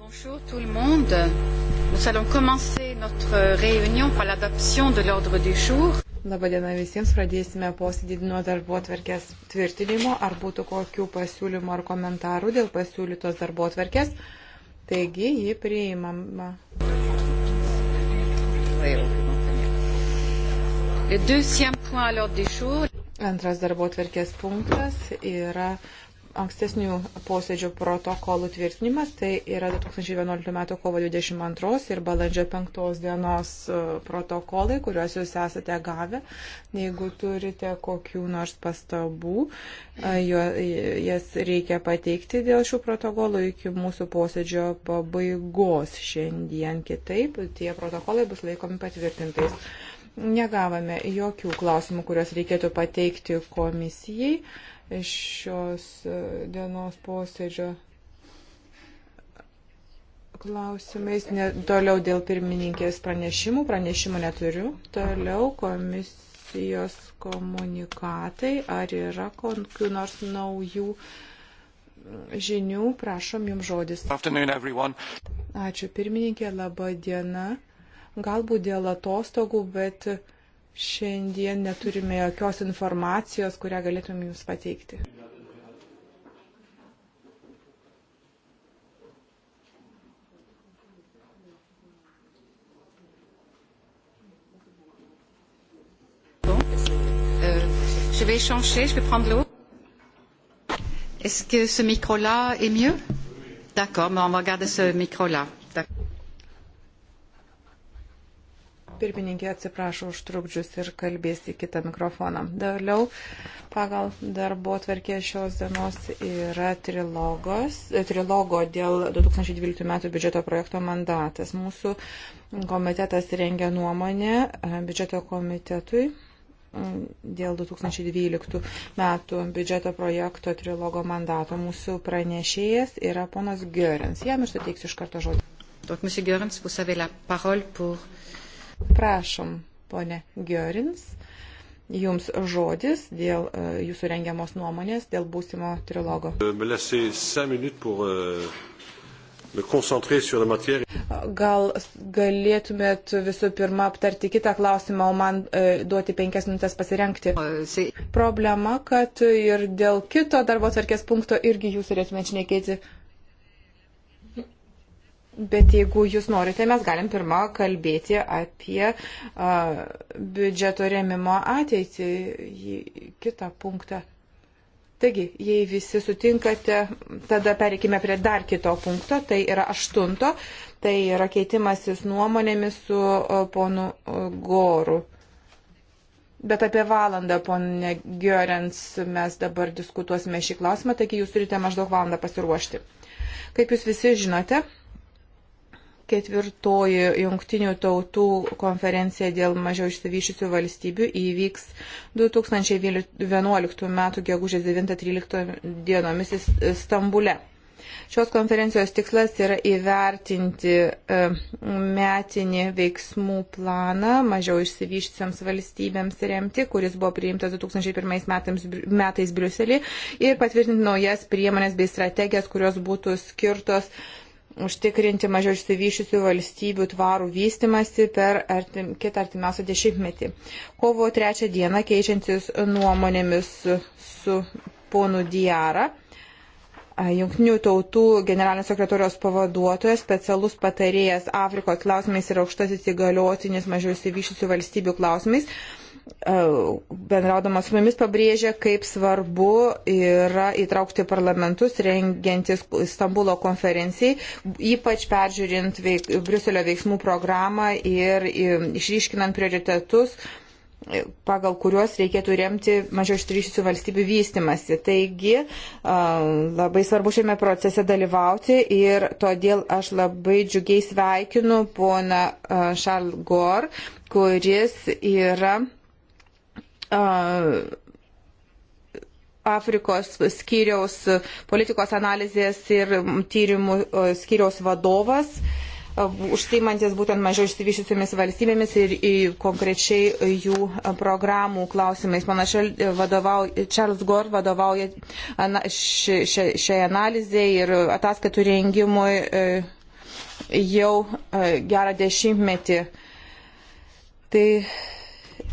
Bonjour tout le monde. Nous allons commencer notre réunion par l'adoption de l'ordre du jour. Labadiena visiems, pradėsime posėdį nuo darbo atverkės tvirtinimo, ar būtų kokių pasiūlymų ar komentarų dėl pasiūlytos darbo atverkės. Taigi, jį priimama. Antras darbo atverkės punktas yra ankstesnių posėdžių protokolų tvirtinimas, tai yra 2011 m. kovo 22 ir balandžio 5 dienos e, protokolai, kuriuos jūs esate gavę. Jeigu turite kokių nors pastabų, e, e, jas reikia pateikti dėl šių protokolų iki mūsų posėdžio pabaigos šiandien. Kitaip tie protokolai bus laikomi patvirtintais. Negavome jokių klausimų, kuriuos reikėtų pateikti komisijai šios e, dienos posėdžio klausimais. Ne, toliau dėl pirmininkės pranešimų. Pranešimų neturiu. Toliau komisijos komunikatai. Ar yra kokių nors naujų žinių? Prašom jums žodis. Ačiū pirmininkė, laba diena. Galbūt dėl atostogų, bet šiandien neturime jokios informacijos, kurią galėtum jums pateikti. Euh, je vais changer, je vais prendre l'autre. Est-ce que ce micro-là est mieux D'accord, mais on va garder ce micro-là. Pirmininkė atsiprašo užtrukdžius ir kalbėsi kitą mikrofoną. Daliau pagal darbo atverkė šios dienos yra trilogos, trilogo dėl 2012 metų biudžeto projekto mandatas. Mūsų komitetas rengia nuomonę e, biudžeto komitetui dėl 2012 metų biudžeto projekto trilogo mandato. Mūsų pranešėjas yra ponas Görens. Jam ir suteiksiu iš karto žodį. Donc, Monsieur Görens, vous avez la parole pour Prašom, ponė Görins, jums žodis dėl e, jūsų rengiamos nuomonės, dėl būsimo trilogo. Euh, euh, Gal galėtumėt visų pirma aptarti kitą klausimą, o man e, duoti penkias minutės pasirenkti. Euh, Problema, kad ir dėl kito darbo tvarkės punkto irgi jūs turėtumėte šnekėti Bet jeigu jūs norite, mes galim pirmą kalbėti apie uh, biudžeto rėmimo ateitį į kitą punktą. Taigi, jei visi sutinkate, tada pereikime prie dar kito punkto, tai yra aštunto, tai yra keitimasis nuomonėmis su uh, ponu uh, Goru. Bet apie valandą, ponė Giorens, mes dabar diskutuosime šį klausimą, taigi jūs turite maždaug valandą pasiruošti. Kaip jūs visi žinote, ketvirtoji jungtinių tautų konferencija dėl mažiau išsivyšusių valstybių įvyks 2011 m. gegužės 9-13 dienomis Stambule. Šios konferencijos tikslas yra įvertinti e, metinį veiksmų planą mažiau išsivyščiams valstybėms remti, kuris buvo priimtas 2001 metams, metais Briuselį ir patvirtinti naujas priemonės bei strategijas, kurios būtų skirtos uh, užtikrinti mažiau išsivyšusių valstybių tvarų vystimasi per artim, kitą artimiausią dešimtmetį. Kovo trečią dieną keičiantis nuomonėmis su, su ponu Diara, Junktinių tautų generalinio sekretorijos pavaduotojas, specialus patarėjas Afrikos klausimais ir aukštasis įgaliotinis mažiau įsivyšusių valstybių klausimais, bendraudamas su mumis pabrėžia, kaip svarbu yra įtraukti parlamentus rengiantis Stambulo konferencijai, ypač peržiūrint veik, Briuselio veiksmų programą ir išryškinant prioritetus pagal kuriuos reikėtų remti mažiau ištrišusių valstybių vystimasi. Taigi labai svarbu šiame procese dalyvauti ir todėl aš labai džiugiai sveikinu poną Šarl Gor, kuris yra Afrikos skyriaus politikos analizės ir tyrimų skyriaus vadovas, užsimantis būtent mažiau išsivyšusiomis valstybėmis ir konkrečiai jų programų klausimais. Mano Charles Gore vadovauja šiai analizai ir ataskaitų rengimui e, jau e, gerą dešimtmetį. Tai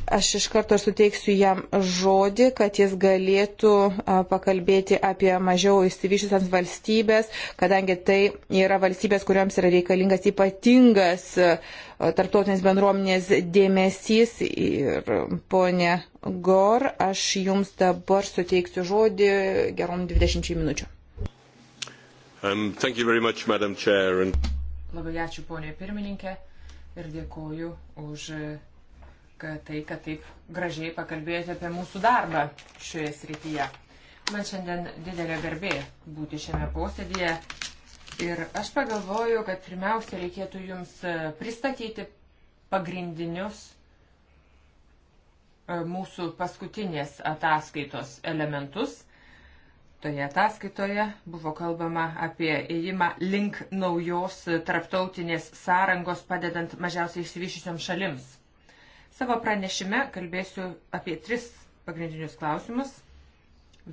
Aš iš karto suteiksiu jam žodį, kad jis galėtų pakalbėti apie mažiau įsivyšusias valstybės, kadangi tai yra valstybės, kuriuoms yra reikalingas ypatingas tarptautinės bendruomenės dėmesys. Ir ponė Gor, aš jums dabar suteiksiu žodį gerom 20 minučių. Um, much, Chair, and... Labai ačiū ponė pirmininkė ir dėkoju už. Uh kad tai, kad taip gražiai pakalbėjote apie mūsų darbą šioje srityje. Man šiandien didelė garbė būti šiame posėdėje ir aš pagalvoju, kad pirmiausia reikėtų jums e, pristatyti pagrindinius e, mūsų paskutinės ataskaitos elementus. Toje ataskaitoje buvo kalbama apie įėjimą link naujos tarptautinės sąrangos padedant mažiausiai išsivyšusiam šalims. Savo pranešime kalbėsiu apie tris pagrindinius klausimus.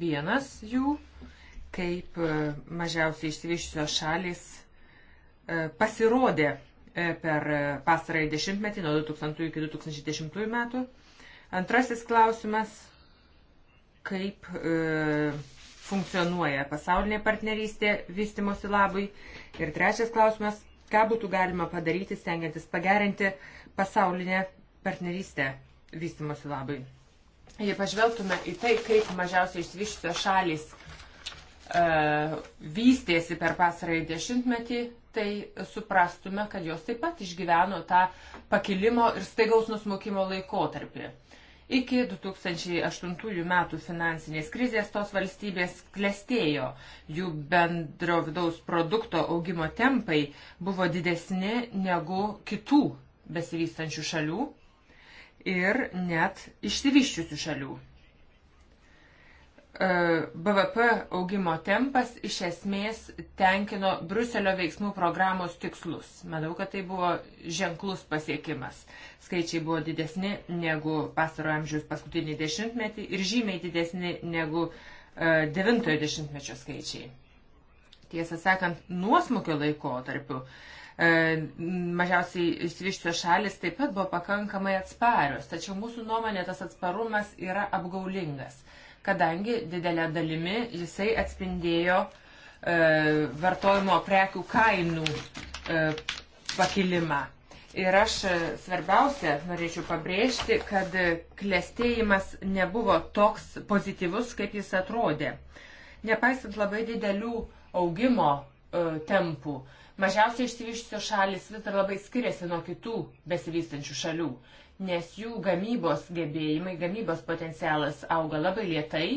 Vienas jų, kaip e, mažiausiai išsivyščiusios šalis e, pasirodė e, per pastarąjį dešimtmetį nuo 2000 iki 2010 metų. Antrasis klausimas, kaip e, funkcionuoja pasaulinė partnerystė vystimosi labui. Ir trečias klausimas, ką būtų galima padaryti, stengiantis pagerinti pasaulinę partnerystę vystimosi labai. Jei pažvelgtume į tai, kaip mažiausiai išsivyščiusios šalis uh, e, vystėsi per pasarąjį dešimtmetį, tai suprastume, kad jos taip pat išgyveno tą pakilimo ir staigaus nusmukimo laikotarpį. Iki 2008 metų finansinės krizės tos valstybės klestėjo, jų bendro vidaus produkto augimo tempai buvo didesni negu kitų besivystančių šalių ir net išsivyščiusių šalių. E, BVP augimo tempas iš esmės tenkino Bruselio veiksmų programos tikslus. Manau, kad tai buvo ženklus pasiekimas. Skaičiai buvo didesni negu pastarojo amžiaus paskutinį dešimtmetį ir žymiai didesni negu e, devintojo dešimtmečio skaičiai. Tiesą sakant, nuosmukio laikotarpiu uh, E, mažiausiai išsivyščios šalis taip pat buvo pakankamai atsparios, tačiau mūsų nuomonė tas atsparumas yra apgaulingas, kadangi didelė dalimi jisai atspindėjo e, vartojimo prekių kainų e, pakilimą. Ir aš e, svarbiausia norėčiau pabrėžti, kad klėstėjimas nebuvo toks pozityvus, kaip jis atrodė. Nepaisant labai didelių augimo e, tempų, Mažiausiai išsivyščiusios šalis vis dar labai skiriasi nuo kitų besivystančių šalių, nes jų gamybos gebėjimai, gamybos potencialas auga labai lietai,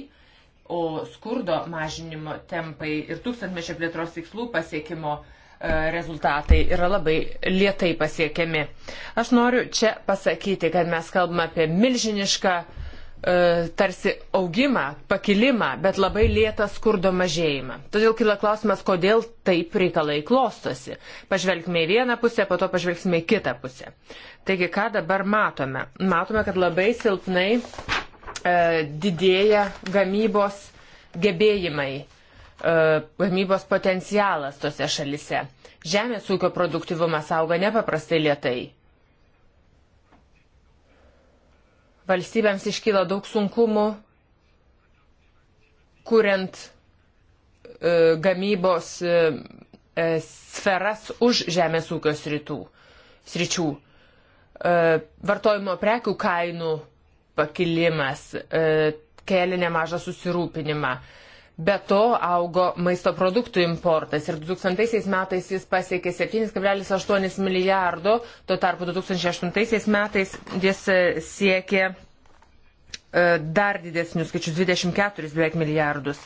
o skurdo mažinimo tempai ir tūkstantmečio plėtros tikslų pasiekimo e, rezultatai yra labai lietai pasiekiami. Aš noriu čia pasakyti, kad mes kalbame apie milžinišką uh, E, tarsi augimą, pakilimą, bet labai lėtą skurdo mažėjimą. Todėl kyla klausimas, kodėl taip reikalai klostosi. Pažvelgime į vieną pusę, po to pažvelgsime į kitą pusę. Taigi, ką dabar matome? Matome, kad labai silpnai e, didėja gamybos gebėjimai, e, gamybos potencialas tose šalise. Žemės ūkio produktivumas auga nepaprastai lietai. valstybėms iškyla daug sunkumų, kuriant e, gamybos e, e, sferas už žemės ūkio sritų, sričių. E, vartojimo prekių kainų pakilimas e, kelia nemažą susirūpinimą. E, Be to augo maisto produktų importas ir 2000 metais jis pasiekė 7,8 milijardo, tuo tarpu 2008 metais jis e, siekė e, dar didesnius skaičius 24 beveik milijardus.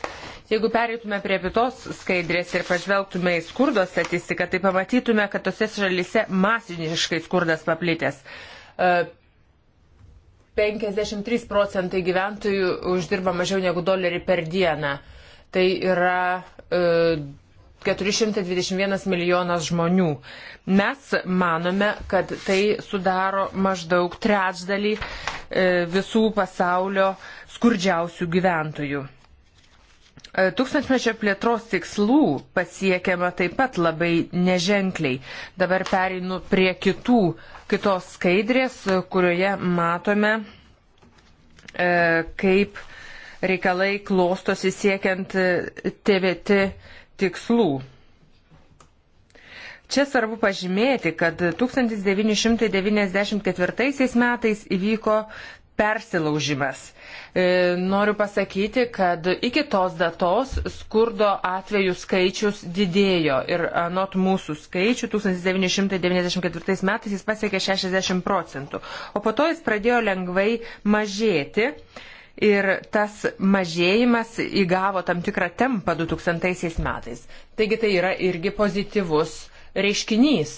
Jeigu pereitume prie kitos skaidrės ir pažvelgtume į skurdo statistiką, tai pamatytume, kad tose šalyse masiniškai skurdas paplitęs. 53 e, procentai gyventojų uždirba mažiau negu dolerį per dieną tai yra 421 e, milijonas žmonių. Mes manome, kad tai sudaro maždaug trečdalį e, visų pasaulio skurdžiausių gyventojų. E, tūkstantmečio plėtros tikslų pasiekiama taip pat labai neženkliai. Dabar pereinu prie kitų, kitos skaidrės, kurioje matome, kaip reikalai klostosi siekiant TVT e, tikslų. Čia svarbu pažymėti, kad 1994 metais įvyko persilaužimas. E, noriu pasakyti, kad iki tos datos skurdo atvejų skaičius didėjo ir anot mūsų skaičių 1994 metais jis pasiekė 60 procentų, o po to jis pradėjo lengvai mažėti ir tas mažėjimas įgavo tam tikrą tempą 2000 metais. Taigi tai yra irgi pozityvus reiškinys.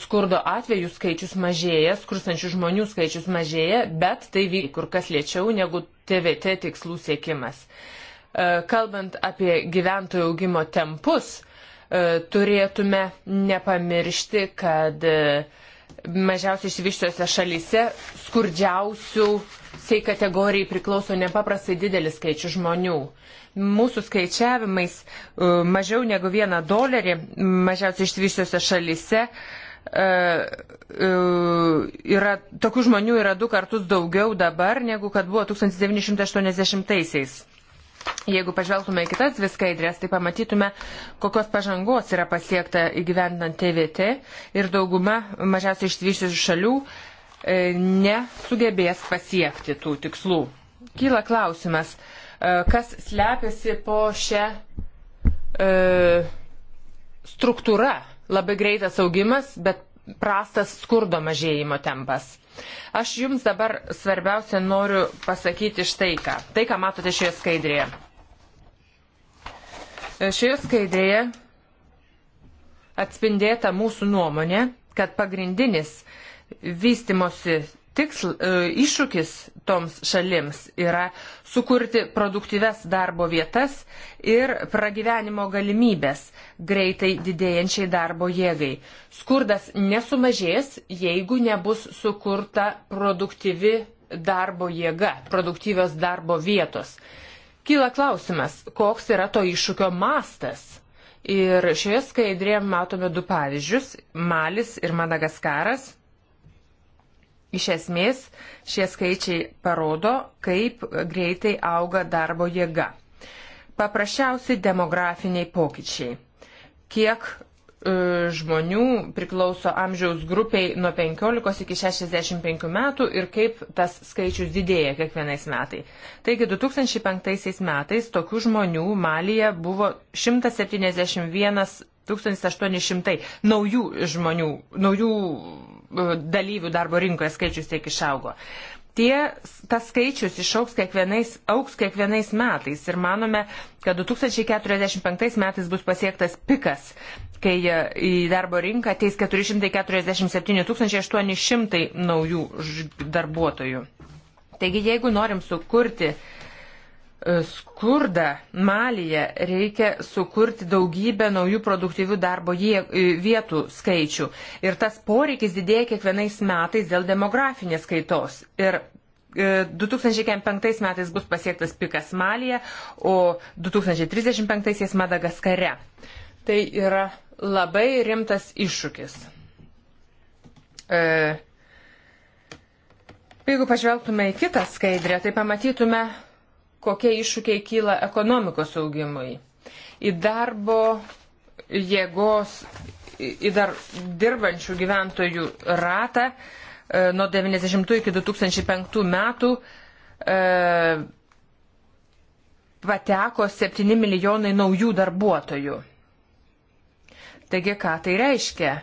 Skurdo atvejų skaičius mažėja, skurstančių žmonių skaičius mažėja, bet tai vyk kur kas lėčiau negu TVT tikslų siekimas. E, kalbant apie gyventojų augimo tempus, e, turėtume nepamiršti, kad e, mažiausiai išsivyščiose šalyse skurdžiausių uh, šiai kategorijai priklauso nepaprastai didelis skaičius žmonių. Mūsų skaičiavimais e, mažiau negu vieną dolerį mažiausiai išsivyščiose šalise e, e, yra, tokių žmonių yra du kartus daugiau dabar, negu kad buvo 1980-aisiais. Jeigu pažvelgtume į kitas dvi skaidrės, tai pamatytume, kokios pažangos yra pasiekta įgyvendant TVT ir dauguma mažiausiai išsivyščiusių šalių E, nesugebės pasiekti tų tikslų. Kyla klausimas, e, kas slepiasi po šią e, struktūrą. Labai greitas augimas, bet prastas skurdo mažėjimo tempas. Aš jums dabar svarbiausia noriu pasakyti štai ką. Tai, ką matote šioje skaidrėje. Šioje skaidrėje atspindėta mūsų nuomonė, kad pagrindinis vystimosi tiksl, e, iššūkis toms šalims yra sukurti produktyves darbo vietas ir pragyvenimo galimybės greitai didėjančiai darbo jėgai. Skurdas nesumažės, jeigu nebus sukurta produktyvi darbo jėga, produktyvios darbo vietos. Kyla klausimas, koks yra to iššūkio mastas. Ir šioje skaidrėje matome du pavyzdžius - Malis ir Madagaskaras Iš esmės, šie skaičiai parodo, kaip greitai auga darbo jėga. Paprasčiausi demografiniai pokyčiai. Kiek e, žmonių priklauso amžiaus grupiai nuo 15 iki 65 metų ir kaip tas skaičius didėja kiekvienais metais. Taigi 2005 metais tokių žmonių Malyje buvo 171 1800 naujų žmonių, naujų E, dalyvių darbo rinkoje skaičius tiek išaugo. Tie, tas skaičius išauks kiekvienais, auks kiekvienais metais ir manome, kad 2045 metais bus pasiektas pikas, kai e, į darbo rinką ateis 447 800 naujų darbuotojų. Taigi, jeigu norim sukurti uh, E, skurdą Malyje reikia sukurti daugybę naujų produktyvių darbo e, vietų skaičių. Ir tas poreikis didėja kiekvienais metais dėl demografinės kaitos. Ir 2005 e, metais bus pasiektas pikas Malyje, o 2035 Madagaskare. Tai yra labai rimtas iššūkis. E, jeigu pažvelgtume į kitą skaidrę, tai pamatytume kokie iššūkiai kyla ekonomikos augimui. Į darbo jėgos, į dar dirbančių gyventojų ratą e, nuo 90 iki 2005 metų e, pateko 7 milijonai naujų darbuotojų. Taigi, ką tai reiškia?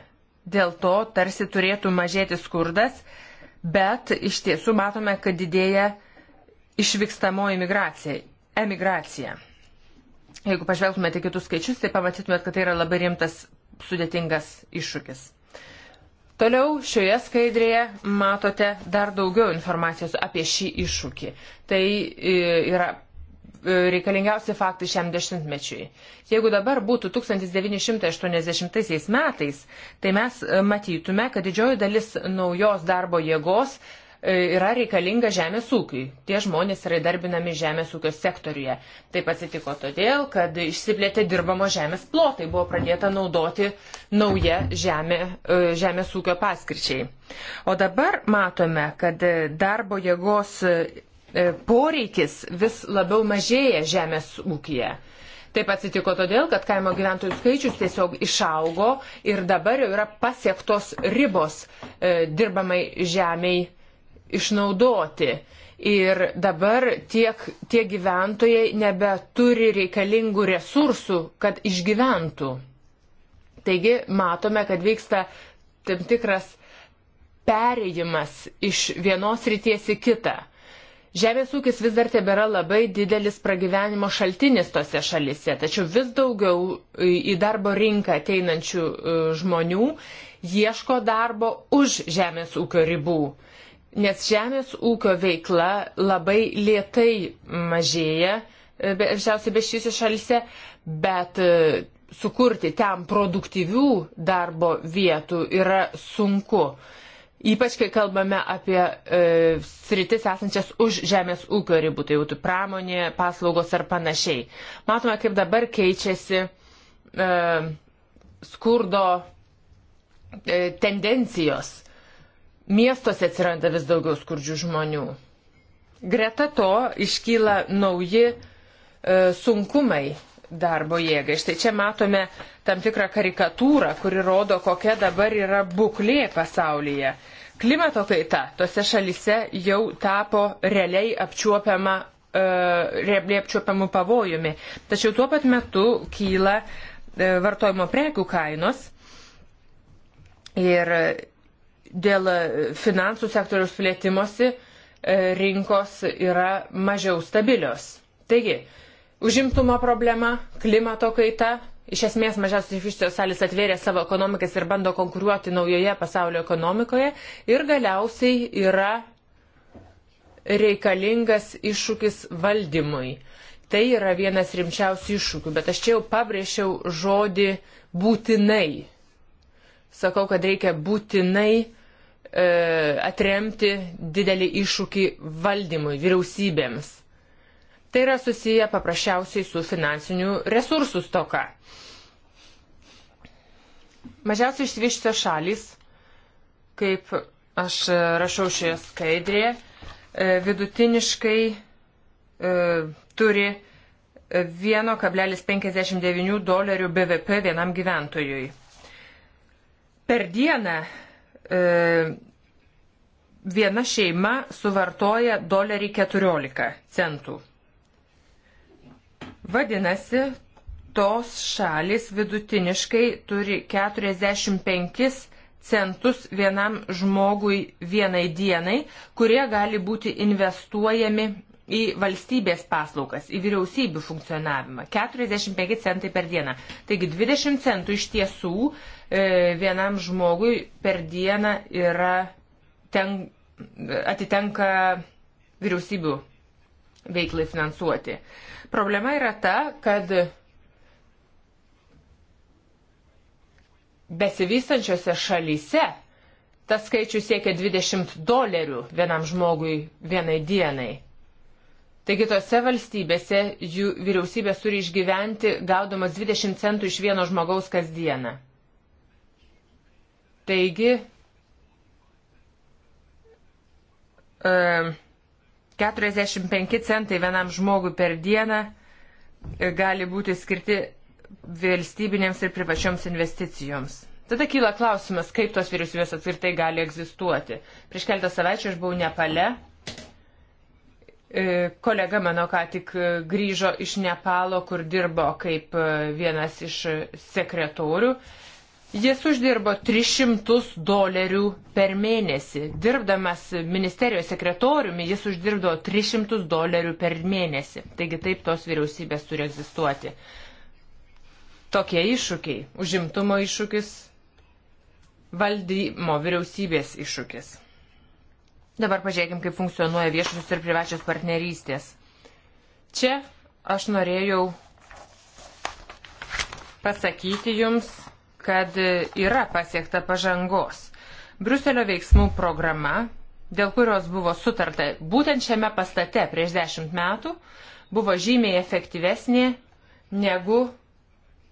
Dėl to tarsi turėtų mažėti skurdas, bet iš tiesų matome, kad didėja uh, išvykstamoji migracija, emigracija. Jeigu pažvelgtumėte kitus skaičius, tai pamatytumėt, kad tai yra labai rimtas sudėtingas iššūkis. Toliau šioje skaidrėje matote dar daugiau informacijos apie šį iššūkį. Tai e, yra e, reikalingiausi faktai šiam dešimtmečiui. Jeigu dabar būtų 1980 metais, tai mes e, matytume, kad didžioji dalis naujos darbo jėgos E, yra reikalinga žemės ūkiui. Tie žmonės yra įdarbinami žemės ūkio sektoriuje. Taip atsitiko todėl, kad išsiplėtė dirbamo žemės plotai, buvo pradėta naudoti nauja žemė, e, žemės ūkio paskirčiai. O dabar matome, kad darbo jėgos e, poreikis vis labiau mažėja žemės ūkija. Taip atsitiko todėl, kad kaimo gyventojų skaičius tiesiog išaugo ir dabar jau yra pasiektos ribos e, dirbamai žemiai išnaudoti. Ir dabar tiek, tie gyventojai nebeturi reikalingų resursų, kad išgyventų. Taigi matome, kad vyksta tam tikras perėjimas iš vienos ryties į kitą. Žemės ūkis vis dar tebėra labai didelis pragyvenimo šaltinis tose šalise, tačiau vis daugiau į darbo rinką ateinančių e, žmonių ieško darbo už žemės ūkio ribų nes žemės ūkio veikla labai lietai mažėja, dažniausiai e, be šysių šalise, bet e, sukurti ten produktyvių darbo vietų yra sunku. Ypač, kai kalbame apie e, sritis esančias už žemės ūkio ribų, tai būtų pramonė, paslaugos ar panašiai. Matome, kaip dabar keičiasi e, skurdo e, tendencijos miestuose atsiranda vis daugiau skurdžių žmonių. Greta to iškyla nauji e, sunkumai darbo jėgai. Štai čia matome tam tikrą karikatūrą, kuri rodo, kokia dabar yra būklė pasaulyje. Klimato kaita tose šalise jau tapo realiai apčiuopiama e, rebliai apčiuopiamų pavojumi. Tačiau tuo pat metu kyla e, vartojimo prekių kainos ir Dėl e, finansų sektoriaus plėtimosi e, rinkos yra mažiau stabilios. Taigi, užimtumo problema, klimato kaita, iš esmės mažiausiai išvyščios šalis atvėrė savo ekonomikas ir bando konkuruoti naujoje pasaulio ekonomikoje ir galiausiai yra reikalingas iššūkis valdymui. Tai yra vienas rimčiausių iššūkių, bet aš čia jau pabrėžiau žodį būtinai. Sakau, kad reikia būtinai E, atremti didelį iššūkį valdymui, vyriausybėms. Tai yra susiję paprasčiausiai su finansinių resursų stoka. Mažiausiai išsivyščiusios šalis, kaip aš rašau šioje skaidrėje, e, vidutiniškai e, turi 1,59 dolerių BVP vienam gyventojui. Per dieną E, viena šeima suvartoja dolerį 14 centų. Vadinasi, tos šalis vidutiniškai turi 45 centus vienam žmogui vienai dienai, kurie gali būti investuojami į valstybės paslaugas, į vyriausybių funkcionavimą. 45 centai per dieną. Taigi 20 centų iš tiesų e, vienam žmogui per dieną yra ten, atitenka vyriausybių veiklai finansuoti. Problema yra ta, kad besivystančiose šalyse tas skaičius siekia 20 dolerių vienam žmogui vienai dienai. Taigi tose valstybėse jų vyriausybės turi išgyventi gaudamas 20 centų iš vieno žmogaus kasdieną. Taigi, 45 centai vienam žmogui per dieną e, gali būti skirti valstybinėms ir privačioms investicijoms. Tada kyla klausimas, kaip tos vyriausybės apskritai gali egzistuoti. Prieš keletą savaičių aš buvau Nepale E, kolega mano ką tik e, grįžo iš Nepalo, kur dirbo kaip e, vienas iš sekretorių. Jis uždirbo 300 dolerių per mėnesį. Dirbdamas ministerijos sekretoriumi, jis uždirbo 300 dolerių per mėnesį. Taigi taip tos vyriausybės turi egzistuoti. Tokie iššūkiai. Užimtumo iššūkis, valdymo vyriausybės iššūkis. Dabar pažiūrėkime, kaip funkcionuoja viešosios ir privačios partnerystės. Čia aš norėjau pasakyti jums, kad yra pasiekta pažangos. Bruselio veiksmų programa, dėl kurios buvo sutarta būtent šiame pastate prieš dešimt metų, buvo žymiai efektyvesnė negu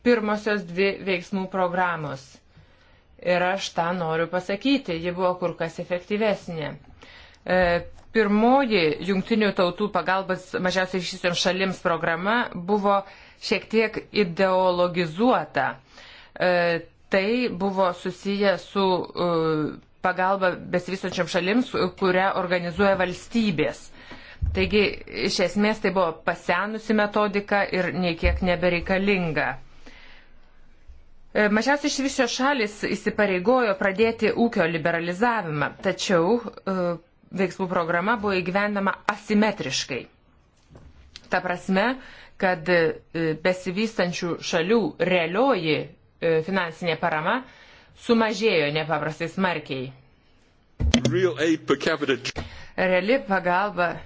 pirmosios dvi veiksmų programos. Ir aš tą noriu pasakyti, ji buvo kur kas efektyvesnė. E, pirmoji jungtinių tautų pagalbas mažiausiai išsiusiam šalims programa buvo šiek tiek ideologizuota. E, tai buvo susiję su e, pagalba besivystančiam šalims, kurią organizuoja valstybės. Taigi, iš esmės, tai buvo pasenusi metodika ir niekiek nebereikalinga. Mažiausiai iš viso šalis įsipareigojo pradėti ūkio liberalizavimą, tačiau veiksmų programa buvo įgyvendama asimetriškai. Ta prasme, kad e, besivystančių šalių realioji e, finansinė parama sumažėjo nepaprastai smarkiai. Reali pagalba e,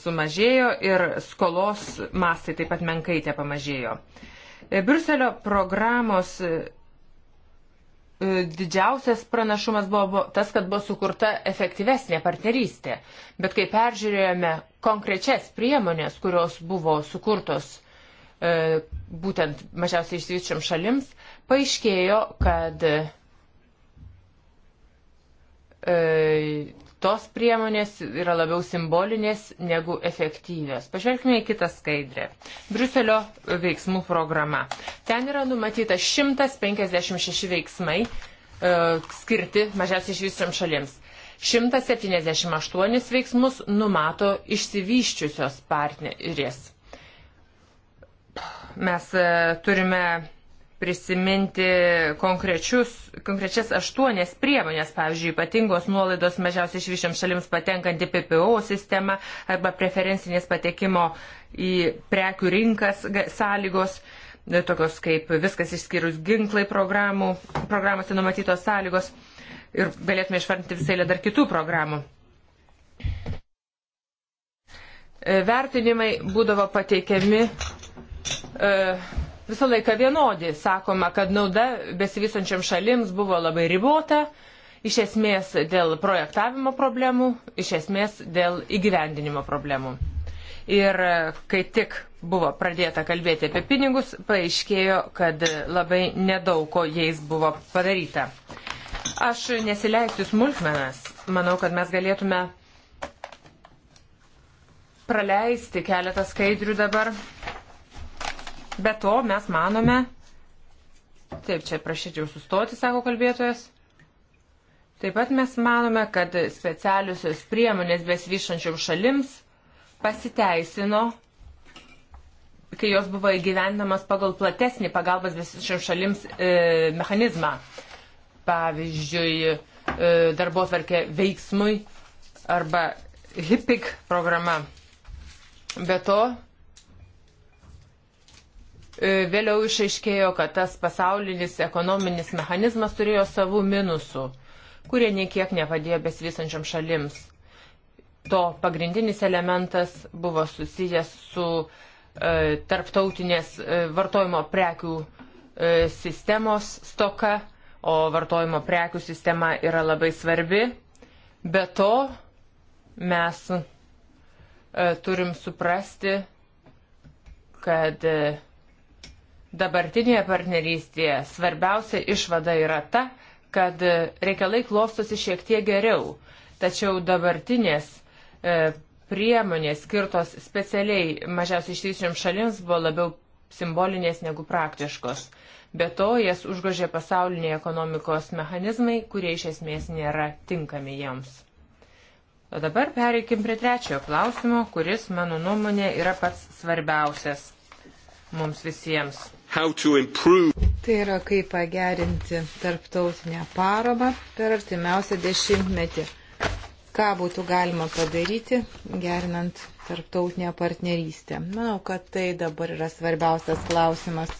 sumažėjo ir skolos mastai taip pat menkai te pamažėjo. Bruselio programos E, didžiausias pranašumas buvo tas, kad buvo sukurta efektyvesnė partnerystė. Bet kai peržiūrėjome konkrečias priemonės, kurios buvo sukurtos e, būtent mažiausiai išsivyščiam šalims, paaiškėjo, kad e, Tos priemonės yra labiau simbolinės negu efektyvios. Pažvelkime į kitą skaidrę. Briuselio veiksmų programa. Ten yra numatyta 156 veiksmai e, skirti mažiausiai išvystyčiam šalims. 178 veiksmus numato išsivyščiusios partnerės. Mes e, turime prisiminti konkrečias aštuonias priemonės, pavyzdžiui, ypatingos nuolaidos mažiausiai išvyšiam šalims patenkant į PPO sistemą arba preferencinės patekimo į prekių rinkas sąlygos, e, tokios kaip viskas išskyrus ginklai programų, programose numatytos sąlygos ir galėtume išvardinti visą eilę dar kitų programų. E, vertinimai būdavo pateikiami uh, visą laiką vienodi. Sakoma, kad nauda besivysančiam šalims buvo labai ribota, iš esmės dėl projektavimo problemų, iš esmės dėl įgyvendinimo problemų. Ir e, kai tik buvo pradėta kalbėti apie pinigus, paaiškėjo, kad labai nedaug ko jais buvo padaryta. Aš nesileisiu smulkmenas. Manau, kad mes galėtume praleisti keletą skaidrių dabar Be to, mes manome, taip, čia prašyčiau sustoti, sako kalbėtojas. Taip pat mes manome, kad specialiusios priemonės besivyšančiom šalims pasiteisino, kai jos buvo įgyvendamas pagal platesnį pagalbas besivyšančiom šalims e, mechanizmą. Pavyzdžiui, e, darbo tvarkė veiksmui arba HIPIC programa. Be to, E, vėliau išaiškėjo, kad tas pasaulinis ekonominis mechanizmas turėjo savų minusų, kurie niekiek nepadėjo besivysančiam šalims. To pagrindinis elementas buvo susijęs su e, tarptautinės e, vartojimo prekių e, sistemos stoka, o vartojimo prekių sistema yra labai svarbi. Be to mes e, turim suprasti, kad e, dabartinėje partnerystėje svarbiausia išvada yra ta, kad e, reikalai klostosi šiek tiek geriau. Tačiau dabartinės e, priemonės skirtos specialiai mažiausiai išsivyščiam šalims buvo labiau simbolinės negu praktiškos. Be to, jas užgožė pasauliniai ekonomikos mechanizmai, kurie iš esmės nėra tinkami jiems. O dabar pereikim prie trečiojo klausimo, kuris, mano nuomonė, yra pats svarbiausias mums visiems. Tai yra kaip pagerinti tarptautinę paramą per artimiausią dešimtmetį. Ką būtų galima padaryti, gerinant tarptautinę partnerystę. Manau, kad tai dabar yra svarbiausias klausimas.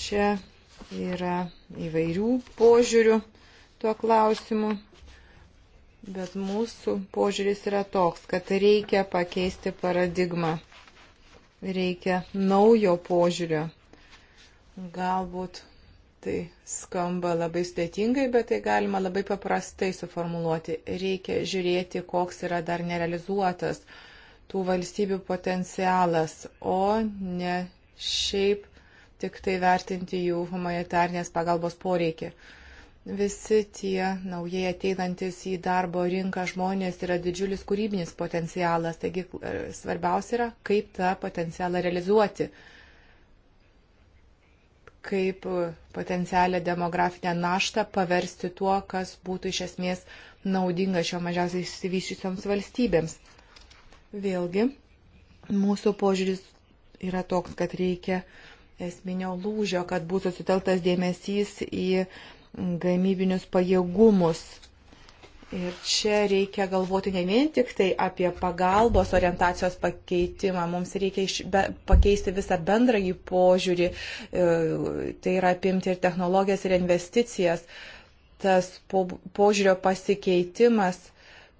Čia yra įvairių požiūrių tuo klausimu. Bet mūsų požiūris yra toks, kad reikia pakeisti paradigmą. Reikia naujo požiūrio. Galbūt tai skamba labai sudėtingai, bet tai galima labai paprastai suformuluoti. Reikia žiūrėti, koks yra dar nerealizuotas tų valstybių potencialas, o ne šiaip tik tai vertinti jų humanitarnės pagalbos poreikį. Visi tie naujai ateinantis į darbo rinką žmonės yra didžiulis kūrybinis potencialas, taigi e, svarbiausia yra, kaip tą potencialą realizuoti, kaip potencialią demografinę naštą paversti tuo, kas būtų iš esmės naudinga šio mažiausiai išsivyščiusioms valstybėms. Vėlgi, mūsų požiūris yra toks, kad reikia esminio lūžio, kad būtų suteltas dėmesys į gamybinius pajėgumus. Ir čia reikia galvoti ne vien tik tai apie pagalbos orientacijos pakeitimą, mums reikia iš, be, pakeisti visą bendrąjį požiūrį, e, tai yra apimti ir technologijas, ir investicijas. Tas po, požiūrio pasikeitimas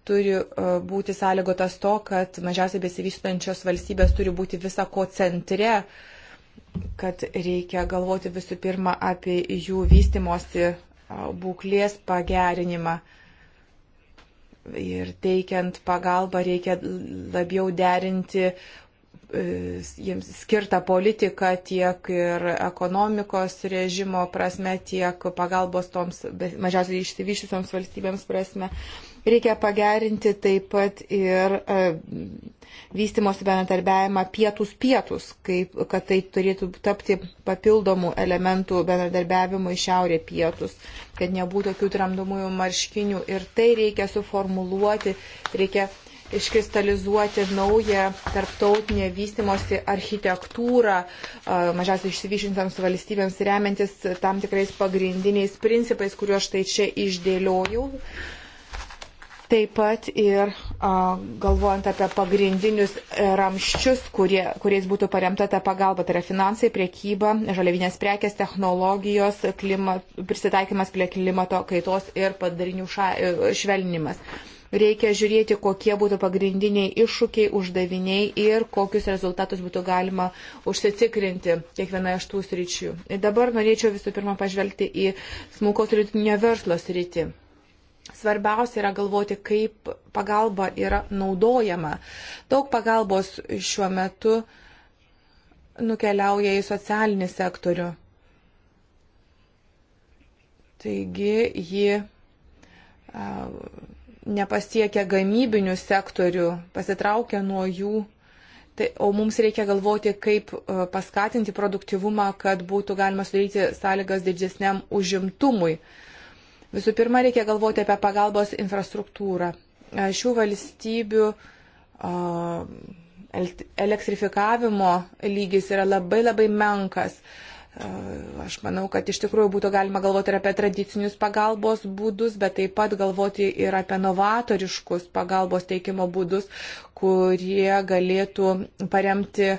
turi e, būti sąlygotas to, kad mažiausiai besivystančios valstybės turi būti visako centre. E, kad reikia galvoti visų pirma apie jų vystimosi būklės pagerinimą. Ir teikiant pagalbą reikia labiau derinti e, jiems skirtą politiką tiek ir ekonomikos režimo prasme, tiek pagalbos toms mažiausiai išsivyšusioms valstybėms prasme. Reikia pagerinti taip pat ir e, vystimosi bendradarbiavimą pietus pietus, kaip, kad tai turėtų tapti papildomų elementų bendradarbiavimui šiaurė pietus, kad nebūtų tokių tramdomųjų marškinių. Ir tai reikia suformuluoti, reikia iškristalizuoti naują tarptautinę vystimosi architektūrą mažiausiai išsivyšintams valstybėms remiantis tam tikrais pagrindiniais principais, kuriuos štai čia išdėliojau. Taip pat ir a, galvojant apie pagrindinius e, ramščius, kurie, kuriais būtų paremta ta pagalba, tai yra finansai, priekyba, žaliavinės prekės, technologijos, klima, prisitaikymas prie klimato kaitos ir padarinių ša, e, švelnimas. Reikia žiūrėti, kokie būtų pagrindiniai iššūkiai, uždaviniai ir kokius rezultatus būtų galima užsitikrinti kiekvienoje iš tų sričių. Ir dabar norėčiau visų pirma pažvelgti į smulkos rytinio verslo sritį Svarbiausia yra galvoti, kaip pagalba yra naudojama. Daug pagalbos šiuo metu nukeliauja į socialinį sektorių. Taigi ji nepasiekia gamybinių sektorių, pasitraukia nuo jų. Tai, o mums reikia galvoti, kaip paskatinti produktivumą, kad būtų galima sudaryti sąlygas didesniam užimtumui. Uh, Visų pirma, reikia galvoti apie pagalbos infrastruktūrą. Šių valstybių elektrifikavimo lygis yra labai labai menkas. Aš manau, kad iš tikrųjų būtų galima galvoti ir apie tradicinius pagalbos būdus, bet taip pat galvoti ir apie novatoriškus pagalbos teikimo būdus, kurie galėtų paremti uh,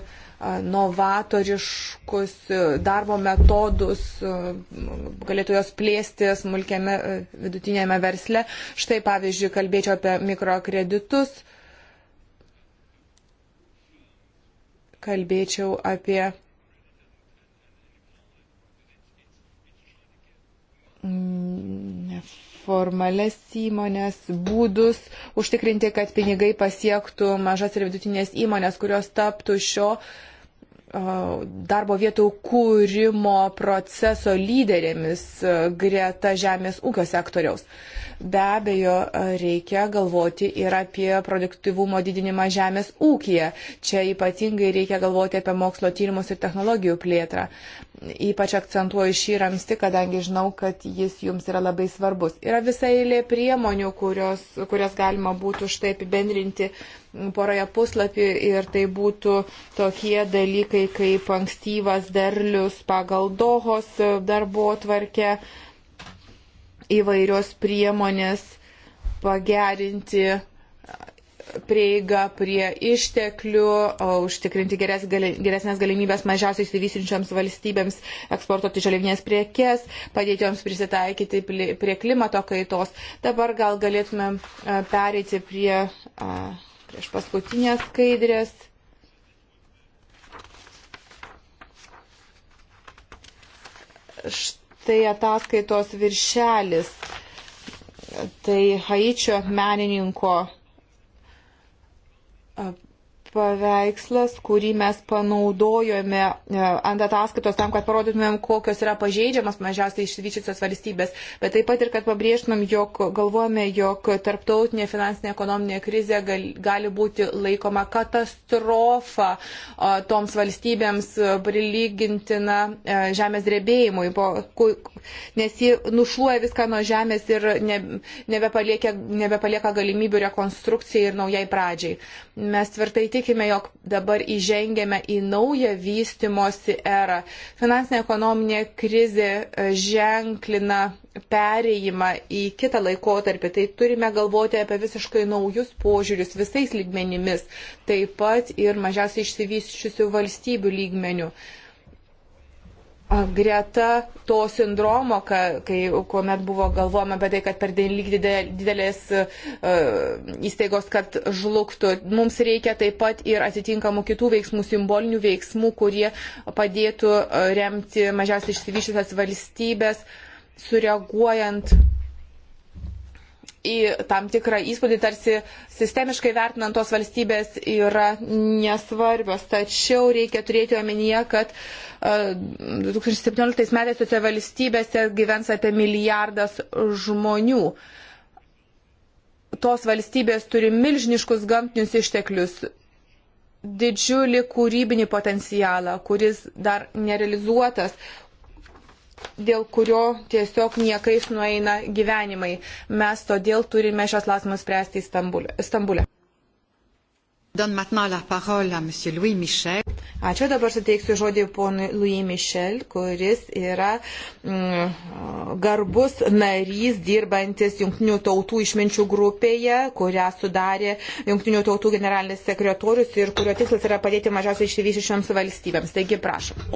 novatoriškus darbo metodus, galėtų jos plėsti smulkiame vidutinėme versle. Štai pavyzdžiui, kalbėčiau apie mikrokreditus, kalbėčiau apie formales įmonės būdus užtikrinti, kad pinigai pasiektų mažas ir vidutinės įmonės, kurios taptų šio uh, darbo vietų kūrimo proceso lyderėmis greta žemės ūkio sektoriaus. Be abejo, reikia galvoti ir apie produktivumo didinimą žemės ūkiją. Čia ypatingai reikia galvoti apie mokslo tyrimus ir technologijų plėtrą. Ypač akcentuoju šį ramstį, kadangi žinau, kad jis jums yra labai svarbus. Yra visa eilė priemonių, kurios, kurias galima būtų štai apibendrinti poroje puslapį ir tai būtų tokie dalykai kaip ankstyvas derlius pagal dohos darbo tvarkę įvairios priemonės pagerinti prieigą prie išteklių, užtikrinti geres, geresnės galimybės mažiausiai įsivysinčioms valstybėms eksportuoti žaliavinės priekes, padėti joms prisitaikyti prie klimato kaitos. Dabar gal galėtume pereiti prie prieš paskutinės skaidrės. Štai tai ataskaitos viršelis. Tai Haičio menininko paveikslas, kurį mes panaudojome e, ant ataskaitos tam, kad parodytumėm, kokios yra pažeidžiamas mažiausiai išsivyčiusios valstybės, bet taip pat ir kad pabrėžtumėm, jog galvojame, jog tarptautinė finansinė ekonominė krizė gali, gali būti laikoma katastrofa e, toms valstybėms prilygintina e, žemės drebėjimui, nes ji nušluoja viską nuo žemės ir ne, nebepalieka, nebepalieka galimybių rekonstrukcijai ir naujai pradžiai. Mes tvirtai tikime, Sakykime, jog dabar įžengėme į naują vystimosi erą. Finansinė ekonominė krizė e, ženklina pereimą į kitą laikotarpį. Tai turime galvoti apie visiškai naujus požiūrius visais lygmenimis, taip pat ir mažiausiai išsivysčiusių valstybių lygmenių greta to sindromo, kai, kuomet buvo galvojama apie tai, kad per dėlį didelės uh, įstaigos, kad žlugtų, mums reikia taip pat ir atitinkamų kitų veiksmų, simbolinių veiksmų, kurie padėtų uh, remti mažiausiai išsivyšusias valstybės, sureaguojant į tam tikrą įspūdį, tarsi sistemiškai vertinant tos valstybės yra nesvarbios. Tačiau reikia turėti omenyje, kad uh, 2017 metais tose valstybėse gyvens apie milijardas žmonių tos valstybės turi milžiniškus gamtinius išteklius, didžiulį kūrybinį potencialą, kuris dar nerealizuotas, dėl kurio tiesiog niekais nueina gyvenimai. Mes todėl turime šios lasmus spręsti Stambulė. Donne maintenant la parole à M. Louis Michel. Ačiū, dabar suteiksiu žodį ponui Louis Michel, kuris yra mm, garbus narys dirbantis Junktinių tautų išminčių grupėje, kurią sudarė Junktinių tautų generalinis sekretorius ir kurio tikslas yra padėti mažiausiai išsivyšušioms valstybėms. Taigi, prašom.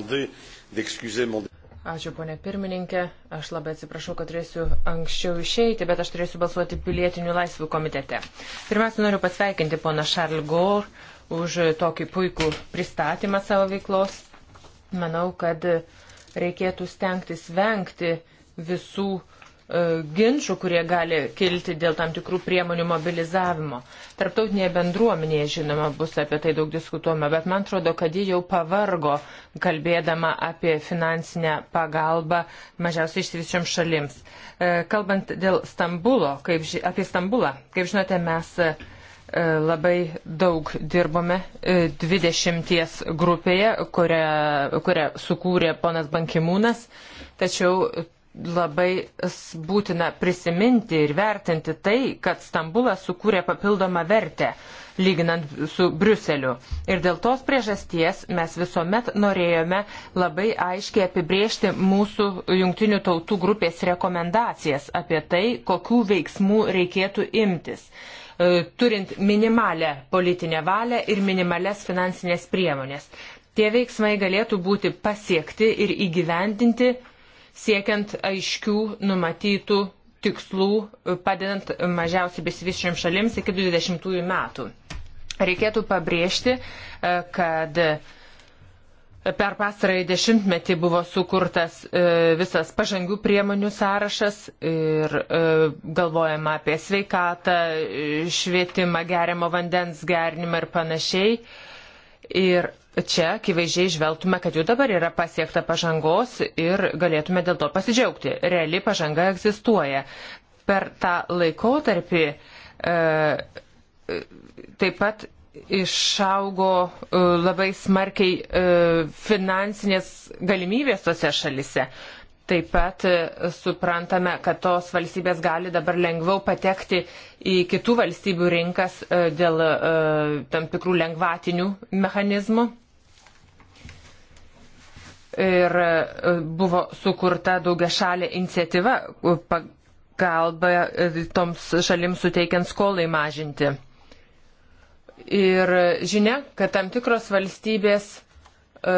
Ačiū, ponė pirmininkė. Aš labai atsiprašau, kad turėsiu anksčiau išeiti, bet aš turėsiu balsuoti pilietinių laisvių komitete. Pirmiausia, noriu pasveikinti poną Charles Gore už tokį puikų pristatymą savo veiklos. Manau, kad reikėtų stengtis vengti visų e, ginčių, kurie gali kilti dėl tam tikrų priemonių mobilizavimo. Tarptautinėje bendruomenėje, žinoma, bus apie tai daug diskutuojama, bet man atrodo, kad ji jau pavargo, kalbėdama apie finansinę pagalbą mažiausiai išsivyščiam šalims. E, kalbant dėl Stambulo, kaip, apie Stambulą, kaip žinote, mes E, labai daug dirbome 20 e, grupėje, kurią, kurią sukūrė ponas Bankimūnas, tačiau labai būtina prisiminti ir vertinti tai, kad Stambulas sukūrė papildomą vertę lyginant su Briuseliu. Ir dėl tos priežasties mes visuomet norėjome labai aiškiai apibriežti mūsų jungtinių tautų grupės rekomendacijas apie tai, kokių veiksmų reikėtų imtis. E, turint minimalę politinę valią ir minimales finansinės priemonės. Tie veiksmai galėtų būti pasiekti ir įgyvendinti, siekiant aiškių numatytų tikslų, e, padedant mažiausiai besivyščiam šalims iki 20 metų. Reikėtų pabrėžti, e, kad Per pastarąjį dešimtmetį buvo sukurtas e, visas pažangių priemonių sąrašas ir e, galvojama apie sveikatą, e, švietimą, geriamo vandens gerinimą ir panašiai. Ir čia akivaizdžiai žvelgtume, kad jau dabar yra pasiekta pažangos ir galėtume dėl to pasidžiaugti. Reali pažanga egzistuoja. Per tą laikotarpį taip pat išaugo e, labai smarkiai e, finansinės galimybės tose šalise. Taip pat e, suprantame, kad tos valstybės gali dabar lengviau patekti į kitų valstybių rinkas dėl tam tikrų lengvatinių mechanizmų. Ir buvo sukurta daugia šalė iniciatyva pagalba toms šalims suteikiant skolai mažinti. Ir žinia, kad tam tikros valstybės e,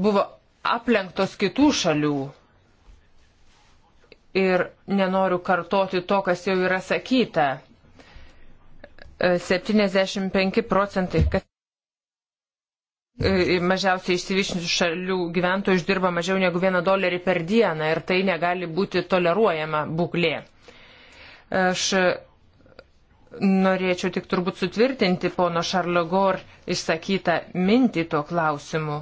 buvo aplenktos kitų šalių. Ir nenoriu kartoti to, kas jau yra sakyta. E, 75 procentai kad e, mažiausiai išsivyšnių šalių gyventojų uždirba mažiau negu vieną dolerį per dieną ir tai negali būti toleruojama būklė. Aš Norėčiau tik turbūt sutvirtinti pono Šarlo Gor išsakytą mintį tuo klausimu.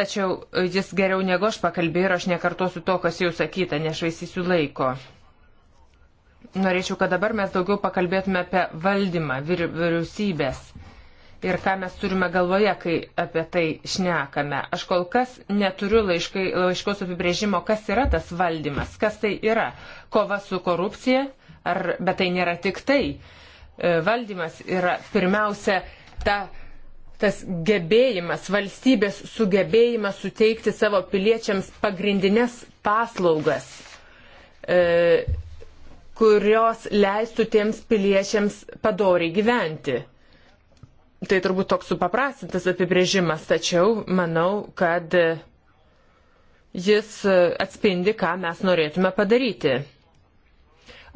Tačiau jis geriau negu aš pakalbėjau ir aš nekartosiu to, kas jau sakyta, nešvaisysiu laiko. Norėčiau, kad dabar mes daugiau pakalbėtume apie valdymą, vir, vyriausybės ir ką mes turime galvoje, kai apie tai šnekame. Aš kol kas neturiu laiškai, laiškos apibrėžimo, kas yra tas valdymas, kas tai yra kova su korupcija ar, bet tai nėra tik tai. E, valdymas yra pirmiausia ta, tas gebėjimas, valstybės sugebėjimas suteikti savo piliečiams pagrindinės paslaugas, e, kurios leistų tiems piliečiams padoriai gyventi. Tai turbūt toks supaprastintas apibrėžimas, tačiau manau, kad jis atspindi, ką mes norėtume padaryti.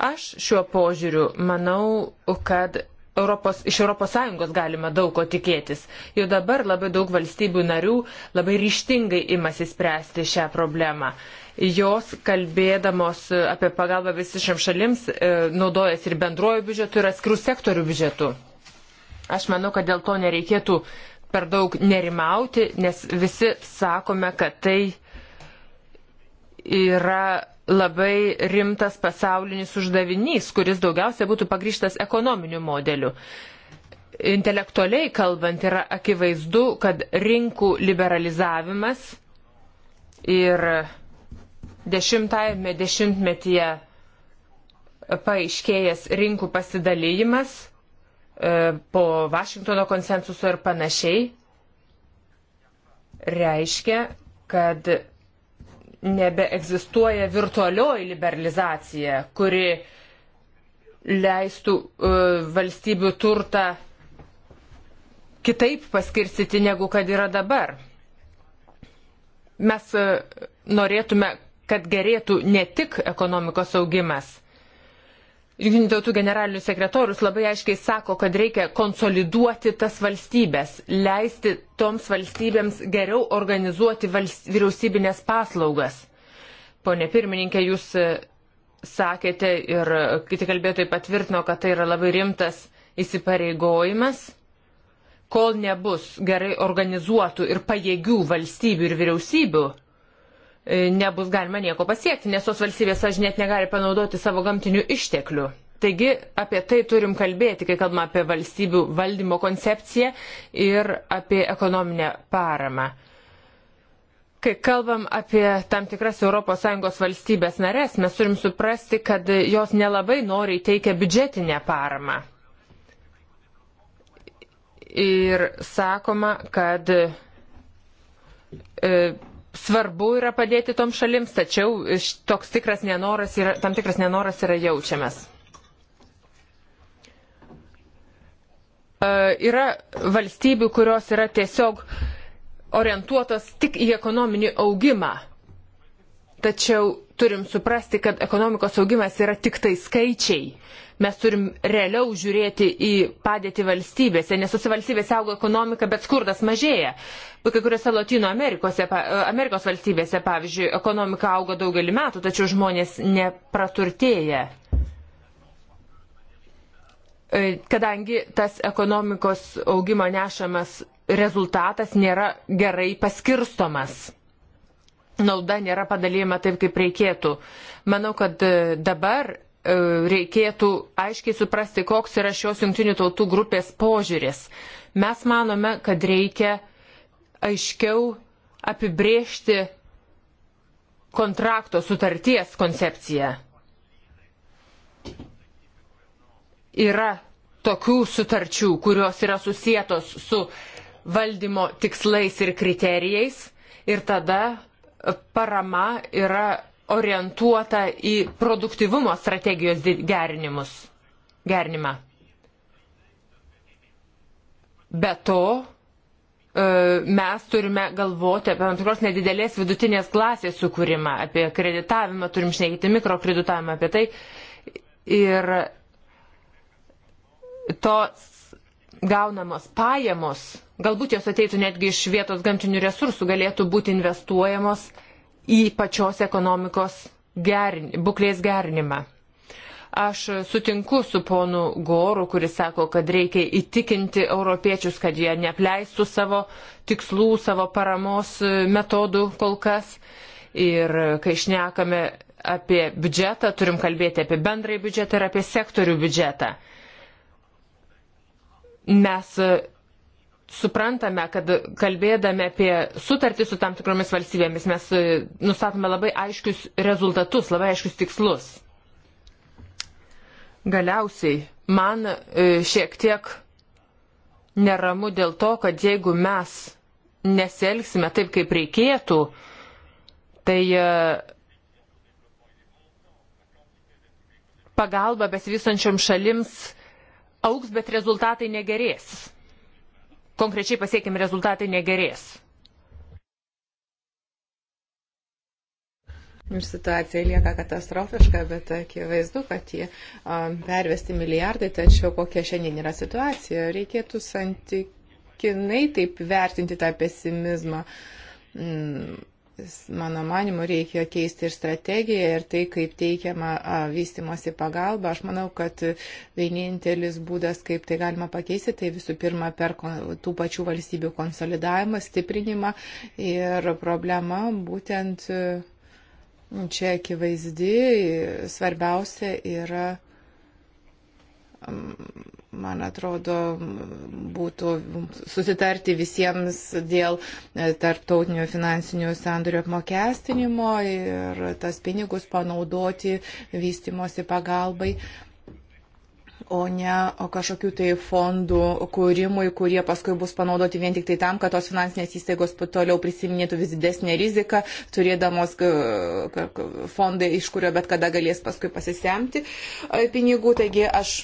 Aš šiuo požiūriu manau, kad Europos, iš ES galima daug ko tikėtis. Jau dabar labai daug valstybių narių labai ryštingai imasi spręsti šią problemą. Jos kalbėdamos apie pagalbą visišiam šalims e, naudojasi ir bendruoju biudžetu, ir atskirų sektorių biudžetu. Aš manau, kad dėl to nereikėtų per daug nerimauti, nes visi sakome, kad tai yra labai rimtas pasaulinis uždavinys, kuris daugiausia būtų pagrįžtas ekonominiu modeliu. Intelektualiai kalbant yra akivaizdu, kad rinkų liberalizavimas ir dešimtajame dešimtmetyje paaiškėjęs rinkų pasidalyjimas e, po Vašingtono konsensuso ir panašiai reiškia, kad nebeegzistuoja virtualioji liberalizacija, kuri leistų uh, valstybių turtą kitaip paskirstyti, negu kad yra dabar. Mes uh, norėtume, kad gerėtų ne tik ekonomikos augimas, Junktinių tautų generalinius sekretorius labai aiškiai sako, kad reikia konsoliduoti tas valstybės, leisti toms valstybėms geriau organizuoti valst... vyriausybinės paslaugas. Pone pirmininkė, jūs e, sakėte ir kiti kalbėtojai patvirtino, kad tai yra labai rimtas įsipareigojimas kol nebus gerai organizuotų ir pajėgių valstybių ir vyriausybių, E, nebus galima nieko pasiekti, nes tos valstybės aš net negali panaudoti savo gamtinių išteklių. Taigi apie tai turim kalbėti, kai kalbam apie valstybių valdymo koncepciją ir apie ekonominę paramą. Kai kalbam apie tam tikras ES valstybės narės, mes turim suprasti, kad jos nelabai noriai teikia biudžetinę paramą. Ir sakoma, kad e, Svarbu yra padėti tom šalims, tačiau toks tikras nenoras yra, tam tikras nenoras yra jaučiamas. E, yra valstybių, kurios yra tiesiog orientuotos tik į ekonominį augimą Tačiau turim suprasti, kad ekonomikos augimas yra tik tai skaičiai. Mes turim realiau žiūrėti į padėtį valstybėse, nes tose valstybėse auga ekonomika, bet skurdas mažėja. Kai kuriuose Latino Amerikose, Amerikos valstybėse, pavyzdžiui, ekonomika auga daugelį metų, tačiau žmonės nepraturtėja. E, kadangi tas ekonomikos augimo nešamas rezultatas nėra gerai paskirstomas nauda nėra padalyjama taip, kaip reikėtų. Manau, kad e, dabar e, reikėtų aiškiai suprasti, koks yra šios jungtinių tautų grupės požiūris. Mes manome, kad reikia aiškiau apibriežti kontrakto sutarties koncepciją. Yra tokių sutarčių, kurios yra susijėtos su valdymo tikslais ir kriterijais ir tada parama yra orientuota į produktivumo strategijos gerinimus, gerinimą. Be to, e, mes turime galvoti apie tam tikros nedidelės vidutinės klasės sukūrimą, apie kreditavimą, turim šnekėti mikrokreditavimą apie tai. Ir tos gaunamos pajamos Galbūt jos ateitų netgi iš vietos gamtinių resursų, galėtų būti investuojamos į pačios ekonomikos gerin, būklės gerinimą. Aš sutinku su ponu Goru, kuris sako, kad reikia įtikinti europiečius, kad jie neapleistų savo tikslų, savo paramos e, metodų kol kas. Ir kai šnekame apie biudžetą, turim kalbėti apie bendrąjį biudžetą ir apie sektorių biudžetą. Mes e, suprantame, kad kalbėdami apie sutartį su tam tikromis valstybėmis mes e, nustatome labai aiškius rezultatus, labai aiškius tikslus. Galiausiai man e, šiek tiek neramu dėl to, kad jeigu mes nesielgsime taip, kaip reikėtų, tai e, pagalba besivysančiom šalims auks, bet rezultatai negerės konkrečiai pasiekime rezultatai negerės. ir situacija lieka katastrofiška, bet akivaizdu, kad jie pervesti milijardai, tačiau kokia šiandien yra situacija, reikėtų santykinai taip vertinti tą pesimizmą. Mm mano manimu, reikia keisti ir strategiją, ir tai, kaip teikiama vystimosi pagalba. Aš manau, kad vienintelis būdas, kaip tai galima pakeisti, tai visų pirma per tų pačių valstybių konsolidavimą, stiprinimą. Ir problema būtent e, čia akivaizdi, svarbiausia yra man atrodo, būtų susitarti visiems dėl e, tarptautinio finansinių sandorių apmokestinimo ir tas pinigus panaudoti vystimosi pagalbai. Um, o ne kažkokių tai fondų kūrimui, kurie paskui bus panaudoti vien tik tai tam, kad tos finansinės įstaigos toliau prisiminėtų vis didesnį riziką, turėdamos fondai, iš kurio bet kada galės paskui pasisemti e, pinigų. Taigi aš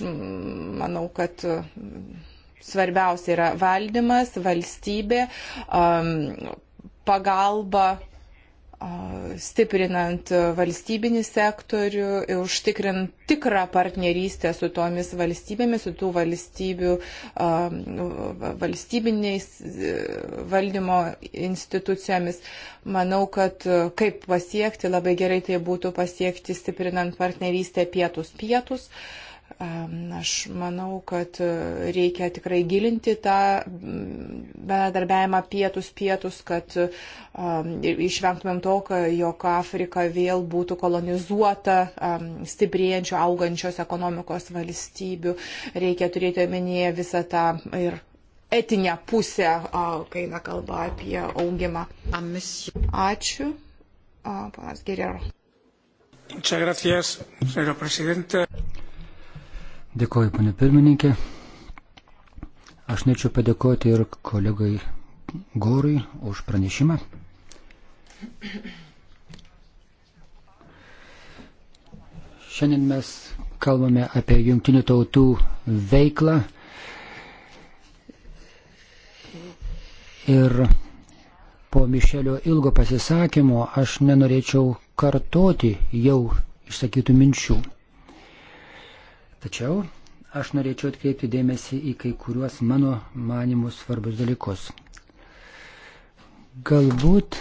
manau, kad svarbiausia yra valdymas, valstybė, pagalba stiprinant valstybinį sektorių ir užtikrint tikrą partnerystę su tomis valstybėmis, su tų valstybių valstybiniais e, valdymo institucijomis. Manau, kad kaip pasiekti, labai gerai tai būtų pasiekti stiprinant partnerystę pietus pietus. pietus Aš manau, kad e, reikia tikrai gilinti tą mm, bendradarbiavimą pietus pietus, kad išvengtumėm to, jog Afrika vėl būtų kolonizuota stiprėjančio augančios ekonomikos valstybių. Reikia turėti omenyje visą tą ir etinę pusę, kai eina kalba apie augimą. Ačiū. Panas Gerero. Muchas gracias, señor presidente. Dėkoju, ponė pirmininkė. Aš norėčiau padėkoti ir kolegai Gorui už pranešimą. Šiandien mes kalbame apie jungtinių tautų veiklą ir po Mišelio ilgo pasisakymo aš nenorėčiau kartoti jau išsakytų minčių. Tačiau aš norėčiau atkreipti dėmesį į kai kuriuos mano manimus svarbus dalykus. Galbūt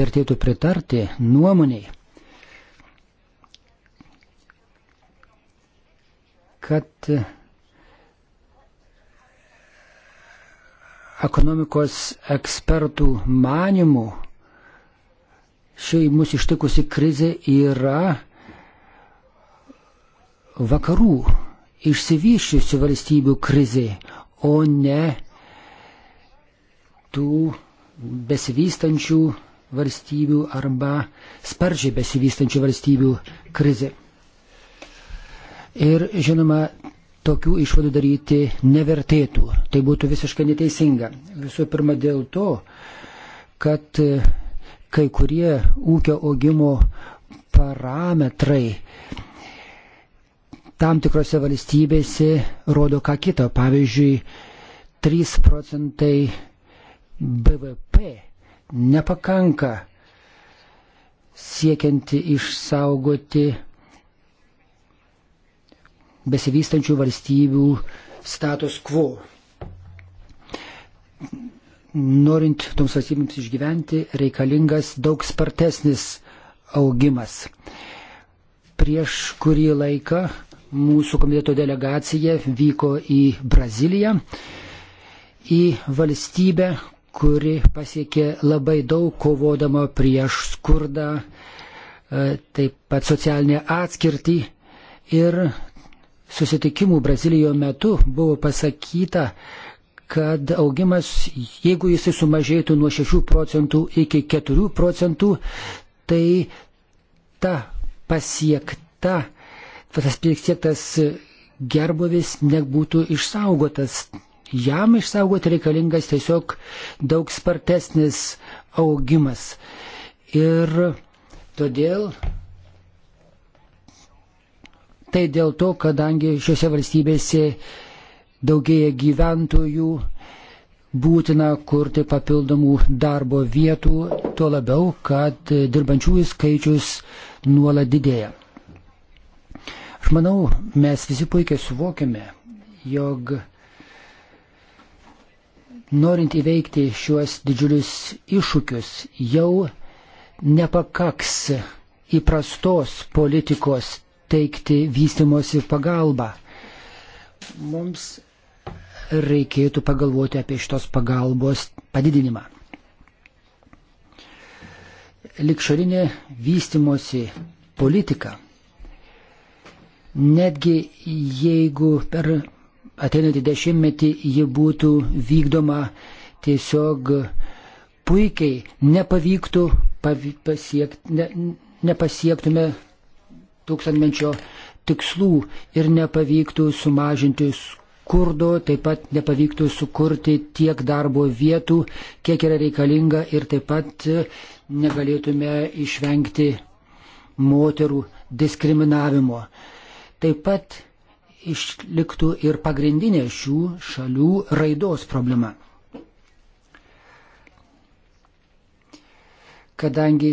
vertėtų pritarti nuomoniai, kad ekonomikos ekspertų manimų ši mūsų ištikusi krizė yra vakarų išsivyščiusių valstybių krizė, o ne tų besivystančių valstybių arba sparčiai besivystančių valstybių krizė. Ir žinoma, tokių išvadų daryti nevertėtų. Tai būtų visiškai neteisinga. Visų pirma dėl to, kad e, kai kurie ūkio augimo parametrai tam tikrose valstybėse rodo ką kito. Pavyzdžiui, 3 procentai BVP nepakanka siekianti išsaugoti besivystančių valstybių status quo. Norint toms valstybėms išgyventi, reikalingas daug spartesnis augimas. Prieš kurį laiką mūsų komiteto delegacija vyko į Braziliją, į valstybę, kuri pasiekė labai daug kovodama prieš skurdą, e, taip pat socialinę atskirtį. Ir susitikimų Brazilijoje metu buvo pasakyta, kad augimas, jeigu jisai sumažėtų nuo 6 procentų iki 4 procentų, tai ta pasiekta tas siektas gerbovis nebūtų išsaugotas. Jam išsaugoti reikalingas tiesiog daug spartesnis augimas. Ir todėl tai dėl to, kadangi šiuose valstybėse daugėja gyventojų, būtina kurti papildomų darbo vietų, tuo labiau, kad dirbančiųjų skaičius nuolat didėja. Aš manau, mes visi puikiai suvokiame, jog norint įveikti šiuos didžiulius iššūkius, jau nepakaks įprastos politikos teikti vystimosi pagalbą. Mums reikėtų pagalvoti apie šitos pagalbos padidinimą. Likšarinė vystimosi politika netgi jeigu per ateinantį dešimtmetį ji būtų vykdoma tiesiog puikiai, nepavyktų pasiekt, ne, nepasiektume tūkstantmečio tikslų ir nepavyktų sumažinti skurdo, taip pat nepavyktų sukurti tiek darbo vietų, kiek yra reikalinga ir taip pat negalėtume išvengti moterų diskriminavimo taip pat išliktų ir pagrindinė šių šalių raidos problema. Kadangi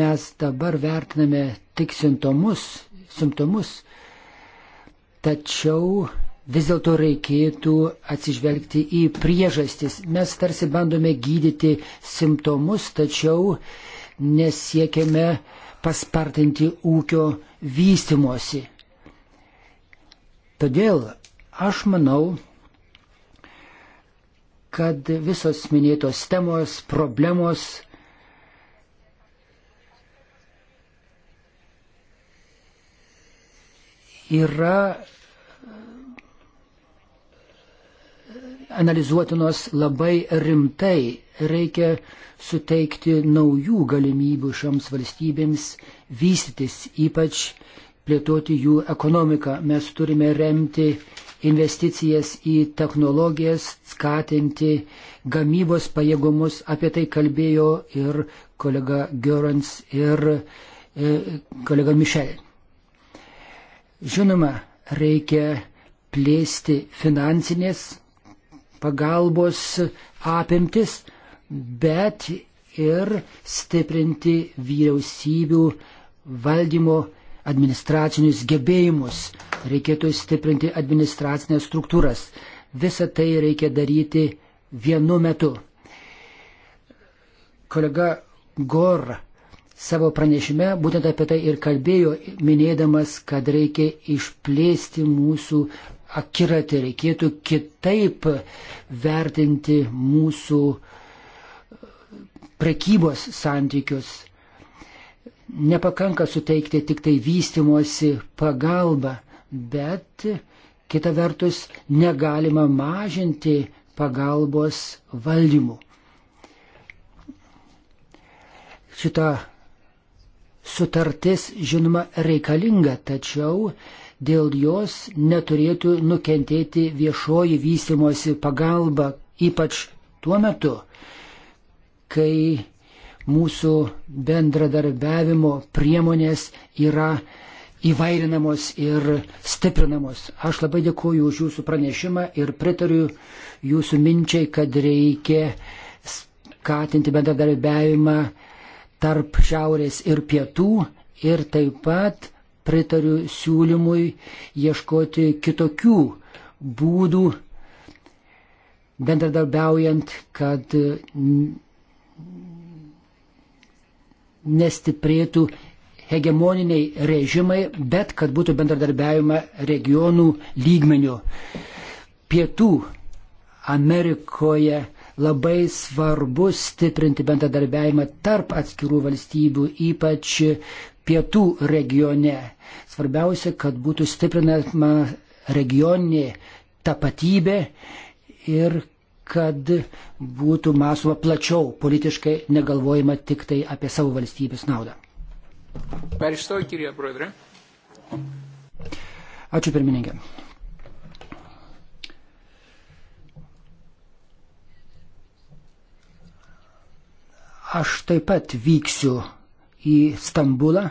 mes dabar vertiname tik simptomus, simptomus tačiau vis dėlto reikėtų atsižvelgti į priežastis. Mes tarsi bandome gydyti simptomus, tačiau nesiekime paspartinti ūkio vystimosi. Todėl aš manau, kad visos minėtos temos, problemos yra e, analizuotinos labai rimtai. Reikia suteikti naujų galimybių šioms valstybėms vystytis, ypač plėtoti jų ekonomiką. Mes turime remti investicijas į technologijas, skatinti gamybos pajėgumus. Apie tai kalbėjo ir kolega Görans ir e, kolega Mišel. Žinoma, reikia plėsti finansinės pagalbos apimtis, bet ir stiprinti vyriausybių valdymo administracinius gebėjimus, reikėtų stiprinti administracinės struktūras. Visą tai reikia daryti vienu metu. Kolega Gor savo pranešime būtent apie tai ir kalbėjo, minėdamas, kad reikia išplėsti mūsų akiratį, reikėtų kitaip vertinti mūsų prekybos santykius nepakanka suteikti tik tai vystimosi pagalbą, bet kita vertus negalima mažinti pagalbos valdymų. Šita sutartis, žinoma, reikalinga, tačiau dėl jos neturėtų nukentėti viešoji vystimosi pagalba, ypač tuo metu, kai mūsų bendradarbiavimo priemonės yra įvairinamos ir stiprinamos. Aš labai dėkuoju už jūsų pranešimą ir pritariu jūsų minčiai, kad reikia skatinti bendradarbiavimą tarp šiaurės ir pietų ir taip pat pritariu siūlymui ieškoti kitokių būdų bendradarbiaujant, kad nestiprėtų hegemoniniai režimai, bet kad būtų bendradarbiavima regionų lygmenių. Pietų Amerikoje labai svarbu stiprinti bendradarbiavimą tarp atskirų valstybių, ypač pietų regione. Svarbiausia, kad būtų stiprinama regioninė tapatybė ir kad būtų masuma plačiau politiškai negalvojama tik tai apie savo valstybės naudą. Perštoj, kirie brodre. Ačiū pirmininkė. Aš taip pat vyksiu į Stambulą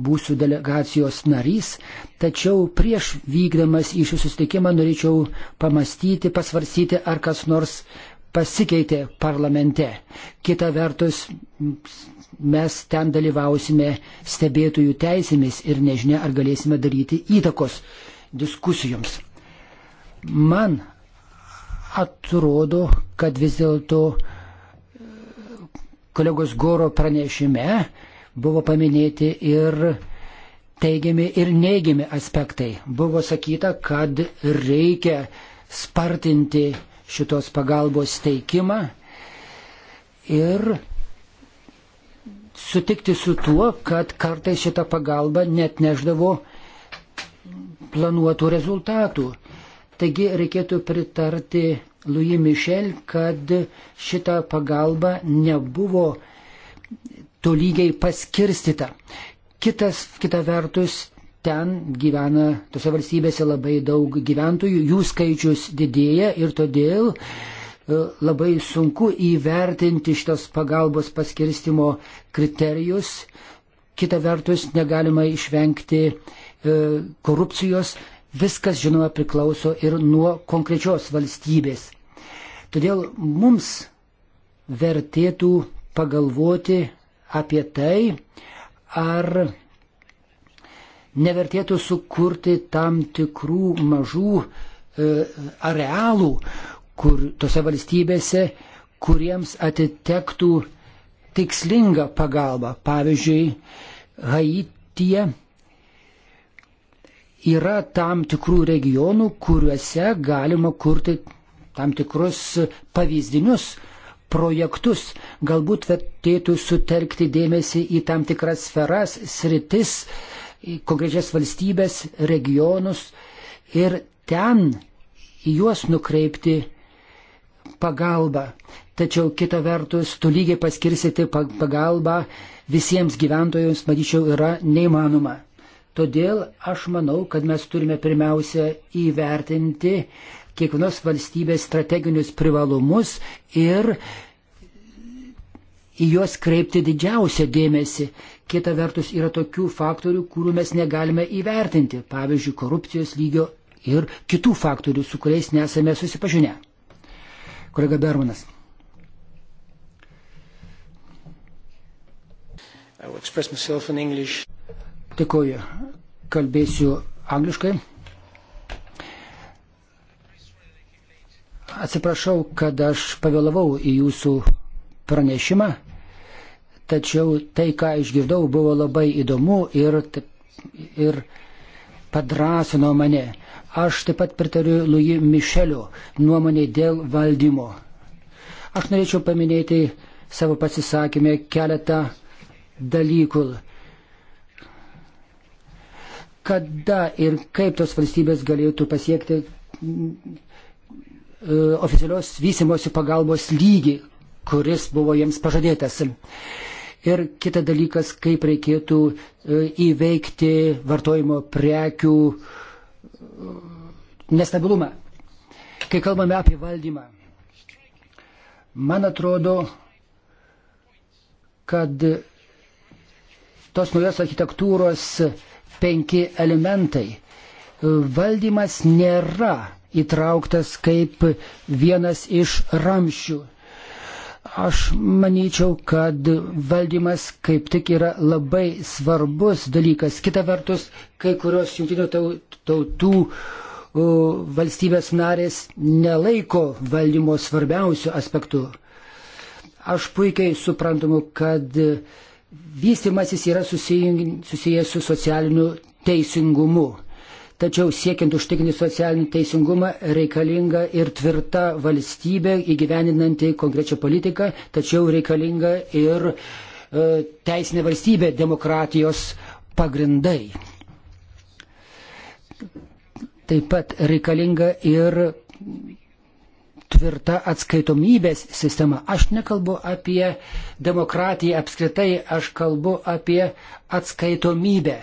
būsiu delegacijos narys, tačiau prieš vykdamas į šį susitikimą norėčiau pamastyti, pasvarsyti, ar kas nors pasikeitė parlamente. Kita vertus, mes ten dalyvausime stebėtojų teisėmis ir nežinia, ar galėsime daryti įtakos diskusijoms. Man atrodo, kad vis dėlto kolegos Goro pranešime buvo paminėti ir teigiami ir neigiami aspektai. Buvo sakyta, kad reikia spartinti šitos pagalbos teikimą ir sutikti su tuo, kad kartai šita pagalba net neždavo planuotų rezultatų. Taigi reikėtų pritarti Louis Michel, kad šita pagalba nebuvo tolygiai paskirstita. Kitas, kita vertus, ten gyvena tose valstybėse labai daug gyventojų, jų skaičius didėja ir todėl e, labai sunku įvertinti šitos pagalbos paskirstimo kriterijus. Kita vertus, negalima išvengti e, korupcijos. Viskas, žinoma, priklauso ir nuo konkrečios valstybės. Todėl mums vertėtų pagalvoti apie tai, ar nevertėtų sukurti tam tikrų mažų e, arealų, kur tose valstybėse, kuriems atitektų tikslinga pagalba. Pavyzdžiui, Haityje yra tam tikrų regionų, kuriuose galima kurti tam tikrus pavyzdinius uh, projektus. Galbūt vertėtų sutelkti dėmesį į tam tikras sferas, sritis, konkrečias valstybės, regionus ir ten į juos nukreipti pagalbą. Tačiau kita vertus, tu lygiai paskirsyti pagalbą visiems gyventojams, matyčiau, yra neįmanoma. Todėl aš manau, kad mes turime pirmiausia įvertinti, kiekvienos valstybės strateginius privalumus ir į juos kreipti didžiausią dėmesį. Kita vertus yra tokių faktorių, kurių mes negalime įvertinti, pavyzdžiui, korupcijos lygio ir kitų faktorių, su kuriais nesame susipažinę. Kolega Bermanas. Dėkuoju. Kalbėsiu angliškai. Atsiprašau, kad aš pavėlavau į jūsų pranešimą, tačiau tai, ką išgirdau, buvo labai įdomu ir, ir padrasino mane. Aš taip pat pritariu Lui Mišelio nuomonė dėl valdymo. Aš norėčiau paminėti savo pasisakymę keletą dalykų. Kada ir kaip tos valstybės galėtų pasiekti E, oficialios vystimosi pagalbos lygį, kuris buvo jiems pažadėtas. Ir kitas dalykas, kaip reikėtų e, įveikti vartojimo prekių e, nestabilumą. Kai kalbame apie valdymą, man atrodo, kad tos naujos architektūros penki elementai. Valdymas nėra įtrauktas kaip vienas iš ramščių. Aš manyčiau, kad valdymas kaip tik yra labai svarbus dalykas. Kita vertus, kai kurios jungtinių tautų valstybės narės nelaiko valdymo svarbiausių aspektų. Aš puikiai suprantamu, kad vystimasis yra susijęs su socialiniu teisingumu. Tačiau siekiant užtikrinti socialinį teisingumą reikalinga ir tvirta valstybė įgyveninanti konkrečią politiką, tačiau reikalinga ir e, teisinė valstybė demokratijos pagrindai. Taip pat reikalinga ir tvirta atskaitomybės sistema. Aš nekalbu apie demokratiją apskritai, aš kalbu apie atskaitomybę.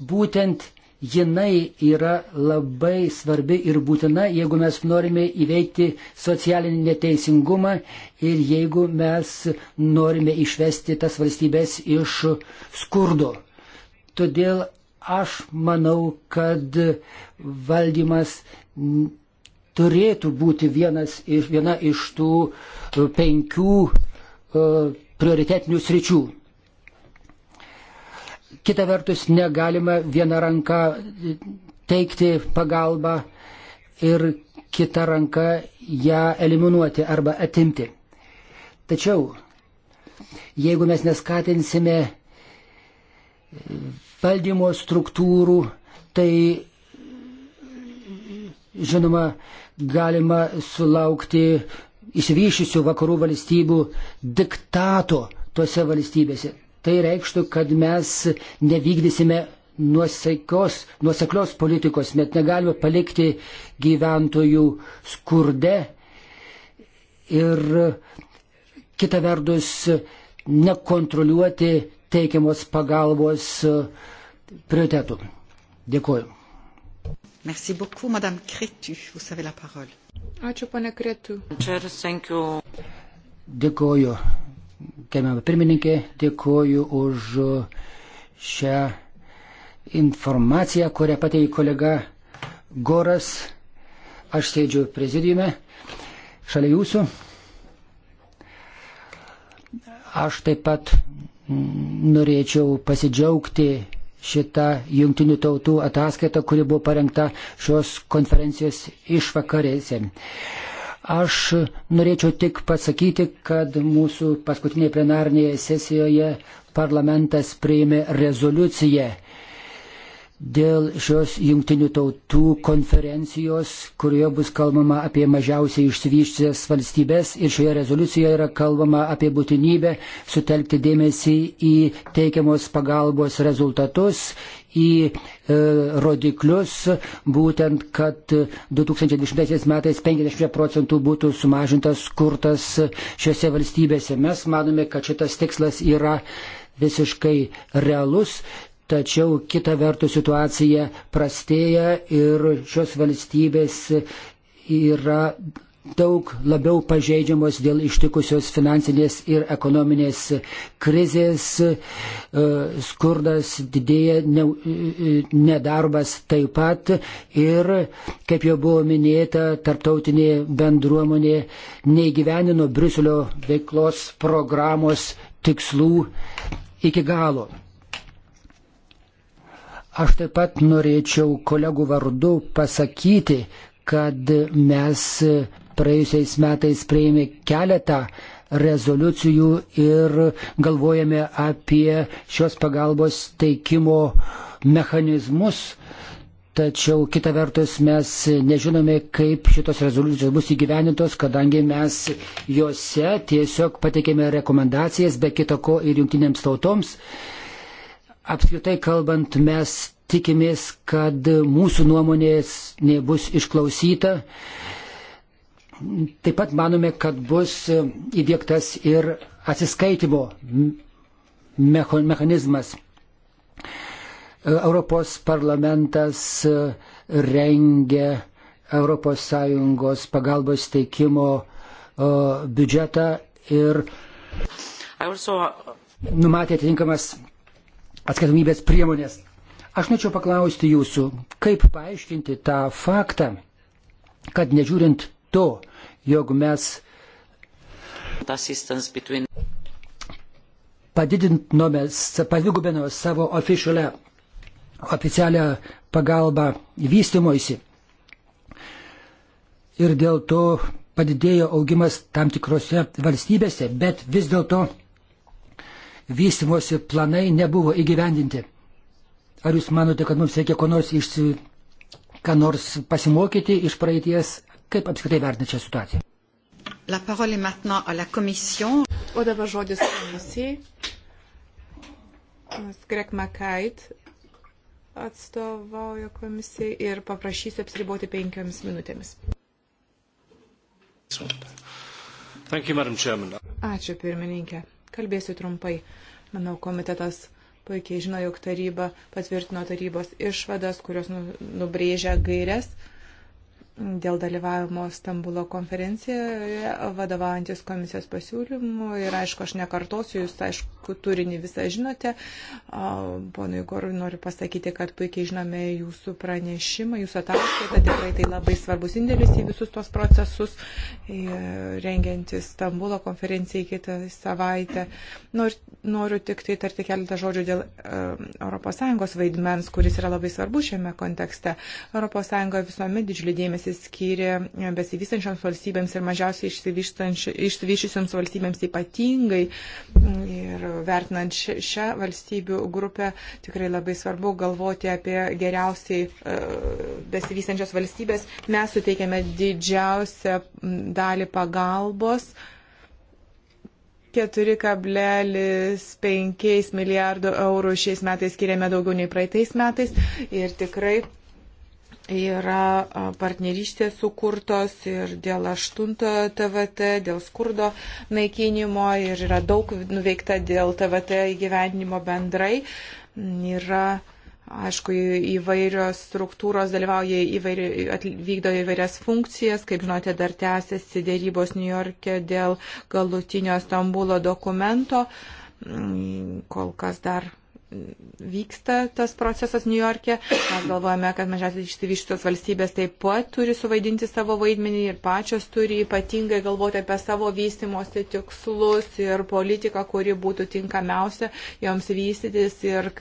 Būtent jinai yra labai svarbi ir būtina, jeigu mes norime įveikti socialinį neteisingumą ir jeigu mes norime išvesti tas valstybės iš skurdo. Todėl aš manau, kad valdymas turėtų būti vienas, viena iš tų penkių e, prioritetinių sričių. Kita vertus, negalima vieną ranką teikti pagalbą ir kitą ranką ją eliminuoti arba atimti. Tačiau, jeigu mes neskatinsime valdymo struktūrų, tai žinoma, galima sulaukti išvyšusių vakarų valstybių diktato tose valstybėse tai reikštų, kad mes nevykdysime nuosekios, nuoseklios politikos, net negalime palikti gyventojų skurde ir kita vertus nekontroliuoti teikiamos pagalbos prioritetų. Dėkuoju. Merci beaucoup, Madame Kretu. Vous avez la parole. Ačiū, ponė Kretu. Dėkuoju gerbiamą pirmininkę, dėkoju už šią informaciją, kurią pateikė kolega Goras. Aš sėdžiu prezidijume šalia jūsų. Aš taip pat norėčiau pasidžiaugti šitą jungtinių tautų ataskaitą, kuri buvo parengta šios konferencijos išvakarėse. vakarėse. Aš norėčiau tik pasakyti, kad mūsų paskutinėje plenarnėje sesijoje parlamentas priėmė rezoliuciją dėl šios jungtinių tautų konferencijos, kurioje bus kalbama apie mažiausiai išsivyščias valstybės ir šioje rezoliucijoje yra kalbama apie būtinybę sutelkti dėmesį į teikiamos pagalbos rezultatus, į e, rodiklius, būtent, kad 2020 metais 50 procentų būtų sumažintas skurtas šiuose valstybėse. Mes manome, kad šitas tikslas yra visiškai realus. Tačiau kita vertus situacija prastėja ir šios valstybės yra daug labiau pažeidžiamos dėl ištikusios finansinės ir ekonominės krizės, e, skurdas didėja, e, nedarbas taip pat ir, kaip jau buvo minėta, tarptautinė bendruomenė neįgyvenino Briuselio veiklos programos tikslų iki galo. Aš taip pat norėčiau kolegų vardu pasakyti, kad mes praėjusiais metais prieimė keletą rezoliucijų ir galvojame apie šios pagalbos teikimo mechanizmus. Tačiau kita vertus mes nežinome, kaip šitos rezoliucijos bus įgyvenintos, kadangi mes juose tiesiog pateikėme rekomendacijas, be kitako ir jungtinėms tautoms. Apskritai kalbant, mes tikimės, kad mūsų nuomonės nebus išklausyta Taip pat manome, kad bus įdėktas ir atsiskaitimo mechanizmas. Europos parlamentas rengia ES pagalbos teikimo biudžetą ir also... Uh, numatė atitinkamas atskaitomybės priemonės. Aš norėčiau paklausti jūsų, kaip paaiškinti tą faktą, kad nežiūrint to, jog mes padidinome, padvigubinome savo oficialią, oficialią pagalbą vystimoisi. Ir dėl to padidėjo augimas tam tikrose valstybėse, bet vis dėlto vystimosi planai nebuvo įgyvendinti. Ar jūs manote, kad mums reikia ko nors, išsi, ką nors pasimokyti iš praeities Kaip apskritai vertinate šią situaciją? La parole est maintenant à la commission. O dabar žodis komisijai. Skrek Makait atstovauja komisijai ir paprašysiu apsiriboti penkiomis minutėmis. You, Ačiū pirmininkė. Kalbėsiu trumpai. Manau, komitetas puikiai žino, jog taryba patvirtino tarybos išvadas, kurios nu- nubrėžia gairias. Uh, dėl dalyvavimo Stambulo konferencijoje, vadovaujantis komisijos pasiūlymu. Ir aišku, aš nekartosiu, jūs aišku turinį visą žinote. Ponui Gorui noriu pasakyti, kad puikiai žinome jūsų pranešimą, jūsų ataskaitą. Tikrai tai labai svarbus indėlis į visus tuos procesus, rengiantis Stambulo konferencijai kitą savaitę. Noriu, noriu tik tai tarti keletą žodžių dėl ES vaidmens, kuris yra labai svarbus šiame kontekste. ES visuomet didžiulį dėmesį dėmesį skiria besivystančioms valstybėms ir mažiausiai išsivyščiusiams valstybėms ypatingai. Ir vertinant šią valstybių grupę, tikrai labai svarbu galvoti apie geriausiai e, besivystančios valstybės. Mes suteikėme didžiausią dalį pagalbos 4,5 milijardų eurų šiais metais skiriame daugiau nei praeitais metais ir tikrai yra partnerystės sukurtos ir dėl 8 TVT, dėl skurdo naikinimo ir yra daug nuveikta dėl TVT įgyvendinimo bendrai. Yra, aišku, įvairios struktūros dalyvauja, įvairi, vykdo įvairias funkcijas. Kaip žinote, dar tęsiasi dėrybos New York'e dėl galutinio Stambulo dokumento. Mm, kol kas dar vyksta tas procesas New York'e. Mes galvojame, kad mažiausiai išsivyščiusios valstybės taip pat turi suvaidinti savo vaidmenį ir pačios turi ypatingai galvoti apie savo vystimosi tikslus ir politiką, kuri būtų tinkamiausia joms vystytis ir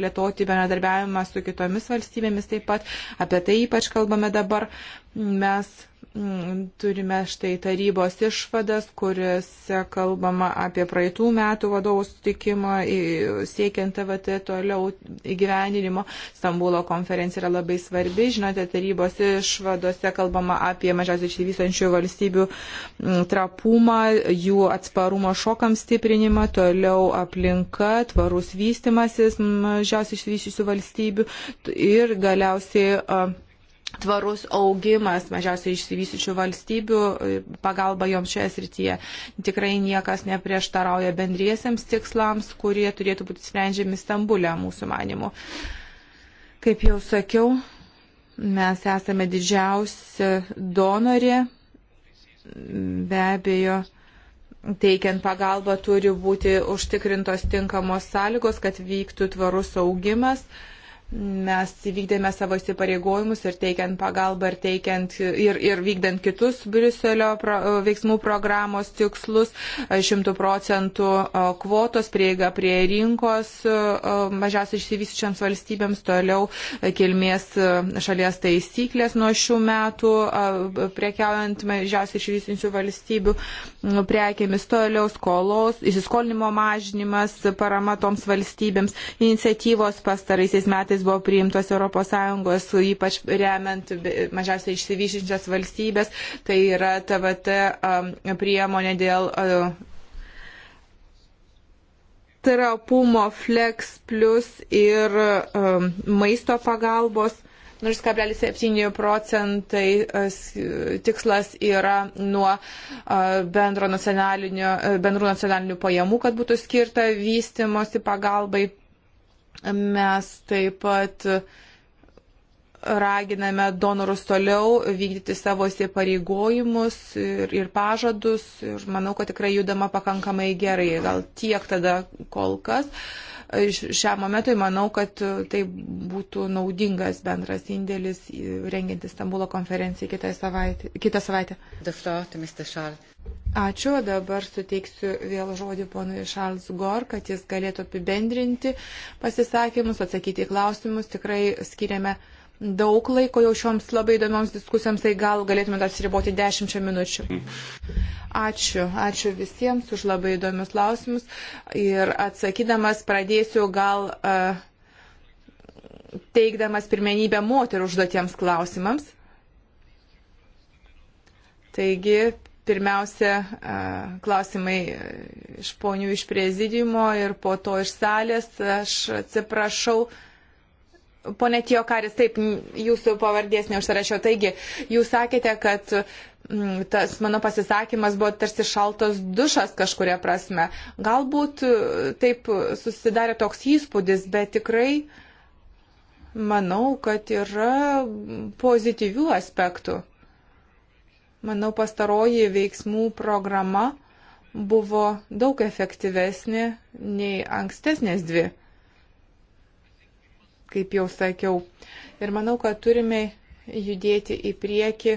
plėtoti bendradarbiavimą su kitomis valstybėmis taip pat. Apie tai ypač kalbame dabar. Mes Mm, turime štai tarybos išvadas, kuriuose kalbama apie praeitų metų vadovų sutikimą, siekiant TVT toliau įgyveninimo. Stambulo konferencija yra labai svarbi. Žinote, tarybos išvadose kalbama apie mažiausiai išsivystančių valstybių mm, trapumą, jų atsparumo šokams stiprinimą, toliau aplinka, tvarus vystimasis mažiausiai išsivyščiusių valstybių ir galiausiai tvarus augimas mažiausiai išsivysičių valstybių, e, pagalba joms šioje srityje. Tikrai niekas neprieštarauja bendriesiams tikslams, kurie turėtų būti sprendžiami Stambulė mūsų manimu. Kaip jau sakiau, mes esame didžiausia donorė, be abejo teikiant pagalbą turi būti užtikrintos tinkamos sąlygos, kad vyktų tvarus augimas mes įvykdėme savo įsipareigojimus ir teikiant pagalbą ir, teikiant, ir, ir vykdant kitus Briuselio pro, veiksmų programos tikslus, 100 procentų kvotos prieiga prie rinkos mažiausiai išsivysiučiams valstybėms, toliau kilmės šalies taisyklės nuo šių metų, prekiaujant mažiausiai išsivysiučių valstybių prekėmis, toliau skolos, įsiskolinimo mažinimas, parama toms valstybėms, iniciatyvos pastaraisiais metais kuris buvo priimtas ES, ypač remiant mažiausiai išsivyšinčias valstybės, tai yra TVT um, priemonė dėl uh, trapumo flex plus ir um, maisto pagalbos. 0,7 procentai uh, tikslas yra nuo uh, bendro nacionalinio, bendrų nacionalinių pajamų, kad būtų skirta vystimosi pagalbai. Mes taip pat raginame donorus toliau vykdyti savo įsipareigojimus ir, ir pažadus ir manau, kad tikrai judama pakankamai gerai. Gal tiek tada kol kas. Uh, šiam momentui manau, kad e, tai būtų naudingas bendras indėlis e, rengiant Istanbulo konferenciją kitą savaitę. Kitą savaitę. Ačiū, dabar suteiksiu vėl žodį ponui Charles Gor, kad jis galėtų apibendrinti pasisakymus, atsakyti į klausimus. Tikrai skiriame daug laiko jau šioms labai įdomioms diskusijoms, tai gal galėtumėte atsiriboti dešimčia minučių. Ačiū, ačiū visiems už labai įdomius klausimus ir atsakydamas pradėsiu gal uh, teikdamas pirmenybę moterų užduotiems klausimams. Taigi, pirmiausia, e, klausimai iš ponių iš prezidiumo ir po to iš salės. Aš atsiprašau. Pone Tijokaris, taip, jūsų pavardės neužsirašiau. Taigi, jūs sakėte, kad tas mano pasisakymas buvo tarsi šaltas dušas kažkuria prasme. Galbūt taip susidarė toks įspūdis, bet tikrai manau, kad yra pozityvių aspektų. Manau, pastaroji veiksmų programa buvo daug efektyvesnė nei ankstesnės dvi kaip jau sakiau. Ir manau, kad turime judėti į priekį,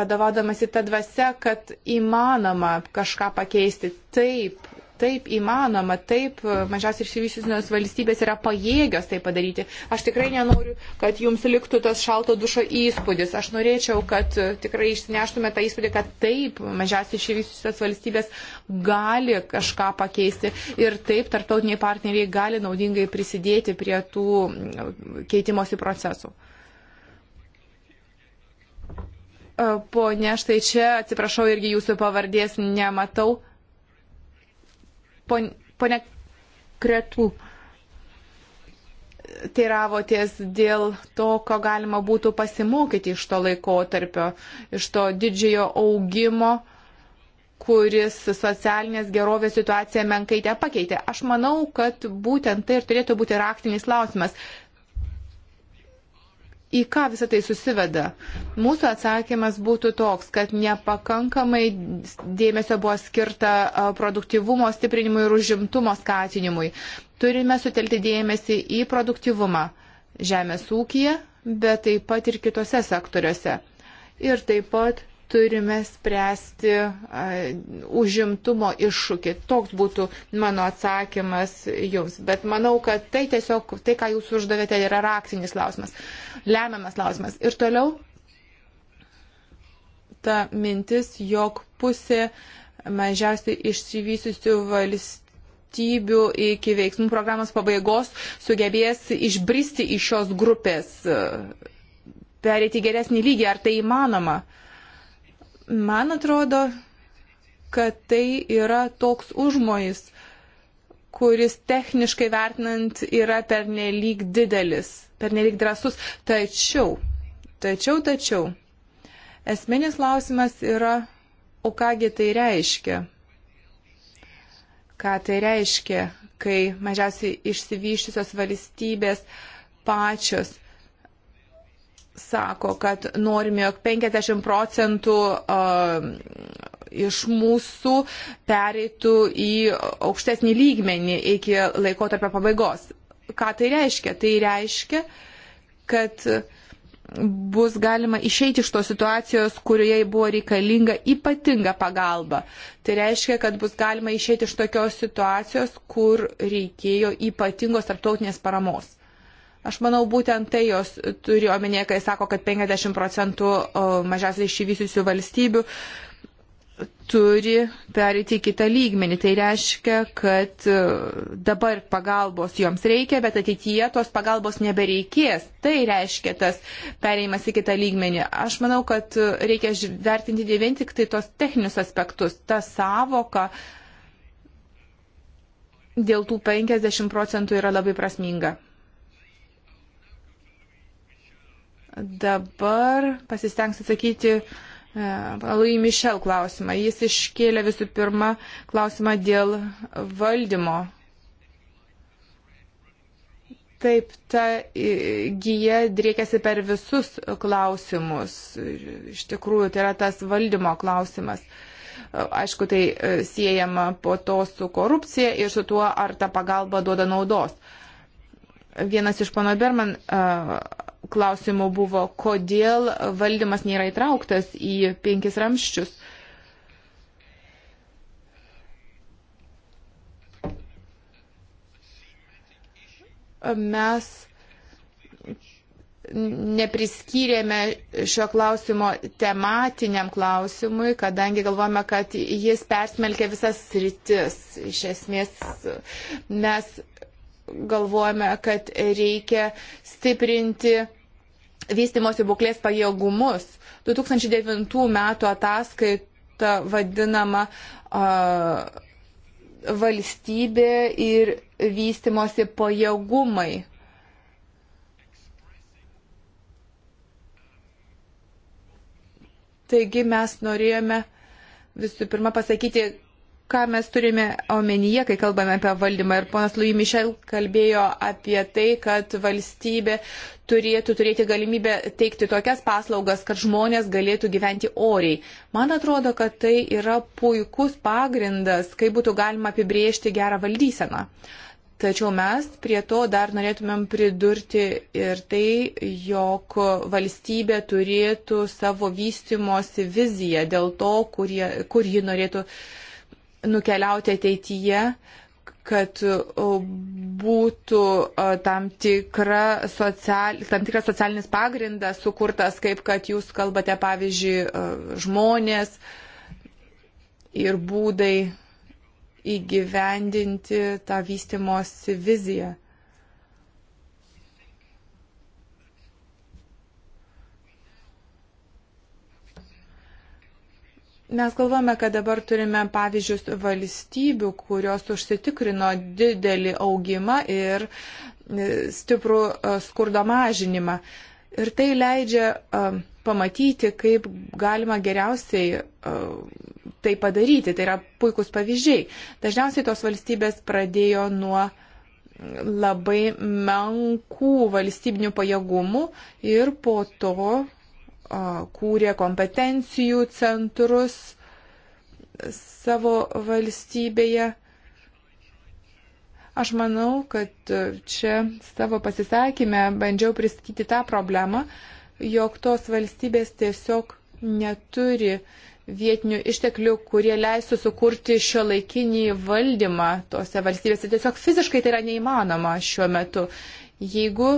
vadovaudamas į tą dvasę, kad įmanoma kažką pakeisti. Taip, taip įmanoma, taip e, mažiausiai išsivysiusios valstybės yra pajėgios tai padaryti. Aš tikrai nenoriu, kad jums liktų tas šalto dušo įspūdis. Aš norėčiau, kad e, tikrai išsineštume tą įspūdį, kad taip mažiausiai išsivysiusios valstybės gali kažką pakeisti ir taip tarptautiniai partneriai gali naudingai prisidėti prie tų keitimosi procesų. E, pone, štai čia, atsiprašau, irgi jūsų pavardės nematau. Pone, pone Kretų, teiravotės dėl to, ko galima būtų pasimokyti iš to laikotarpio, iš to didžiojo augimo kuris socialinės gerovės situaciją menkai te pakeitė. Aš manau, kad būtent tai ir turėtų būti raktinis klausimas į ką visą tai susiveda? Mūsų atsakymas būtų toks, kad nepakankamai dėmesio buvo skirta produktivumo stiprinimui ir užimtumo skatinimui. Turime sutelti dėmesį į produktivumą žemės ūkiją, bet taip pat ir kitose sektoriuose. Ir taip pat turime spręsti užimtumo iššūkį. Toks būtų mano atsakymas jums. Bet manau, kad tai tiesiog, tai, ką jūs uždavėte, yra raktinis klausimas, lemiamas klausimas. Ir toliau ta mintis, jog pusė mažiausiai išsivysiusių valstybių valstybių iki veiksmų programos pabaigos sugebės išbristi iš šios grupės, perėti geresnį lygį, ar tai įmanoma? Uh, Man atrodo, kad tai yra toks užmojis, kuris techniškai vertinant yra pernelyg didelis, pernelyg drasus. Tačiau, tačiau, tačiau, esminis klausimas yra, o kągi tai reiškia? Ką tai reiškia, kai mažiausiai išsivyščiusios valstybės pačios sako, kad norime, jog 50 procentų iš mūsų pereitų į aukštesnį lygmenį iki laikotarpio pabaigos. Ką tai reiškia? Tai reiškia, kad bus galima išeiti iš tos situacijos, kurioje buvo reikalinga ypatinga pagalba. Tai reiškia, kad bus galima išeiti iš tokios situacijos, kur reikėjo ypatingos tarptautinės paramos. Aš manau, būtent tai jos turi omenyje, kai sako, kad 50 procentų mažiausiai išsivysiusių valstybių turi perėti į kitą lygmenį. Tai reiškia, kad e, dabar pagalbos joms reikia, bet ateityje tos pagalbos nebereikės. Tai reiškia tas perėjimas į kitą lygmenį. Aš manau, kad e, reikia vertinti ne vien tik tai tos techninius aspektus, tą savoką. Dėl tų 50 procentų yra labai prasminga. Dabar pasistengs atsakyti e, Lui Mišel klausimą. Jis iškėlė visų pirma klausimą dėl valdymo. Taip, ta gyja driekiasi per visus klausimus. Iš tikrųjų, tai yra tas valdymo klausimas. Aišku, tai e, siejama po to su korupcija ir su tuo, ar ta pagalba duoda naudos. Vienas iš pono Berman klausimų buvo, kodėl valdymas nėra įtrauktas į penkis ramščius. Mes nepriskyrėme šio klausimo tematiniam klausimui, kadangi galvojame, kad jis persmelkia visas sritis. Iš esmės mes galvojame, kad reikia stiprinti vystimosi būklės pajėgumus. 2009 metų ataskaita vadinama uh, valstybė ir vystimosi pajėgumai. Taigi mes norėjome visų pirma pasakyti, ką mes turime omenyje, kai kalbame apie valdymą. Ir ponas Louis Michel kalbėjo apie tai, kad valstybė turėtų turėti galimybę teikti tokias paslaugas, kad žmonės galėtų gyventi oriai. Man atrodo, kad tai yra puikus pagrindas, kaip būtų galima apibriežti gerą valdyseną. Tačiau mes prie to dar norėtumėm pridurti ir tai, jog valstybė turėtų savo vystimosi viziją dėl to, kur, jie, kur ji norėtų uh, nukeliauti ateityje, kad e, būtų e, tam, tikra social, tam tikras socialinis pagrindas sukurtas, kaip kad jūs kalbate, pavyzdžiui, e, žmonės ir būdai įgyvendinti tą vystimosi viziją. Mes galvome, kad dabar turime pavyzdžius valstybių, kurios užsitikrino didelį augimą ir e, stiprų e, skurdo mažinimą. Ir tai leidžia e, pamatyti, kaip galima geriausiai tai padaryti. Tai yra puikus pavyzdžiai. Dažniausiai tos valstybės pradėjo nuo labai menkų valstybinių pajėgumų ir po to kūrė kompetencijų centrus savo valstybėje. Aš manau, kad čia savo pasisakymę bandžiau pristatyti tą problemą, jog tos valstybės tiesiog neturi vietinių išteklių, kurie leistų sukurti šio laikinį valdymą tose valstybėse. Tiesiog fiziškai tai yra neįmanoma šiuo metu. Jeigu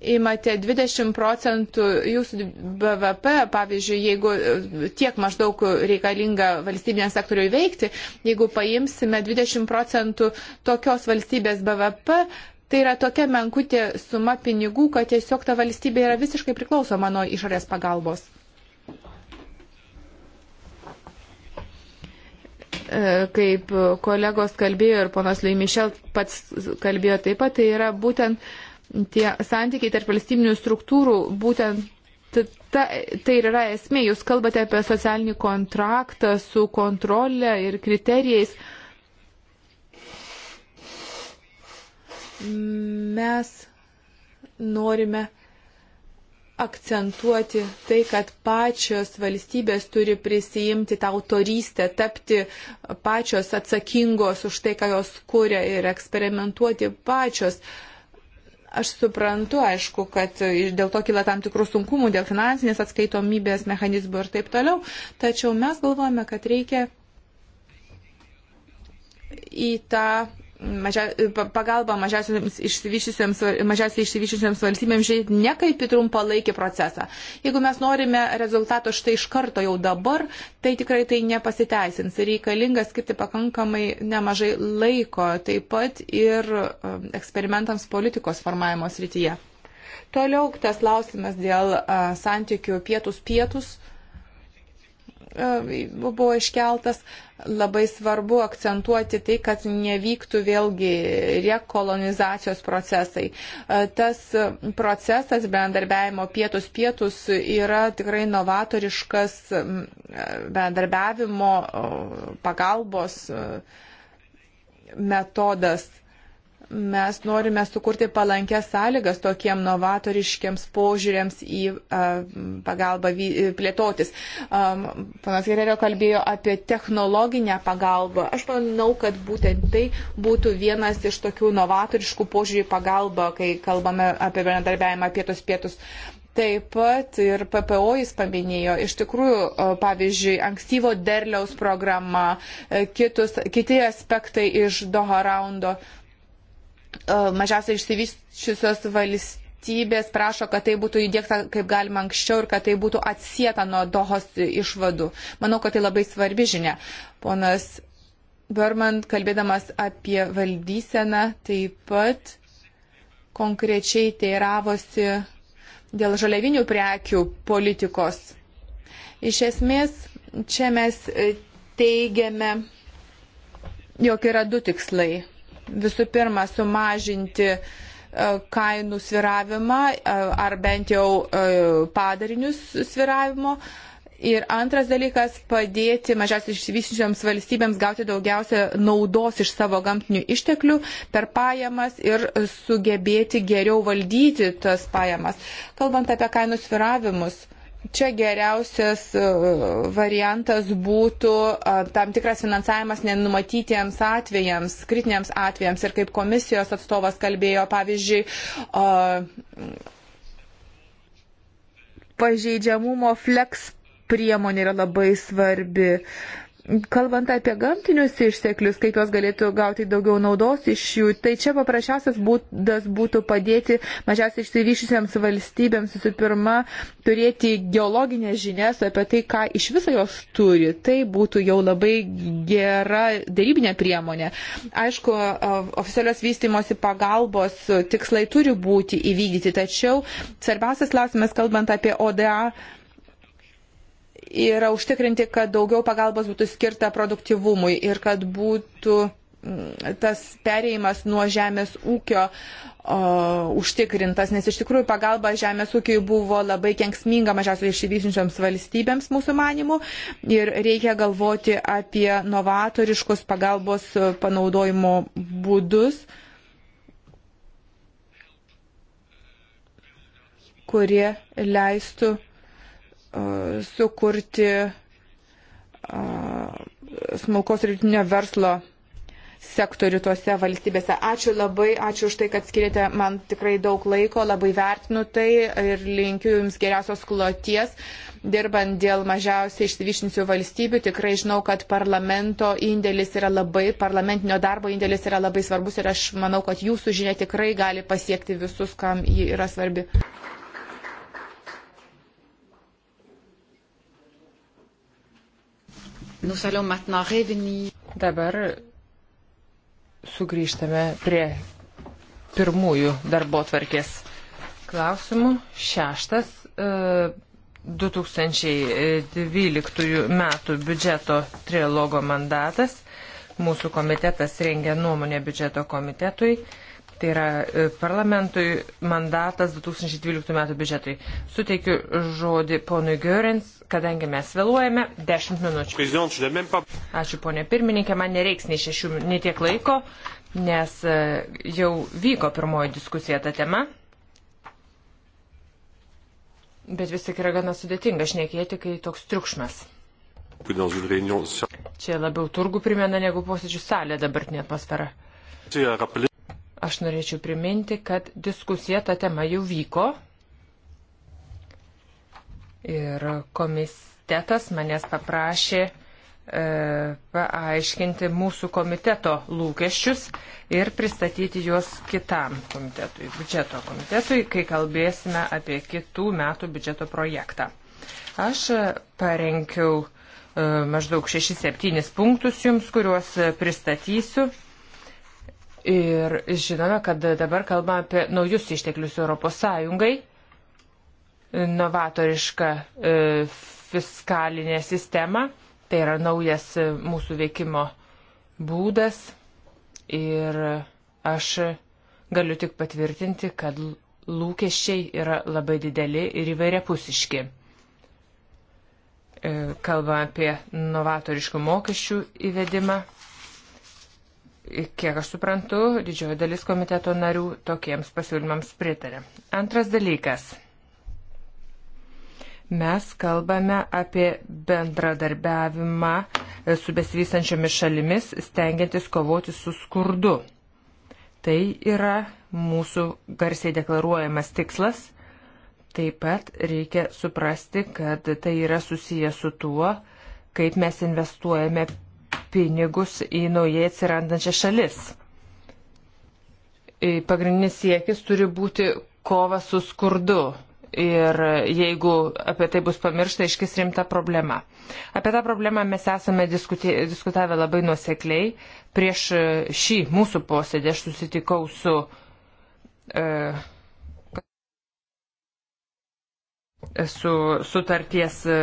imate 20 procentų jūsų BVP, pavyzdžiui, jeigu e, tiek maždaug reikalinga valstybinė sektoriui veikti, jeigu paimsime 20 procentų tokios valstybės BVP, tai yra tokia menkutė suma pinigų, kad tiesiog ta valstybė yra visiškai priklausoma nuo išorės pagalbos. E, kaip kolegos kalbėjo ir ponas Leimišel pats kalbėjo taip pat, tai yra būtent uh, tie santykiai tarp valstybinių struktūrų būtent ta, tai ir yra esmė. Jūs kalbate apie socialinį kontraktą su kontrolė ir kriterijais. Mes norime akcentuoti tai, kad pačios valstybės turi prisijimti tą autorystę, tapti pačios atsakingos už tai, ką jos kuria ir eksperimentuoti pačios. Uh, Aš suprantu, aišku, kad dėl to kyla tam tikrų sunkumų, dėl finansinės atskaitomybės mechanizmų ir taip toliau, tačiau mes galvojame, kad reikia į tą mažia, pagalba mažiausiams išsivyščiusiams, mažiausiai išsivyščiusiams valstybėms žiūrėti ne kaip į trumpalaikį procesą. Jeigu mes norime rezultato štai iš karto jau dabar, tai tikrai tai nepasiteisins. Reikalinga skirti pakankamai nemažai laiko taip pat ir um, eksperimentams politikos formavimo srityje. Toliau tas klausimas dėl uh, santykių pietus pietus. -pietus E, buvo iškeltas. Labai svarbu akcentuoti tai, kad nevyktų vėlgi rekolonizacijos procesai. E, tas procesas bendarbiavimo pietus pietus yra tikrai novatoriškas bendarbiavimo pagalbos e, metodas mes norime sukurti palankias sąlygas tokiem novatoriškiams požiūriams į pagalbą plėtotis. Panas Gerelio kalbėjo apie technologinę pagalbą. Aš manau, kad būtent tai būtų vienas iš tokių novatoriškų požiūrį pagalbą, kai kalbame apie bendradarbiavimą pietus pietus. Taip pat ir PPO jis paminėjo, iš tikrųjų, pavyzdžiui, ankstyvo derliaus programa, kitus, kiti aspektai iš Doha raundo E, mažiausiai išsivyščiusios valstybės prašo, kad tai būtų įdėkta kaip galima anksčiau ir kad tai būtų atsieta nuo Dohos išvadų. Manau, kad tai labai svarbi žinia. Ponas Berman, kalbėdamas apie valdyseną, taip pat konkrečiai teiravosi dėl žaliavinių prekių politikos. Iš esmės, čia mes teigiame, jog yra du tikslai visų pirma sumažinti e, kainų sviravimą e, ar bent jau e, padarinius sviravimo. Ir antras dalykas - padėti mažiausiai išsivyščiusioms valstybėms gauti daugiausia naudos iš savo gamtinių išteklių per pajamas ir sugebėti geriau valdyti tas pajamas. Kalbant apie kainų sviravimus, Čia geriausias e, variantas būtų e, tam tikras finansavimas nenumatytiems atvejams, kritiniams atvejams. Ir kaip komisijos atstovas kalbėjo, pavyzdžiui, e, pažeidžiamumo fleks priemonė yra labai svarbi. Uh, Kalbant apie gamtinius išteklius, kaip jos galėtų gauti daugiau naudos iš jų, tai čia paprasčiausias būdas būtų padėti mažiausiai išsivyšusiems valstybėms visų pirma turėti geologinės žinias apie tai, ką iš viso jos turi. Tai būtų jau labai gera darybinė priemonė. Aišku, oficialios vystimosi pagalbos tikslai turi būti įvykdyti, tačiau svarbiausias klausimas, kalbant apie ODA yra užtikrinti, kad daugiau pagalbos būtų skirta produktivumui ir kad būtų mm, tas perėjimas nuo žemės ūkio o, užtikrintas, nes iš tikrųjų pagalba žemės ūkiai buvo labai kenksminga mažiausiai išsivysinčioms valstybėms mūsų manimų ir reikia galvoti apie novatoriškus pagalbos panaudojimo būdus, kurie leistų sukurti smulkos ir rytinio verslo sektorių tose valstybėse. Ačiū labai, ačiū už tai, kad skirėte man tikrai daug laiko, labai vertinu tai ir linkiu Jums geriausios kloties. Dirbant dėl mažiausiai išsivyšinsių valstybių, tikrai žinau, kad parlamento indėlis yra labai, parlamentinio darbo indėlis yra labai svarbus ir aš manau, kad Jūsų žinia tikrai gali pasiekti visus, kam ji yra svarbi. Dabar sugrįžtame prie pirmųjų darbo tvarkės klausimų. Šeštas 2012 e, metų biudžeto trilogo mandatas. Mūsų komitetas rengia nuomonę biudžeto komitetui. Tai yra e, parlamentui mandatas 2012 m. biudžetui. Suteikiu žodį ponui Görins, kadangi mes vėluojame 10 minučių. Ačiū ponė pirmininkė, man nereiks nei, šešių, nei tiek laiko, nes e, jau vyko pirmoji diskusija tą temą. Bet vis tik yra gana sudėtinga šnekėti, kai toks triukšmas. Čia labiau turgų primena negu posėdžių salė dabartinė atmosfera. Aš norėčiau priminti, kad diskusija tą temą jau vyko ir komitetas manęs paprašė e, paaiškinti mūsų komiteto lūkesčius ir pristatyti juos kitam komitetui, biudžeto komitetui, kai kalbėsime apie kitų metų biudžeto projektą. Aš parenkiau e, maždaug 6-7 punktus jums, kuriuos pristatysiu. Ir žinome, kad dabar kalbame apie naujus išteklius Europos Sąjungai, novatorišką e, fiskalinę sistemą, tai yra naujas e, mūsų veikimo būdas. Ir aš galiu tik patvirtinti, kad lūkesčiai yra labai dideli ir įvairiapusiški. E, kalba apie novatoriškų mokesčių įvedimą, Kiek aš suprantu, didžioji dalis komiteto narių tokiems pasiūlymams pritarė. Antras dalykas. Mes kalbame apie bendradarbiavimą su besivystančiomis šalimis, stengiantis kovoti su skurdu. Tai yra mūsų garsiai deklaruojamas tikslas. Taip pat reikia suprasti, kad tai yra susijęs su tuo, kaip mes investuojame pinigus į naujai atsirandančią šalis. E, pagrindinis siekis turi būti kova su skurdu. Ir jeigu apie tai bus pamiršta, iškis rimta problema. Apie tą problemą mes esame diskutavę labai nuosekliai. Prieš šį mūsų posėdį aš susitikau su uh, su sutarties e,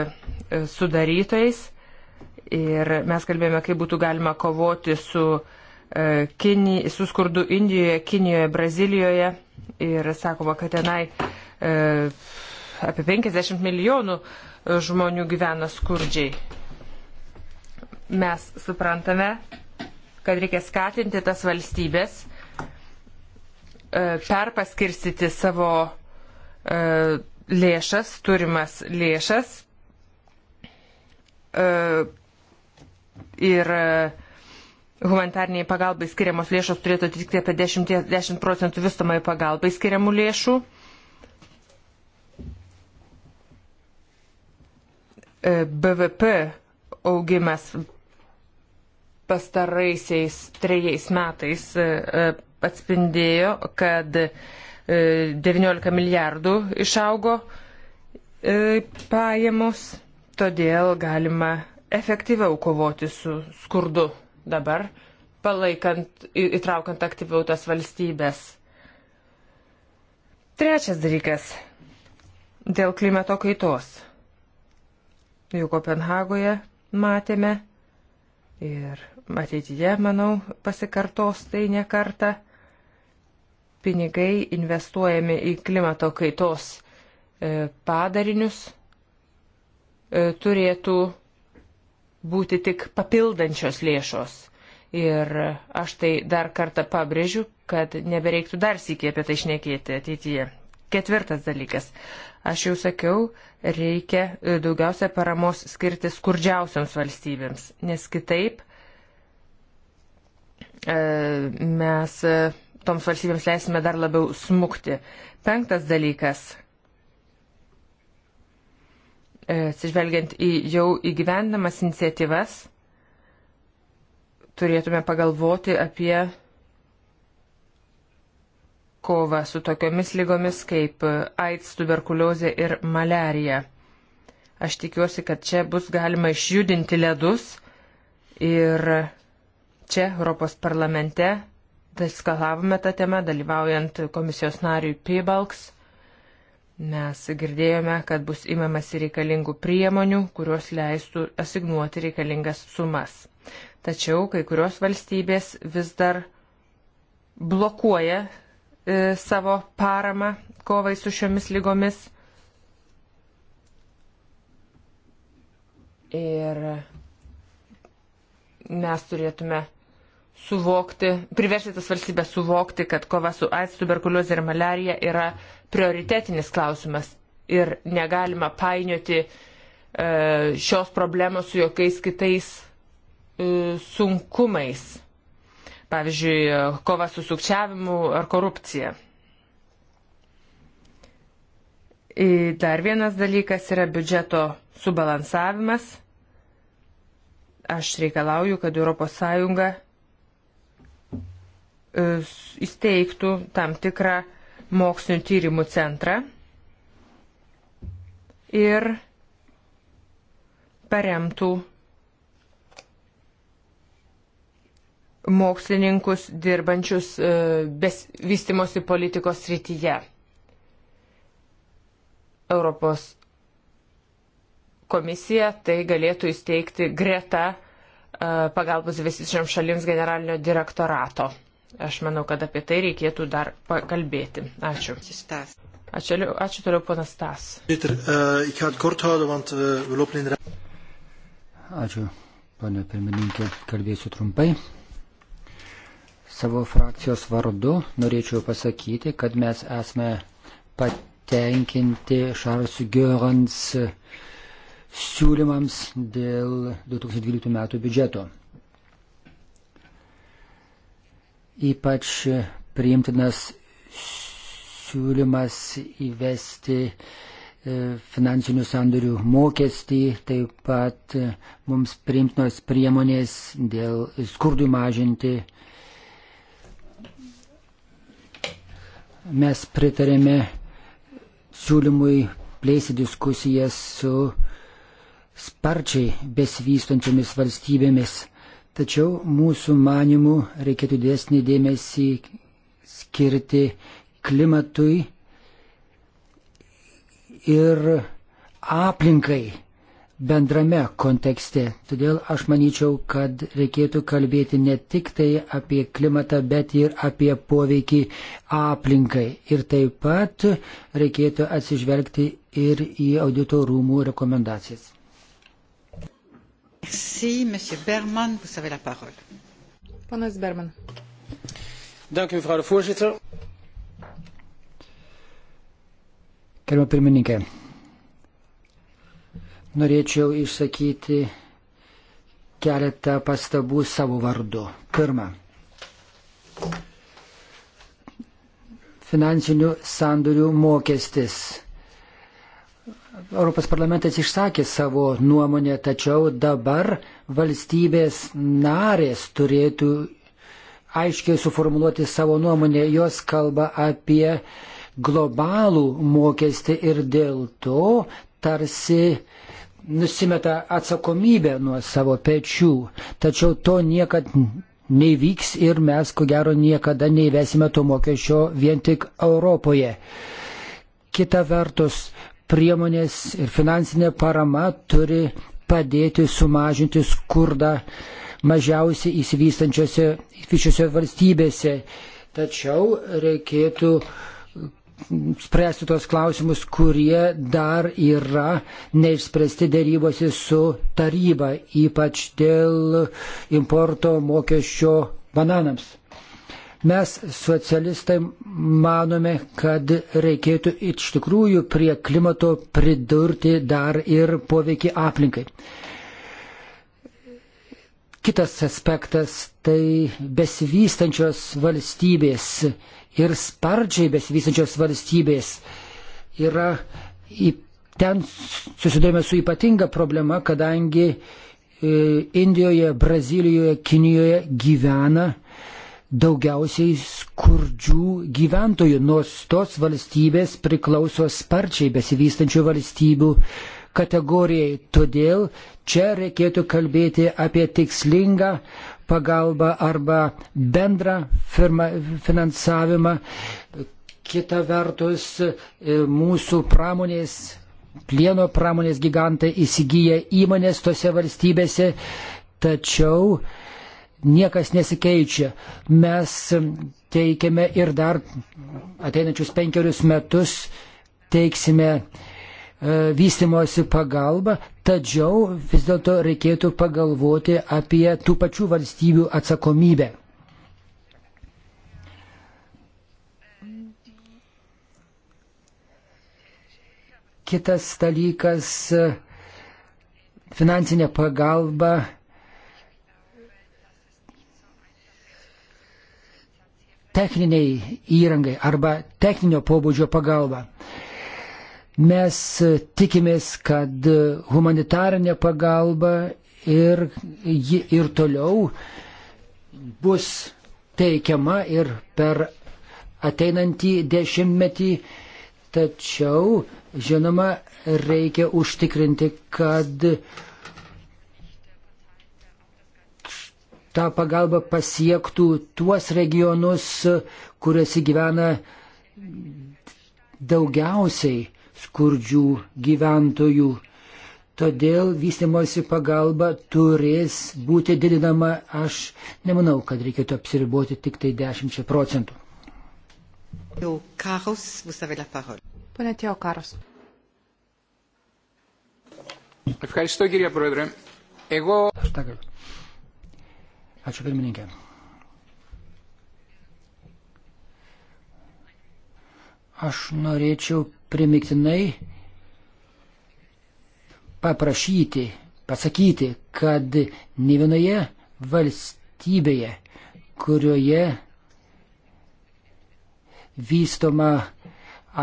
sudarytojais Ir mes kalbėjome, kaip būtų galima kovoti su, e, Kini, su skurdu Indijoje, Kinijoje, Brazilijoje. Ir sakoma, kad tenai e, apie 50 milijonų e, žmonių gyvena skurdžiai. Mes suprantame, kad reikia skatinti tas valstybės, perpaskirstyti savo lėšas, turimas lėšas, ir e, humanitarniai pagalbai skiriamos lėšos turėtų atitikti apie 10, 10 procentų visumai pagalbai skiriamų lėšų. E, BVP augimas pastaraisiais trejais metais e, atspindėjo, kad 19 milijardų išaugo pajamos, todėl galima efektyviau kovoti su skurdu dabar, palaikant, įtraukiant aktyviau tas valstybės. Trečias dalykas - dėl klimato kaitos. Jau Kopenhagoje matėme ir ateityje, manau, pasikartos tai ne kartą. Pinigai investuojami į klimato kaitos e, padarinius e, turėtų būti tik papildančios lėšos. Ir aš tai dar kartą pabrėžiu, kad nebereiktų dar sėkiai apie tai šnekėti ateityje. Ketvirtas dalykas. Aš jau sakiau, reikia e, daugiausia paramos skirti skurdžiausiams valstybėms, nes kitaip e, mes e, toms valstybėms leisime dar labiau smukti. Penktas dalykas E, atsižvelgiant į jau įgyvendamas iniciatyvas, turėtume pagalvoti apie kovą su tokiomis lygomis kaip AIDS, tuberkuliozė ir malerija. Aš tikiuosi, kad čia bus galima išjudinti ledus ir čia Europos parlamente diskalavome tą temą, dalyvaujant komisijos nariui Pibalks Mes girdėjome, kad bus imamasi reikalingų priemonių, kurios leistų asignuoti reikalingas sumas. Tačiau kai kurios valstybės vis dar blokuoja e, savo paramą kovai su šiomis lygomis. Ir mes turėtume suvokti, priversti tas valstybės suvokti, kad kova su AIDS, tuberkuliozė ir malerija yra prioritetinis klausimas ir negalima painioti e, šios problemos su jokiais kitais e, sunkumais. Pavyzdžiui, e, kova su sukčiavimu ar korupcija. Ir dar vienas dalykas yra biudžeto subalansavimas. Aš reikalauju, kad ES įsteigtų tam tikrą mokslinio tyrimų centrą ir paremtų mokslininkus dirbančius e, vystimosi politikos srityje. Europos komisija tai galėtų įsteigti greta e, pagalbos visišiam šalims generalinio direktorato. Aš manau, kad apie tai reikėtų dar pakalbėti. Ačiū. Ačiū, ačiū toliau, ponas Tas. Eh, eh, ačiū, ponė pirmininkė, kalbėsiu trumpai. Savo frakcijos vardu norėčiau pasakyti, kad mes esame patenkinti Šaras Görans siūlymams dėl 2012 metų biudžeto. Ypač priimtinas siūlymas įvesti e, finansinių sandorių mokestį, taip pat e, mums priimtinos priemonės dėl skurdų mažinti. Mes pritarėme siūlymui plėsti diskusijas su sparčiai besivystančiomis valstybėmis Tačiau mūsų manimų reikėtų dėsnį dėmesį skirti klimatui ir aplinkai bendrame kontekste. Todėl aš manyčiau, kad reikėtų kalbėti ne tik tai apie klimatą, bet ir apie poveikį aplinkai. Ir taip pat reikėtų atsižvelgti ir į audito rūmų rekomendacijas. Merci, monsieur Berman, vous avez la parole. Panas Berman. Dank u, mevrouw de voorzitter. Gerbiamą pirmininkę, norėčiau išsakyti keletą pastabų savo vardu. Pirma, finansinių sandorių mokestis Europos parlamentas išsakė savo nuomonę, tačiau dabar valstybės narės turėtų aiškiai suformuoluoti savo nuomonę. Jos kalba apie globalų mokestį ir dėl to tarsi nusimeta atsakomybę nuo savo pečių. Tačiau to niekad nevyks ir mes, ko gero, niekada neįvesime to mokesčio vien tik Europoje. Kita vertus, priemonės ir finansinė parama turi padėti sumažinti skurdą mažiausiai įsivystančiose valstybėse. Tačiau reikėtų spręsti tos klausimus, kurie dar yra neišspręsti dėrybose su taryba, ypač dėl importo mokesčio bananams. Mes socialistai manome, kad reikėtų iš tikrųjų prie klimato pridurti dar ir poveikį aplinkai. Kitas aspektas - tai besivystančios valstybės ir sparčiai besivystančios valstybės yra į ten susidurime su ypatinga problema, kadangi e, Indijoje, Brazilijoje, Kinijoje gyvena daugiausiai skurdžių gyventojų, nors tos valstybės priklauso sparčiai besivystančių valstybių kategorijai. Todėl čia reikėtų kalbėti apie tikslingą pagalbą arba bendrą firma, finansavimą. Kita vertus, e, mūsų pramonės, plieno pramonės gigantai įsigyja įmonės tose valstybėse, tačiau niekas nesikeičia. Mes teikiame ir dar ateinančius penkerius metus teiksime e, vystimosi pagalba, tačiau vis dėlto reikėtų pagalvoti apie tų pačių valstybių atsakomybę. Kitas dalykas e, - finansinė pagalba techniniai įrangai arba techninio pobūdžio pagalba. Mes tikimės, kad humanitarinė pagalba ir, ji ir toliau bus teikiama ir per ateinantį dešimtmetį, tačiau, žinoma, reikia užtikrinti, kad ta pagalba pasiektų tuos regionus, kuriuose gyvena daugiausiai skurdžių gyventojų. Todėl vystimosi pagalba turės būti didinama, aš nemanau, kad reikėtų apsiriboti tik tai 10 procentų. Pane Teo Karos. Aš tą galiu. Ačiū pirmininkė. Aš norėčiau primiktinai paprašyti, pasakyti, kad ne vienoje valstybėje, kurioje vystoma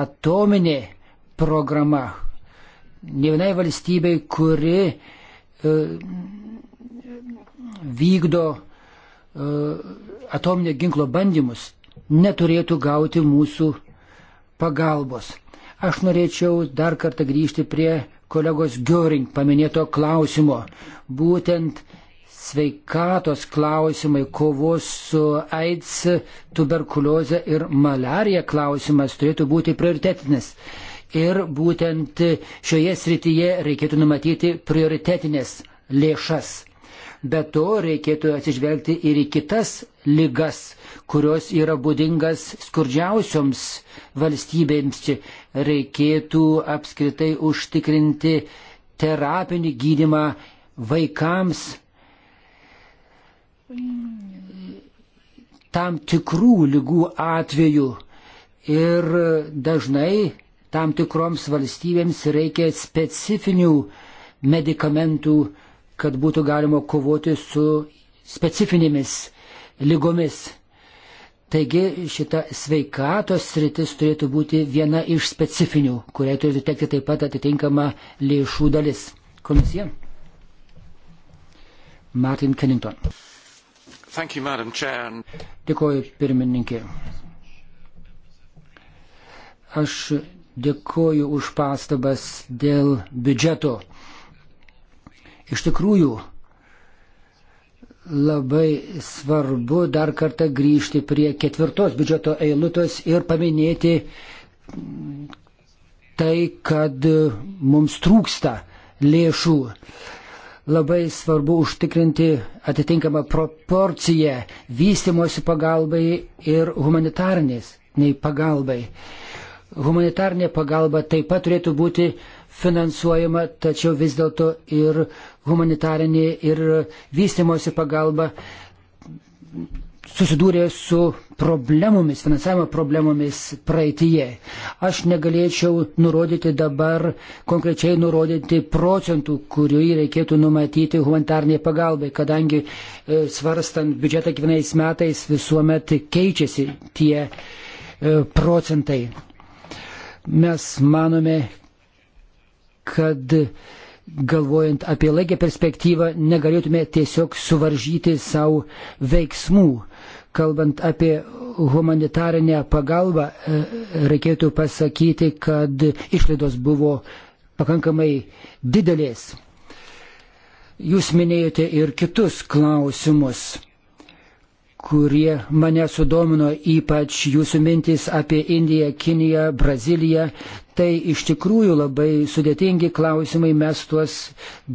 atominė programa, ne vienai valstybei, kuri e, vykdo E, atominio ginklo bandymus, neturėtų gauti mūsų pagalbos. Aš norėčiau dar kartą grįžti prie kolegos Göring paminėto klausimo. Būtent sveikatos klausimai, kovos su AIDS, tuberkulioze ir malarija klausimas turėtų būti prioritetinis. Ir būtent šioje srityje reikėtų numatyti prioritetinės lėšas. Be to reikėtų atsižvelgti ir į kitas lygas, kurios yra būdingas skurdžiausioms valstybėms. Reikėtų apskritai užtikrinti terapinį gydimą vaikams tam tikrų lygų atveju. Ir dažnai tam tikroms valstybėms reikia specifinių medikamentų, kad būtų galima kovoti su specifinėmis lygomis. Taigi šita sveikatos sritis turėtų būti viena iš specifinių, kuriai turėtų tekti taip pat atitinkama lėšų dalis. Komisija. Martin Kennington. Thank you, Madam Chair. Dėkuoju, pirmininkė. Aš dėkuoju už pastabas dėl biudžeto. Uh, Iš tikrųjų, labai svarbu dar kartą grįžti prie ketvirtos biudžeto eilutos ir paminėti tai, kad mums trūksta lėšų. Labai svarbu užtikrinti atitinkamą proporciją vystimosi pagalbai ir humanitarnės nei pagalbai. Humanitarnė pagalba taip pat turėtų būti uh, finansuojama, tačiau vis dėlto ir humanitarinė, ir vystimosi pagalba susidūrė su problemomis, finansavimo problemomis praeitie. Aš negalėčiau nurodyti dabar, konkrečiai nurodyti procentų, kurių reikėtų numatyti humanitarniai pagalbai, kadangi e, svarstant biudžetą kiekvienais metais visuomet keičiasi tie e, procentai. Mes manome, kad galvojant apie laikę perspektyvą negalėtume tiesiog suvaržyti savo veiksmų. Kalbant apie humanitarinę pagalbą, e, reikėtų pasakyti, kad išlaidos buvo pakankamai didelės. Jūs minėjote ir kitus klausimus kurie mane sudomino ypač jūsų mintys apie Indiją, Kiniją, Braziliją. Tai iš tikrųjų labai sudėtingi klausimai, mes tuos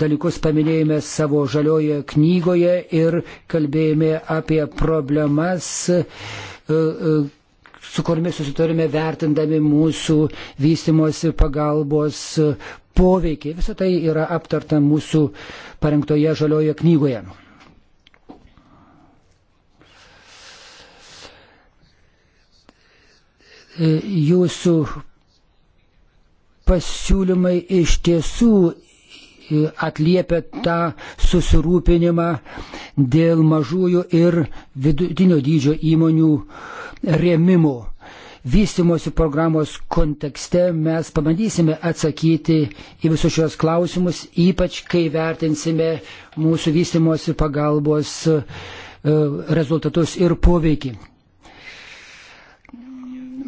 dalykus paminėjome savo žaliojoje knygoje ir kalbėjome apie problemas, e, e, su kuriomis susitarime vertindami mūsų vystimosi pagalbos poveikį. Visą tai yra aptarta mūsų parengtoje žaliojoje knygoje. E, jūsų pasiūlymai iš tiesų e, atliepia tą susirūpinimą dėl mažųjų ir vidutinio dydžio įmonių rėmimo. Vystimosi programos kontekste mes pabandysime atsakyti į visus šios klausimus, ypač kai vertinsime mūsų vystimosi pagalbos e, rezultatus ir poveikį.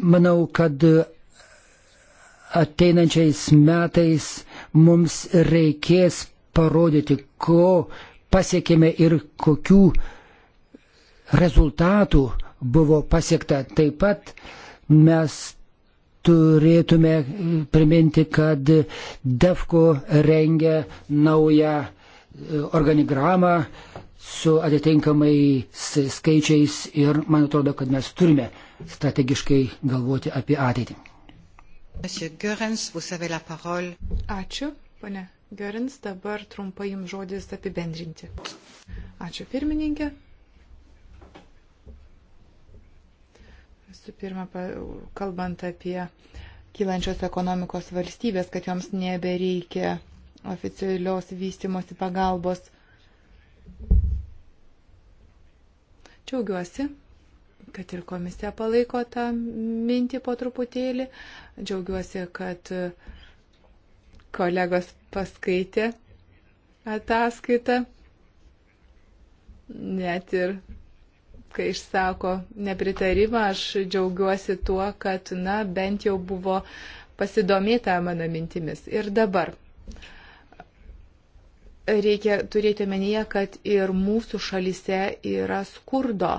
Manau, kad ateinančiais metais mums reikės parodyti, ko pasiekėme ir kokių rezultatų buvo pasiekta. Taip pat mes turėtume priminti, kad DEFCO rengia naują e, organigramą su atitinkamais skaičiais ir man atrodo, kad mes turime strategiškai galvoti apie ateitį. Ačiū, pane Gerins, dabar trumpai jums žodis apibendrinti. Ačiū pirmininkė. Visų pirma, kalbant apie kylančios ekonomikos valstybės, kad joms nebereikia oficialios vystimosi pagalbos. Džiaugiuosi, kad ir komisija palaiko tą mintį po truputėlį. Džiaugiuosi, kad kolegos paskaitė ataskaitą, net ir kai išsako nepritarimą, aš džiaugiuosi tuo, kad, na, bent jau buvo pasidomėta mano mintimis. Ir dabar reikia turėti omenyje, kad ir mūsų šalise yra skurdo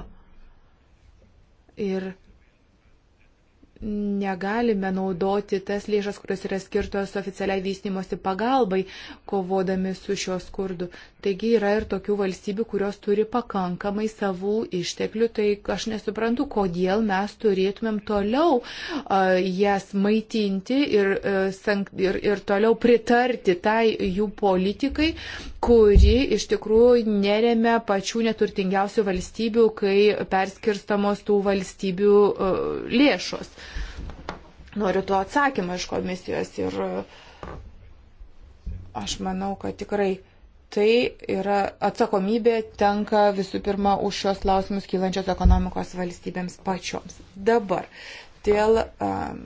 ir negalime naudoti tas lėšas, kurios yra skirtos oficialiai vystimosi pagalbai, kovodami su šiuo skurdu. Taigi yra ir tokių valstybių, kurios turi pakankamai savų išteklių, tai aš nesuprantu, kodėl mes turėtumėm toliau uh, jas maitinti ir, uh, ir, ir toliau pritarti tai jų politikai, kuri iš tikrųjų neremia pačių neturtingiausių valstybių, kai perskirstamos tų valstybių uh, lėšos. Noriu tuo atsakymą iš komisijos ir e, aš manau, kad tikrai tai yra atsakomybė tenka visų pirma už šios klausimus kylančios ekonomikos valstybėms pačioms. Dabar dėl um,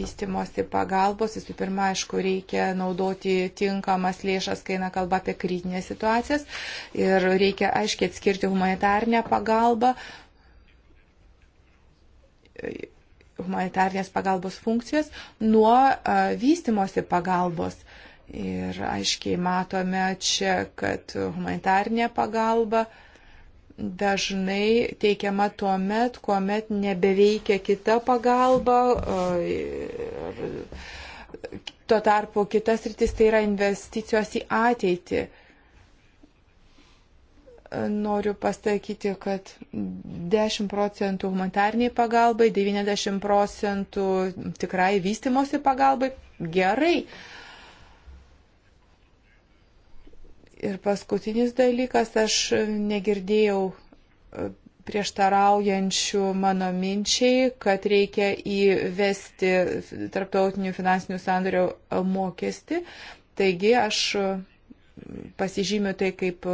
vystimosi pagalbos, visų pirma, aišku, reikia naudoti tinkamas lėšas, kai eina kalba apie kritinės situacijas ir reikia aiškiai atskirti humanitarnę pagalbą humanitarnės pagalbos funkcijas nuo vystimosi pagalbos. Ir aiškiai matome čia, kad humanitarnė pagalba dažnai teikiama tuo met, kuomet nebeveikia kita pagalba. Ir tuo tarpu kitas rytis tai yra investicijos į ateitį noriu pasakyti, kad 10 procentų humanitarniai pagalbai, 90 procentų tikrai vystimosi pagalbai. Gerai. Ir paskutinis dalykas, aš negirdėjau e, prieštaraujančių mano minčiai, kad reikia įvesti tarptautinių finansinių sandorių mokestį. Taigi aš pasižymiu tai kaip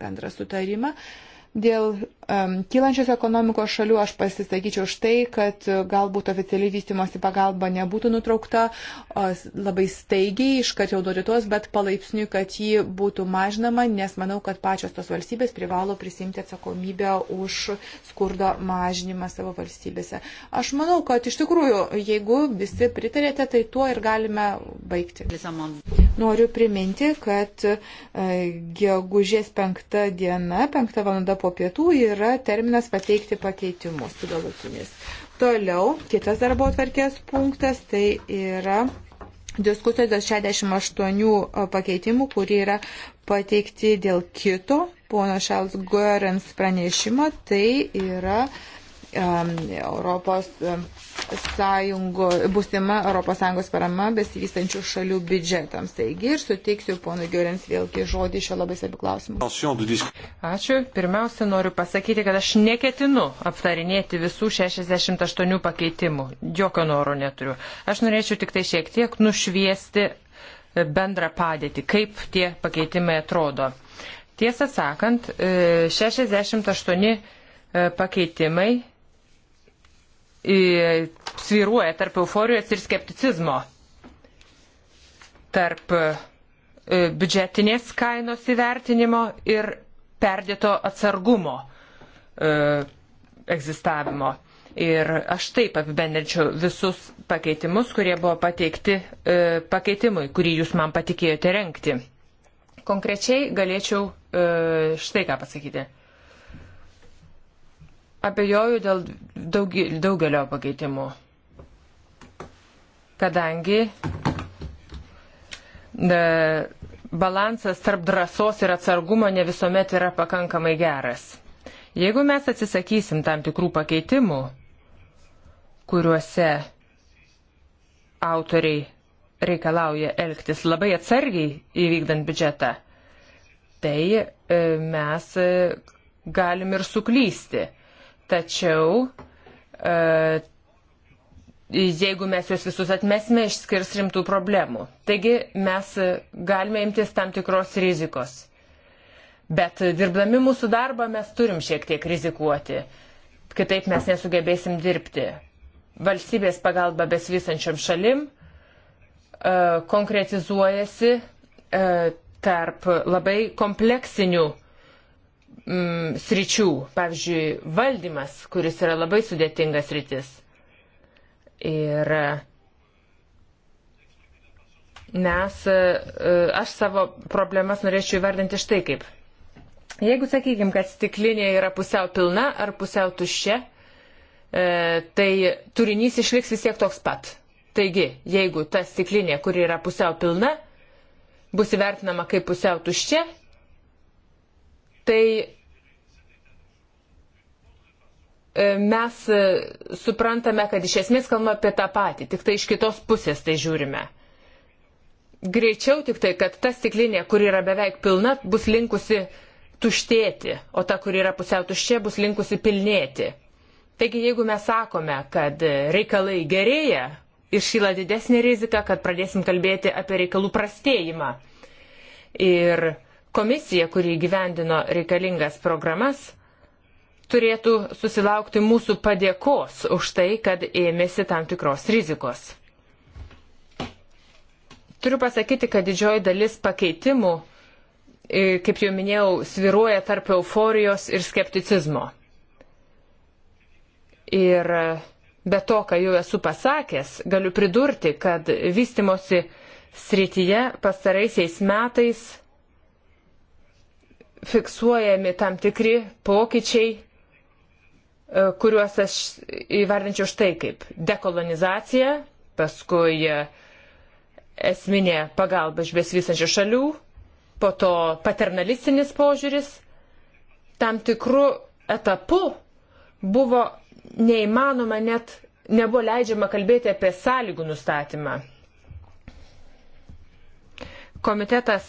bendrą sutarimą dėl kylančios ekonomikos šalių aš pasisakyčiau už tai, kad e, galbūt oficialiai vystimosi pagalba nebūtų nutraukta labai staigiai, iškart jau duodytos, bet palaipsniui, kad ji būtų mažinama, nes manau, kad pačios tos valstybės privalo prisimti atsakomybę už skurdo mažinimą savo valstybėse. Aš manau, kad iš tikrųjų, jeigu visi pritarėte, tai tuo ir galime baigti. Noriu priminti, kad e, gegužės penktą dieną, penktą valandą po pietų ir yra terminas pateikti pakeitimus galutinis. Toliau, kitas darbo atvarkės punktas, tai yra diskusijos dėl 68 pakeitimų, kurie yra pateikti dėl kito, pono Šals Guerens pranešimo, tai yra um, Europos um, sąjungo, būsima ES parama besivystančių šalių biudžetams. Taigi ir suteiksiu ponui Giorins vėlgi žodį šio labai svarbių klausimų. Ačiū. Pirmiausia, noriu pasakyti, kad aš neketinu aptarinėti visų 68 pakeitimų. Jokio noro neturiu. Aš norėčiau tik tai šiek tiek nušviesti bendrą padėtį, kaip tie pakeitimai atrodo. Tiesą sakant, 68 e, e, pakeitimai sviruoja tarp euforijos ir skepticizmo, tarp e, biudžetinės kainos įvertinimo ir perdėto atsargumo e, egzistavimo. Ir aš taip apibendrinčiau visus pakeitimus, kurie buvo pateikti e, pakeitimui, kurį jūs man patikėjote renkti. Konkrečiai galėčiau e, štai ką pasakyti abejoju dėl daug, daugelio pakeitimų, kadangi e, balansas tarp drąsos ir atsargumo ne visuomet yra pakankamai geras. Jeigu mes atsisakysim tam tikrų pakeitimų, kuriuose autoriai reikalauja elgtis labai atsargiai įvykdant biudžetą, tai e, mes e, galim ir suklysti. Tačiau, e, jeigu mes juos visus atmesime, išskirs rimtų problemų. Taigi mes galime imtis tam tikros rizikos. Bet dirbdami mūsų darbą mes turim šiek tiek rizikuoti. Kitaip mes nesugebėsim dirbti. Valstybės pagalba besvysančiam šalim e, konkretizuojasi e, tarp labai kompleksinių mm, sričių, pavyzdžiui, valdymas, kuris yra labai sudėtingas rytis. Ir e, mes, e, e, aš savo problemas norėčiau įvardinti štai kaip. Jeigu sakykime, kad stiklinė yra pusiau pilna ar pusiau tuščia, tai turinys išliks vis tiek toks pat. Taigi, jeigu ta stiklinė, kuri yra pusiau pilna, bus įvertinama kaip pusiau tuščia, tai E, mes e, suprantame, kad iš esmės kalbame apie tą patį, tik tai iš kitos pusės tai žiūrime. Greičiau tik tai, kad ta stiklinė, kuri yra beveik pilna, bus linkusi tuštėti, o ta, kuri yra pusiau tuščia, bus linkusi pilnėti. Taigi, jeigu mes sakome, kad reikalai gerėja, išyla didesnė rizika, kad pradėsim kalbėti apie reikalų prastėjimą. Ir komisija, kuri gyvendino reikalingas programas, turėtų susilaukti mūsų padėkos už tai, kad ėmėsi tam tikros rizikos. Turiu pasakyti, kad didžioji dalis pakeitimų, e, kaip jau minėjau, sviruoja tarp euforijos ir skepticizmo. Ir e, be to, ką jau esu pasakęs, galiu pridurti, kad vystimosi srityje pastaraisiais metais fiksuojami tam tikri pokyčiai E, kuriuos aš įvardinčiau štai kaip dekolonizacija, paskui e, esminė pagalba iš besvysančių šalių, po to paternalistinis požiūris. Tam tikrų etapų buvo neįmanoma net, nebuvo leidžiama kalbėti apie sąlygų nustatymą. Komitetas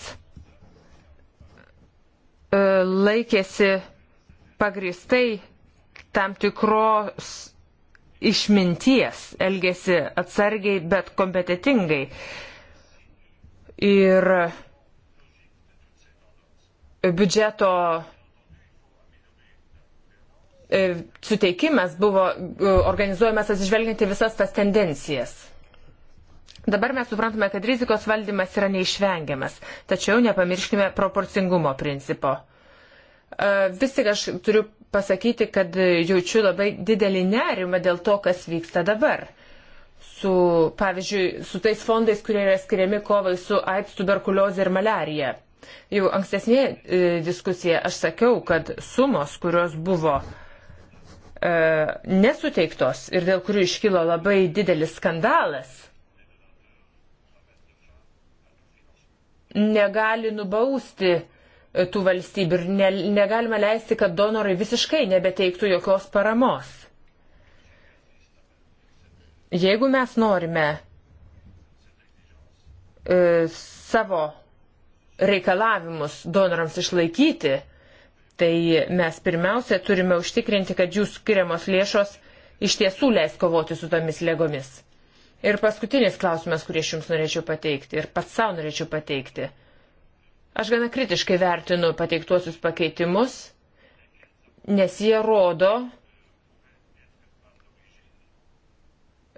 e, laikėsi pagristai tam tikros išminties, elgesi atsargiai, bet kompetitingai. Ir biudžeto e, suteikimas buvo e, organizuojamas atsižvelginti visas tas tendencijas. Dabar mes suprantame, kad rizikos valdymas yra neišvengiamas, tačiau nepamirškime proporcingumo principo. E, vis tik aš turiu pasakyti, kad jaučiu labai didelį nerimą dėl to, kas vyksta dabar. Su, pavyzdžiui, su tais fondais, kurie yra skiriami kovai su AIDS, tuberkuliozė ir malerija. Jau ankstesnėje e, diskusijoje aš sakiau, kad sumos, kurios buvo e, nesuteiktos ir dėl kurių iškilo labai didelis skandalas, negali nubausti tų valstybių ir ne, negalime leisti, kad donorai visiškai nebeteiktų jokios paramos. Jeigu mes norime e, savo reikalavimus donorams išlaikyti, tai mes pirmiausia turime užtikrinti, kad jų skiriamos lėšos iš tiesų leis kovoti su tomis legomis. Ir paskutinis klausimas, kurį aš jums norėčiau pateikti ir pats savo norėčiau pateikti. Aš gana kritiškai vertinu pateiktuosius pakeitimus, nes jie rodo,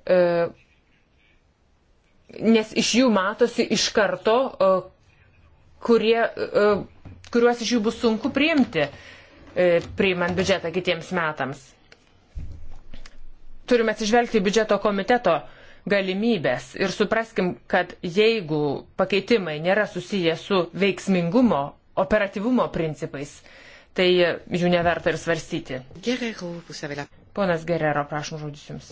e, nes iš jų matosi iš karto, e, kurie, e, kuriuos iš jų bus sunku priimti, priimant biudžetą kitiems metams. Turime atsižvelgti į biudžeto komiteto uh, galimybės ir supraskim, kad jeigu pakeitimai nėra susiję su veiksmingumo, operatyvumo principais, tai jų neverta ir svarstyti. Ponas Gerero, prašom žodžius Jums.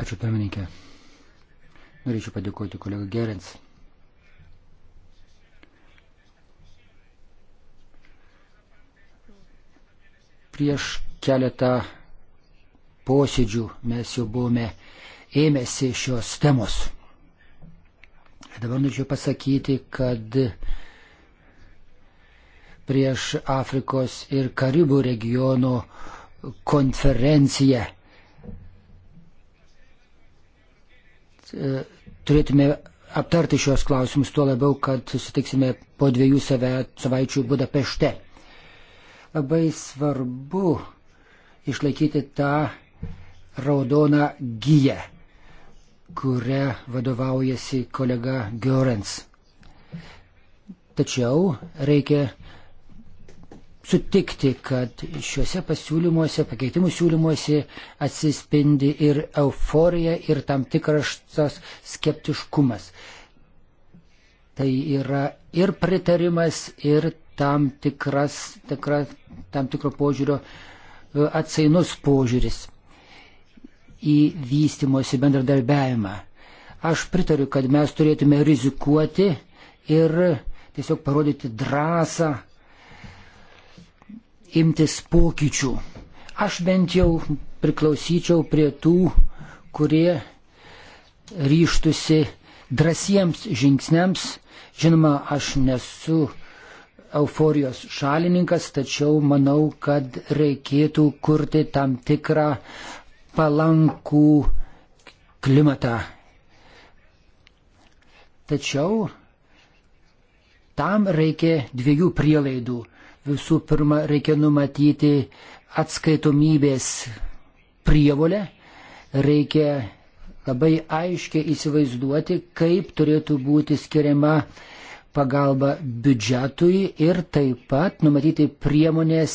Ačiū, pirmininkė. Norėčiau padėkoti kolegai Gerins. Prieš keletą posėdžių mes jau buvome ėmėsi šios temos. Dabar norėčiau pasakyti, kad prieš Afrikos ir Karibų regiono konferenciją e, turėtume aptarti šios klausimus, tuo labiau, kad susitiksime po dviejų savaičių Budapešte. Labai svarbu išlaikyti tą raudoną giją, kurią vadovaujasi kolega Görens. Tačiau reikia sutikti, kad šiuose pasiūlymuose, pakeitimų siūlymuose atsispindi ir euforija, ir tam tikras skeptiškumas. Tai yra ir pritarimas, ir tam, tikras, tikra, tam tikro požiūrio uh, E, atsainus požiūris į vystimosi bendradarbiavimą. Aš pritariu, kad mes turėtume rizikuoti ir tiesiog parodyti drąsą imtis pokyčių. Aš bent jau priklausyčiau prie tų, kurie ryštusi drąsiems žingsniams. Žinoma, aš nesu euforijos šalininkas, tačiau manau, kad reikėtų kurti tam tikrą palankų klimatą. Tačiau tam reikia dviejų prielaidų. Visų pirma, reikia numatyti atskaitomybės prievolę, reikia labai aiškiai įsivaizduoti, kaip turėtų būti skiriama uh, pagalbą biudžetui ir taip pat numatyti priemonės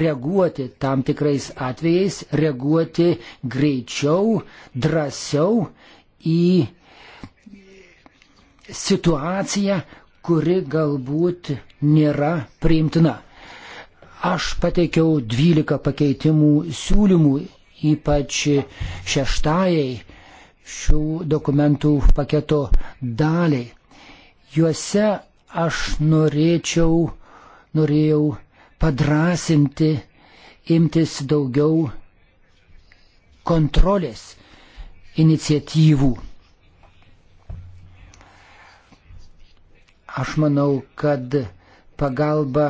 reaguoti tam tikrais atvejais, reaguoti greičiau, drąsiau į situaciją, kuri galbūt nėra priimtina. Aš pateikiau 12 pakeitimų siūlymų, ypač šeštajai šių dokumentų paketo daliai. Juose aš norėčiau, norėjau padrasinti, imtis daugiau kontrolės iniciatyvų. Aš manau, kad pagalba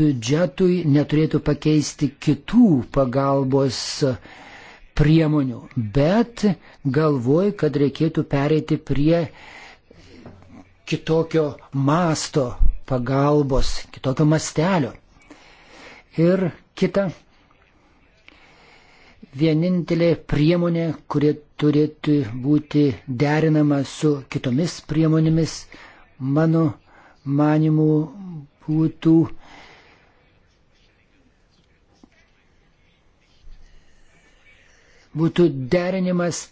biudžetui neturėtų pakeisti kitų pagalbos priemonių, bet galvoju, kad reikėtų pereiti prie kitokio masto pagalbos, kitokio mastelio. Ir kita, vienintelė priemonė, kuri turėtų būti derinama su kitomis priemonėmis, mano manimų būtų būtų derinimas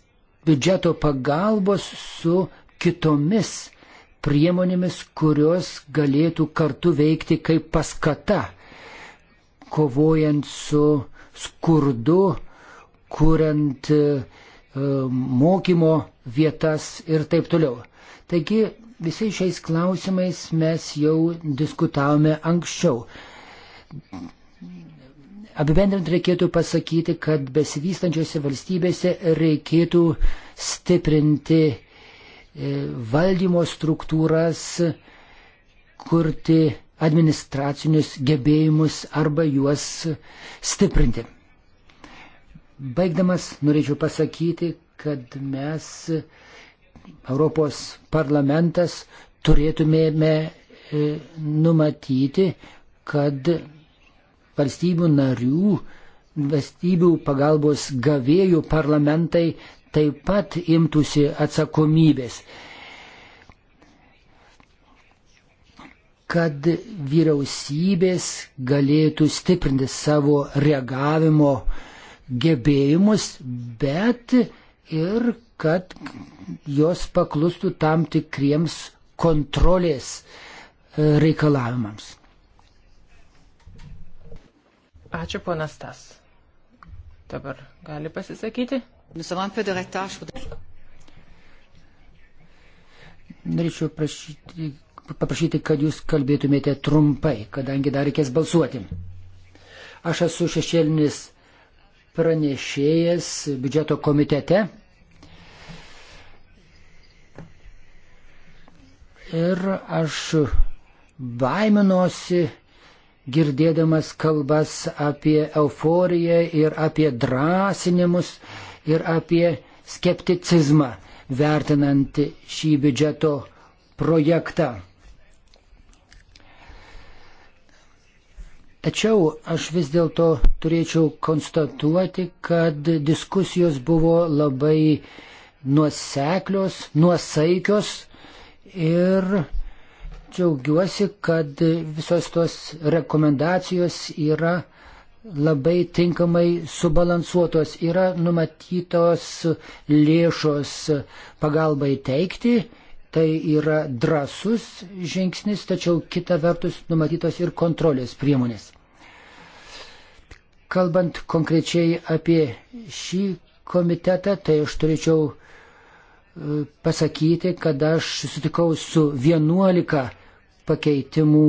biudžeto pagalbos su kitomis priemonėmis, kurios galėtų kartu veikti kaip paskata, kovojant su skurdu, kuriant e, e, mokymo vietas ir taip toliau. Taigi visais šiais klausimais mes jau diskutavome anksčiau. Apibendrint reikėtų pasakyti, kad besivystančiose valstybėse reikėtų stiprinti E, valdymo struktūras, kurti administracinius gebėjimus arba juos stiprinti. Baigdamas norėčiau pasakyti, kad mes, Europos parlamentas, turėtumėme e, numatyti, kad valstybių narių, valstybių pagalbos gavėjų parlamentai taip pat imtųsi atsakomybės, kad vyriausybės galėtų stiprinti savo reagavimo gebėjimus, bet ir kad jos paklustų tam tikriems kontrolės e, reikalavimams. Ačiū, ponas Tas. Dabar gali pasisakyti? Norėčiau prašyti, paprašyti, kad jūs kalbėtumėte trumpai, kadangi dar reikės balsuoti. Aš esu šešėlinis pranešėjas biudžeto komitete. Ir aš baiminosi, girdėdamas kalbas apie euforiją ir apie drąsinimus ir apie skepticizmą vertinant šį biudžeto projektą. Tačiau aš vis dėlto turėčiau konstatuoti, kad diskusijos buvo labai nuoseklios, nuosaikios ir džiaugiuosi, kad visos tos rekomendacijos yra labai tinkamai subalansuotos. Yra numatytos lėšos pagalbai teikti, tai yra drasus žingsnis, tačiau kita vertus numatytos ir kontrolės priemonės. Kalbant konkrečiai apie šį komitetą, tai aš turėčiau pasakyti, kad aš sutikau su 11 pakeitimų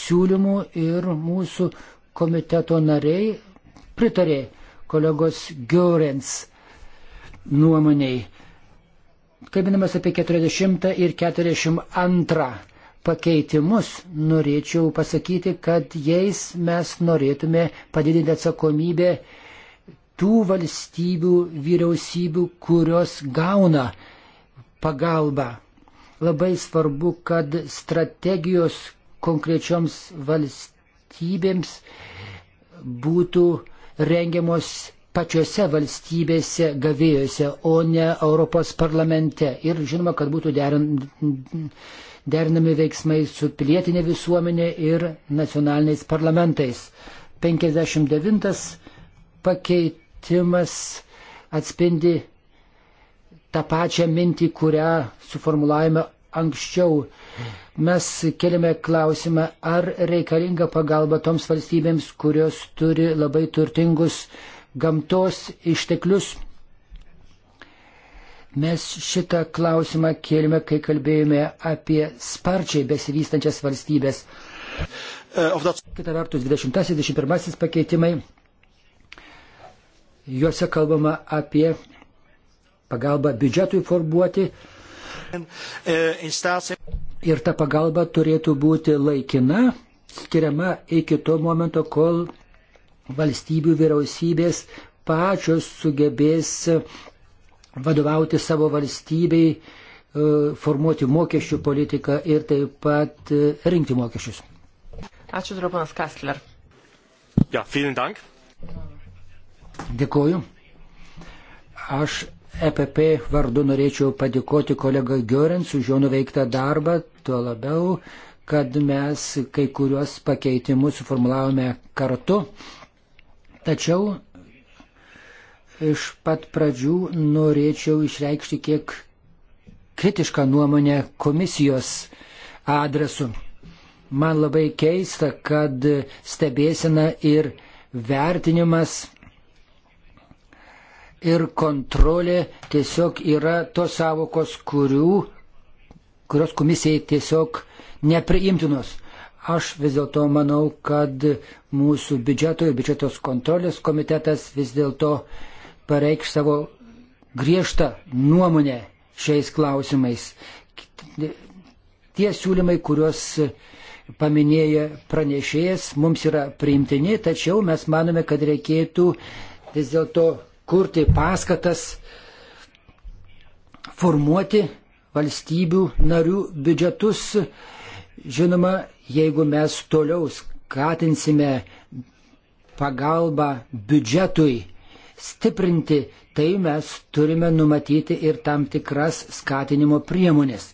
siūlymų ir mūsų komiteto nariai pritarė kolegos Giorens nuomoniai. Kalbinamas apie 40 ir 42 pakeitimus, norėčiau pasakyti, kad jais mes norėtume padidinti atsakomybę tų valstybių vyriausybių, kurios gauna pagalbą. Labai svarbu, kad strategijos konkrečioms valstybėms būtų rengiamos pačiose valstybėse gavėjose, o ne Europos parlamente. Ir žinoma, kad būtų derinami veiksmai su pilietinė visuomenė ir nacionaliniais parlamentais. 59 pakeit vertimas atspindi tą pačią mintį, kurią suformulavome anksčiau. Mes keliame klausimą, ar reikalinga pagalba toms valstybėms, kurios turi labai turtingus gamtos išteklius. Mes šitą klausimą kėlėme, kai kalbėjome apie sparčiai besivystančias valstybės. Eh, Kita vertus, 20-21 pakeitimai Juose kalbama apie pagalbą biudžetui formuoti. Ir ta pagalba turėtų būti laikina, skiriama iki to momento, kol valstybių vyriausybės pačios sugebės vadovauti savo valstybei, e, formuoti mokesčių politiką ir taip pat e, rinkti mokesčius. Ačiū, Droponas Kastler. Ja, vielen Dank. Dėkuoju. Aš EPP vardu norėčiau padėkoti kolegai Giorens už jo nuveiktą darbą, tuo labiau, kad mes kai kuriuos pakeitimus suformulavome kartu. Tačiau iš pat pradžių norėčiau išreikšti kiek kritišką nuomonę komisijos adresu. Man labai keista, kad stebėsena ir vertinimas ir kontrolė tiesiog yra tos savokos, kurių, kurios komisijai tiesiog nepriimtinos. Aš vis dėlto manau, kad mūsų biudžeto ir biudžetos kontrolės komitetas vis dėlto pareikš savo griežtą nuomonę šiais klausimais. Tie siūlymai, kuriuos paminėjo pranešėjas, mums yra priimtini, tačiau mes manome, kad reikėtų vis dėlto kurti paskatas, formuoti valstybių narių biudžetus. Žinoma, jeigu mes toliau skatinsime pagalbą biudžetui stiprinti, tai mes turime numatyti ir tam tikras skatinimo priemonės.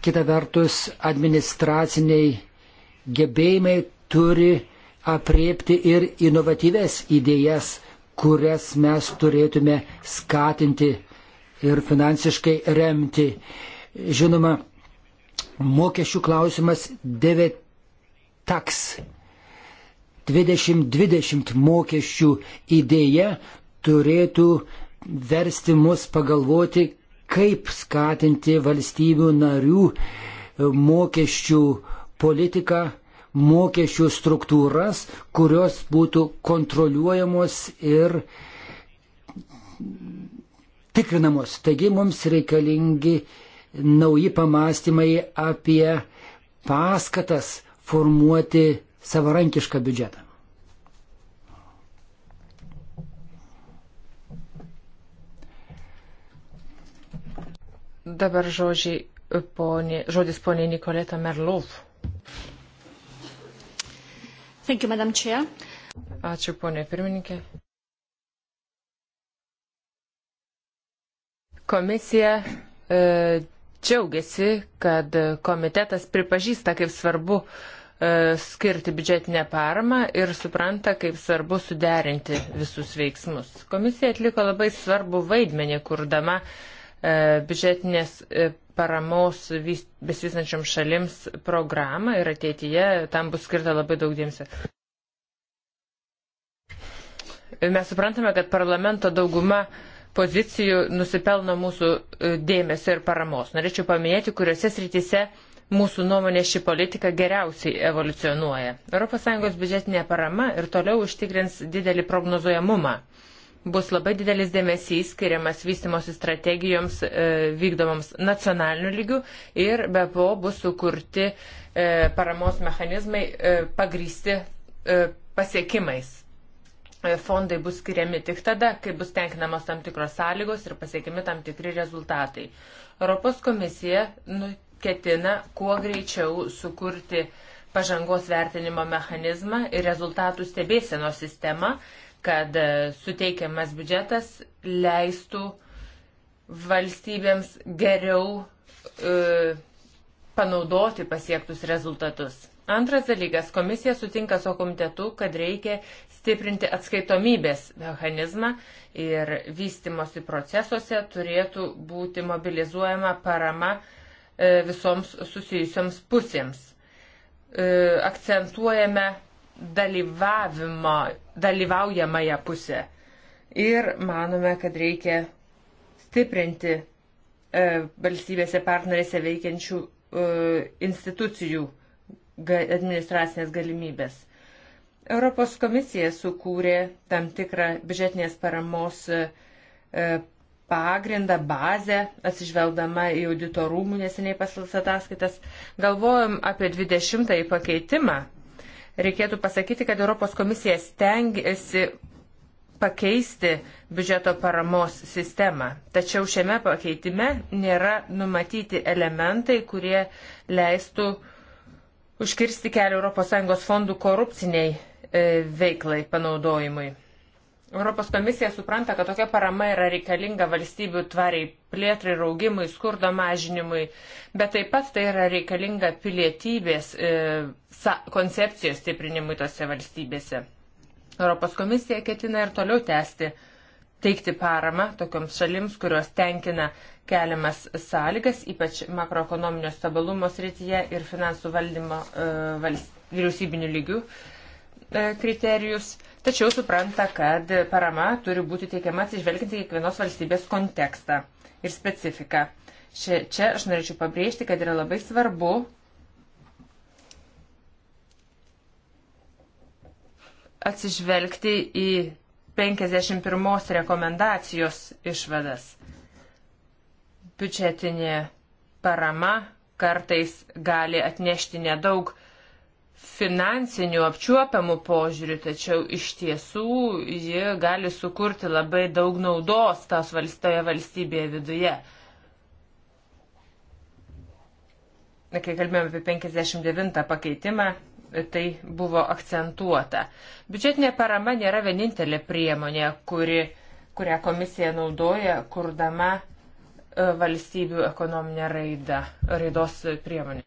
Kita vertus, administraciniai gebėjimai turi apriepti ir inovatyves idėjas, kurias mes turėtume skatinti ir finansiškai remti. Žinoma, mokesčių klausimas 9 taks 2020 mokesčių idėja turėtų versti mus pagalvoti, kaip skatinti valstybių narių mokesčių politiką mokesčių struktūras, kurios būtų kontroliuojamos ir tikrinamos. Taigi mums reikalingi nauji pamastymai apie paskatas formuoti savarankišką biudžetą. Dabar žodžiai, ponė, žodis ponė Nikoleta Merlov. Thank you, Madam Chair. Ačiū, ponė pirmininkė. Komisija e, džiaugiasi, kad komitetas pripažįsta, kaip svarbu e, skirti biudžetinę paramą ir supranta, kaip svarbu suderinti visus veiksmus. Komisija atliko labai svarbu vaidmenį, kurdama e, E, biudžetinės e, paramos besivystančiom šalims programą ir ateityje tam bus skirta labai daug dėmesio. Mes suprantame, kad parlamento dauguma pozicijų nusipelno mūsų e, dėmesio ir paramos. Norėčiau paminėti, kuriuose srityse mūsų nuomonė ši politika geriausiai evoliucionuoja. ES biudžetinė parama ir toliau užtikrins didelį prognozuojamumą bus labai didelis dėmesys skiriamas vystimosi strategijoms e, vykdomoms nacionaliniu lygiu ir be po bus sukurti e, paramos mechanizmai e, pagrysti pasiekimais. Fondai bus skiriami tik tada, kai bus tenkinamos tam tikros sąlygos ir pasiekimi tam tikri rezultatai. Europos komisija nu, ketina kuo greičiau sukurti pažangos vertinimo mechanizmą ir rezultatų stebėseno sistemą, kad e, suteikiamas biudžetas leistų valstybėms geriau e, panaudoti pasiektus rezultatus. Antras dalykas, komisija sutinka su komitetu, kad reikia stiprinti atskaitomybės mechanizmą ir vystimosi procesuose turėtų būti mobilizuojama parama e, visoms susijusioms pusėms. E, akcentuojame dalyvavimo, dalyvaujamąją pusę. Ir manome, kad reikia stiprinti e, valstybėse partnerėse veikiančių e, institucijų ga, administracinės galimybės. Europos komisija sukūrė tam tikrą biudžetinės paramos e, pagrindą, bazę, atsižvelgdama į auditorumų neseniai pasiltas ataskaitas. Galvojom apie 20-ąjį pakeitimą reikėtų pasakyti, kad Europos komisija stengiasi pakeisti biudžeto paramos sistemą. Tačiau šiame pakeitime nėra numatyti elementai, kurie leistų užkirsti kelią ES fondų korupciniai e, veiklai panaudojimui. Europos komisija supranta, kad tokia parama yra reikalinga valstybių tvariai plėtrai ir augimui, skurdo mažinimui, bet taip pat tai yra reikalinga pilietybės e, sa, koncepcijos stiprinimui tose valstybėse. Europos komisija ketina ir toliau tęsti teikti paramą tokioms šalims, kurios tenkina keliamas sąlygas, ypač makroekonominio stabilumo srityje ir finansų valdymo e, valst, vyriausybinių lygių. E, E, kriterijus, tačiau supranta, kad parama turi būti teikiama atsižvelgiant į kiekvienos valstybės kontekstą ir specifiką. Čia, čia aš norėčiau pabrėžti, kad yra labai svarbu atsižvelgti į 51 rekomendacijos išvadas. Biudžetinė parama kartais gali atnešti nedaug finansinių apčiuopiamų požiūrių, tačiau iš tiesų ji gali sukurti labai daug naudos tos valstoje valstybėje viduje. Kai kalbėjome apie 59 pakeitimą, tai buvo akcentuota. Biudžetinė parama nėra vienintelė priemonė, kuri, kurią komisija naudoja, kurdama e, valstybių ekonominę raidą, raidos priemonę.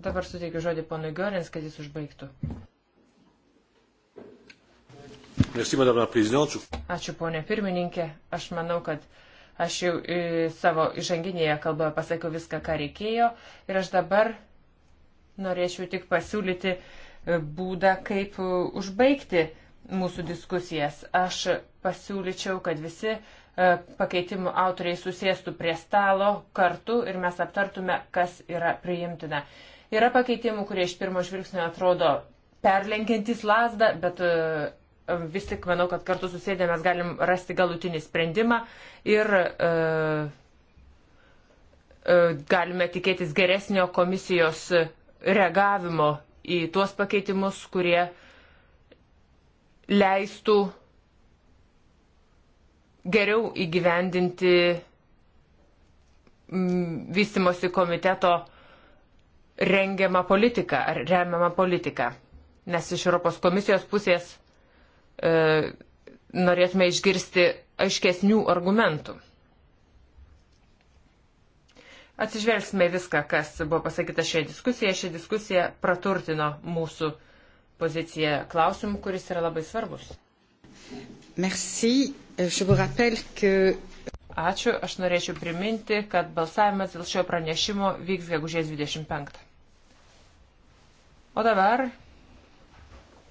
Dabar suteikiu žodį ponui Gorins, kad jis užbaigtų. Merci, Ačiū, ponė pirmininkė. Aš manau, kad aš jau e, savo įžanginėje kalboje pasakiau viską, ką reikėjo. Ir aš dabar norėčiau tik pasiūlyti e, būdą, kaip e, užbaigti mūsų diskusijas. Aš pasiūlyčiau, kad visi pakeitimų autoriai susėstų prie stalo kartu ir mes aptartume, kas yra priimtina. Yra pakeitimų, kurie iš pirmo žvilgsnio atrodo perlenkiantis lasdą, bet e, vis tik manau, kad kartu susėdę mes galim rasti galutinį sprendimą ir e, e, galime tikėtis geresnio komisijos reagavimo į tuos pakeitimus, kurie leistų geriau įgyvendinti vystimosi komiteto rengiamą politiką ar remiamą politiką. Nes iš Europos komisijos pusės e, norėtume išgirsti aiškesnių argumentų. Atsižvelgsime viską, kas buvo pasakyta šioje diskusijoje. Ši diskusija praturtino mūsų poziciją klausimų, kuris yra labai svarbus. Merci. Euh, je vous rappelle, que... Ačiū. Aš norėčiau priminti, kad balsavimas dėl šio pranešimo vyks gegužės 25. O dabar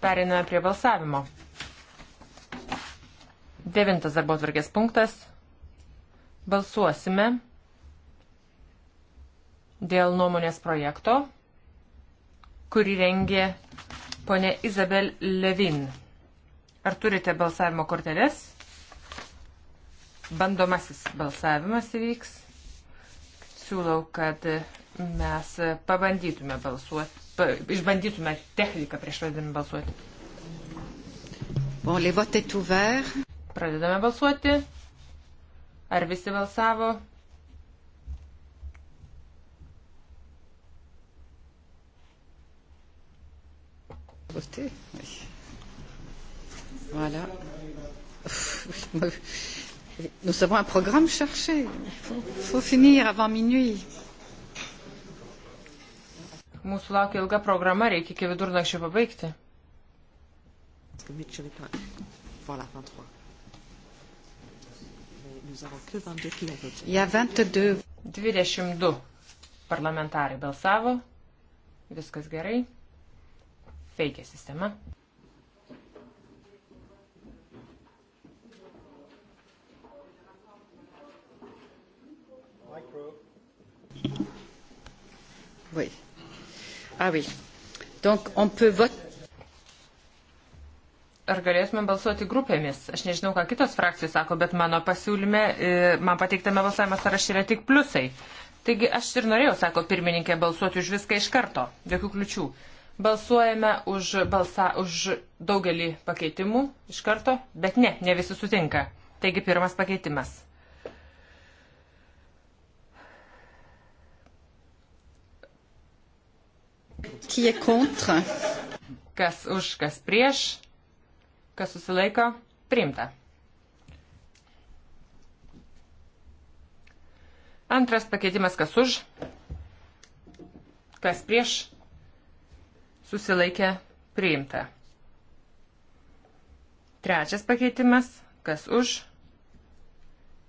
periname prie balsavimo. Devintas darbo tvarkės punktas. Balsuosime dėl nuomonės projekto, kurį rengė ponė Izabel Levin. Ar turite balsavimo korteles? Bandomasis balsavimas įvyks. Siūlau, kad mes pabandytume balsuoti išbandytume techniką prieš pradedami balsuoti. Bon, les votes est ouvert. Pradedame balsuoti. Ar visi balsavo? Voté. Oui. Voilà. Nous avons un programme cherché. Il faut, faut finir avant minuit. Mūsų laukia ilga programa, reikia iki vidurnakčio pabaigti. Ja, 22. 22 parlamentarai balsavo, viskas gerai, veikia sistema. Oui. Ah oui. Donc on peut voter. Ar galėsime balsuoti grupėmis? Aš nežinau, ką kitos frakcijos sako, bet mano pasiūlyme, e, man pateiktame balsavimo sąraše yra tik pliusai. Taigi aš ir norėjau, sako pirmininkė, balsuoti už viską iš karto, jokių kliučių. Balsuojame už, balsa, už daugelį pakeitimų iš karto, bet ne, ne visi sutinka. Taigi pirmas pakeitimas. Kas už, kas prieš, kas susilaiko, priimta. Antras pakeitimas, kas už, kas prieš, susilaikė, priimta. Trečias pakeitimas, kas už,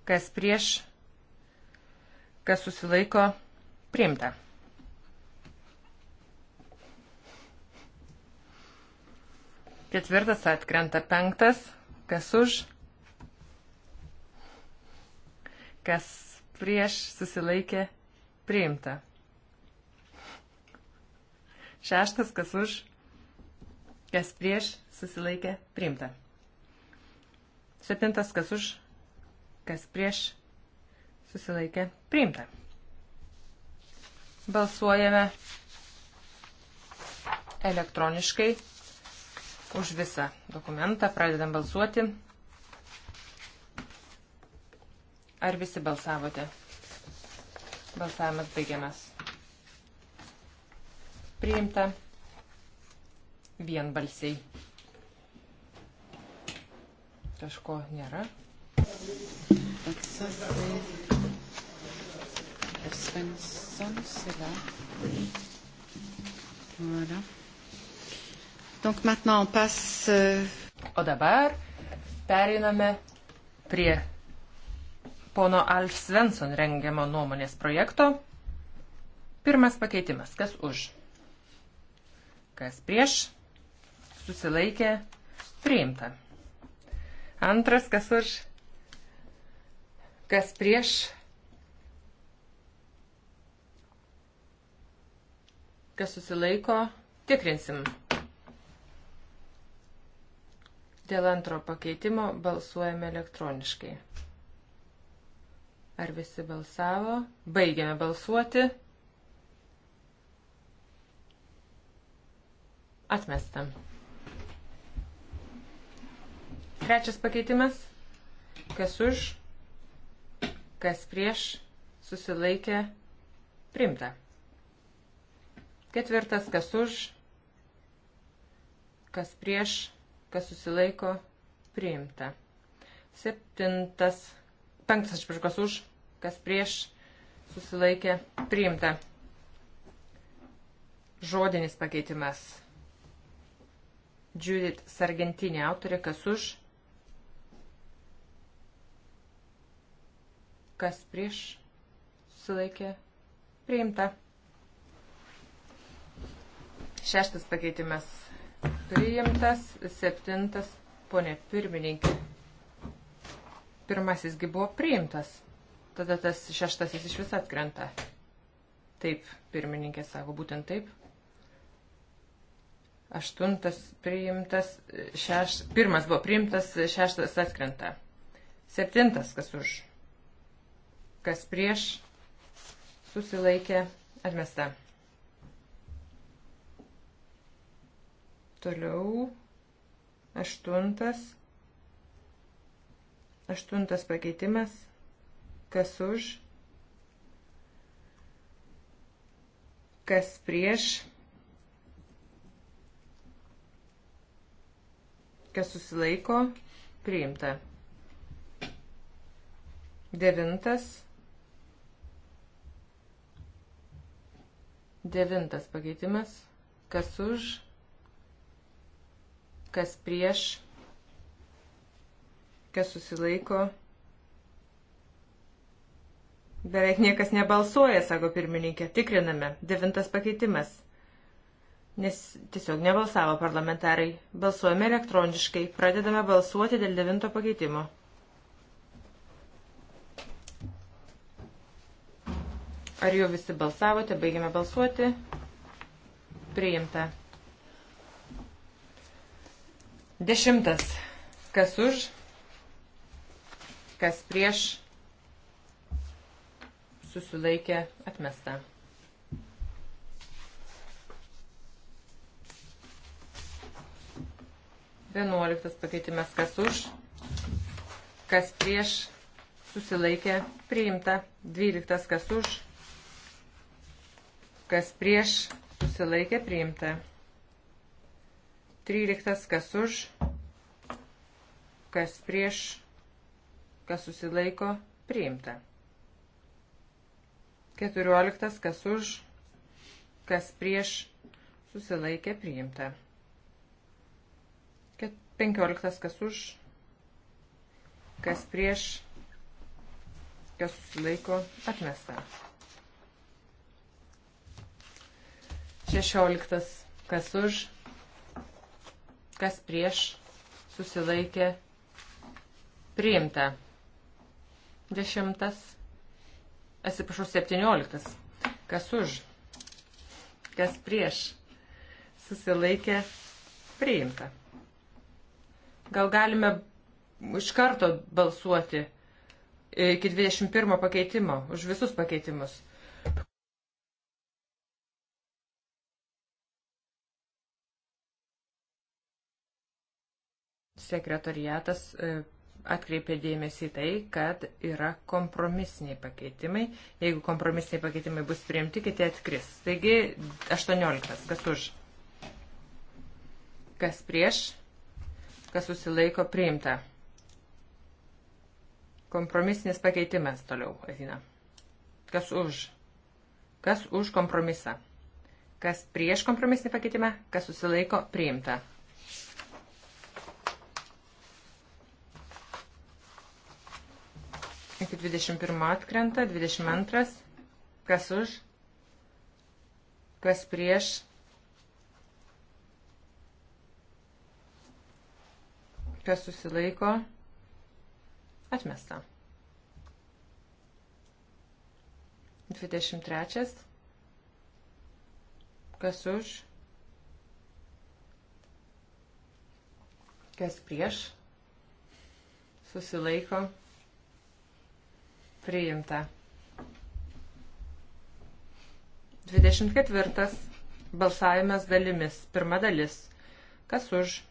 kas prieš, kas susilaiko, priimta. Ketvirtas atkrenta. Penktas. Kas už? Kas prieš susilaikė priimta. Šeštas. Kas už? Kas prieš susilaikė priimta. Septintas. Kas už? Kas prieš susilaikė priimta. Balsuojame elektroniškai už visą dokumentą. Pradedam balsuoti. Ar visi balsavote? Balsavimas baigiamas. Priimta vienbalsiai. Kažko nėra. Svensson, c'est là. Voilà. Donc maintenant on passe. Euh, o dabar pereiname prie pono Alf Svensson rengiamo nuomonės projekto. Pirmas pakeitimas. Kas už? Kas prieš? Susilaikė. Priimta. Antras, kas už? Kas prieš? Kas susilaiko? Tikrinsim. Dėl antro pakeitimo balsuojame elektroniškai. Ar visi balsavo? Baigiame balsuoti. Atmestam. Trečias pakeitimas. Kas už, kas prieš, susilaikė, primta. Ketvirtas, kas už, kas prieš, kas susilaiko, priimta. Septintas, penktas, aš pažiūrėjau, kas už, kas prieš, susilaikė, priimta. Žodinis pakeitimas. Judith Sargentinė autorė, kas už, kas prieš, susilaikė, priimta. Šeštas pakeitimas Priimtas septintas, ponė pirmininkė. Pirmasisgi buvo priimtas. Tada tas šeštasis iš vis atkrenta. Taip, pirmininkė sako, būtent taip. Aštuntas priimtas, šeš... pirmas buvo priimtas, šeštas atkrenta. Septintas, kas už, kas prieš, susilaikė, atmesta. Toliau aštuntas. Aštuntas pakeitimas. Kas už? Kas prieš? Kas susilaiko? Priimta. Devintas. Devintas pakeitimas. Kas už? kas prieš, kas susilaiko. Beveik niekas nebalsuoja, sako pirmininkė. Tikriname. Devintas pakeitimas. Nes tiesiog nebalsavo parlamentarai. Balsuojame elektroniškai. Pradedame balsuoti dėl devinto pakeitimo. Ar jau visi balsavote? Baigiame balsuoti. Priimta. Dešimtas. Kas už, kas prieš susilaikė atmesta. Vienuoliktas pakeitimas. Kas už, kas prieš susilaikė priimta. Dvyliktas. Kas už, kas prieš susilaikė priimta. 13. Kas už, kas prieš, kas susilaiko, priimta. 14. Kas už, kas prieš, susilaikė, priimta. 15. Kas už, kas prieš, kas susilaiko, atmesta. 16. Kas už, kas prieš susilaikė priimta. Dešimtas, atsiprašau, septynioliktas, kas už, kas prieš susilaikė priimta. Gal galime iš karto balsuoti iki 21 pakeitimo, už visus pakeitimus. sekretariatas e, atkreipė dėmesį tai, kad yra kompromisiniai pakeitimai. Jeigu kompromisiniai pakeitimai bus priimti, kiti atkris. Taigi 18. Kas už? Kas prieš? Kas susilaiko priimta? Kompromisinis pakeitimas toliau ateina. Kas už? Kas už kompromisą? Kas prieš kompromisinį pakeitimą? Kas susilaiko priimta? 21 atkrenta, 22, kas už, kas prieš. Kas susilaiko? Atmesta. 23. Kas už? Kas prieš? Susilaiko. Priimta. 24. Balsavimas dalimis. Pirma dalis. Kas už?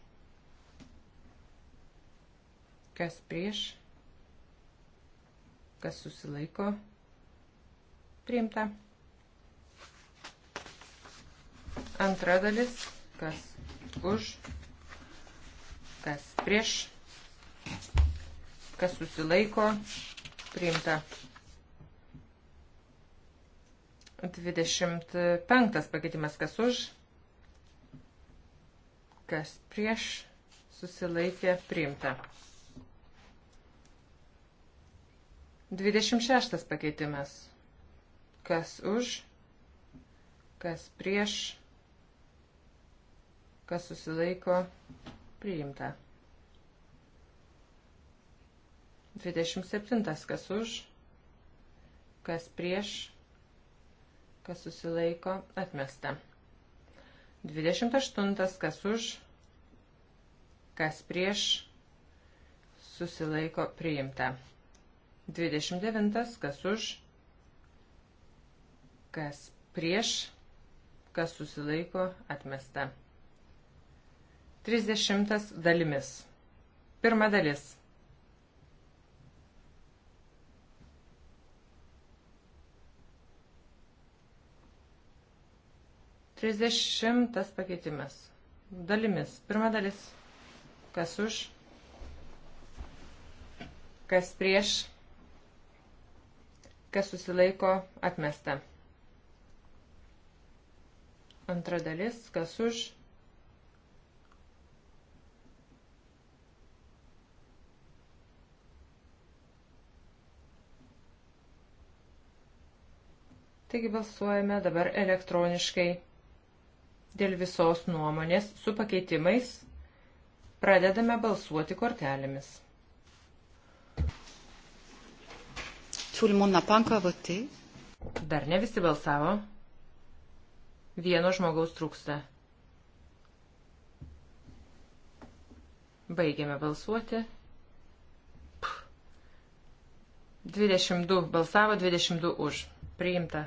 Kas prieš? Kas susilaiko? Priimta. Antra dalis. Kas už? Kas prieš? Kas susilaiko? Priimta priimta. 25 pakeitimas kas už, kas prieš, susilaikė priimta. 26 pakeitimas kas už, kas prieš, kas susilaiko priimta. 27. Kas už, kas prieš, kas susilaiko, atmesta. 28. Kas už, kas prieš, susilaiko, priimta. 29. Kas už, kas prieš, kas susilaiko, atmesta. 30 dalimis. Pirma dalis. 30 pakeitimas. Dalimis. Pirma dalis. Kas už? Kas prieš? Kas susilaiko? Atmesta. Antra dalis. Kas už? Taigi balsuojame dabar elektroniškai dėl visos nuomonės su pakeitimais. Pradedame balsuoti kortelėmis. Dar ne visi balsavo. Vieno žmogaus trūksta. Baigiame balsuoti. 22 balsavo, 22 už. Priimta.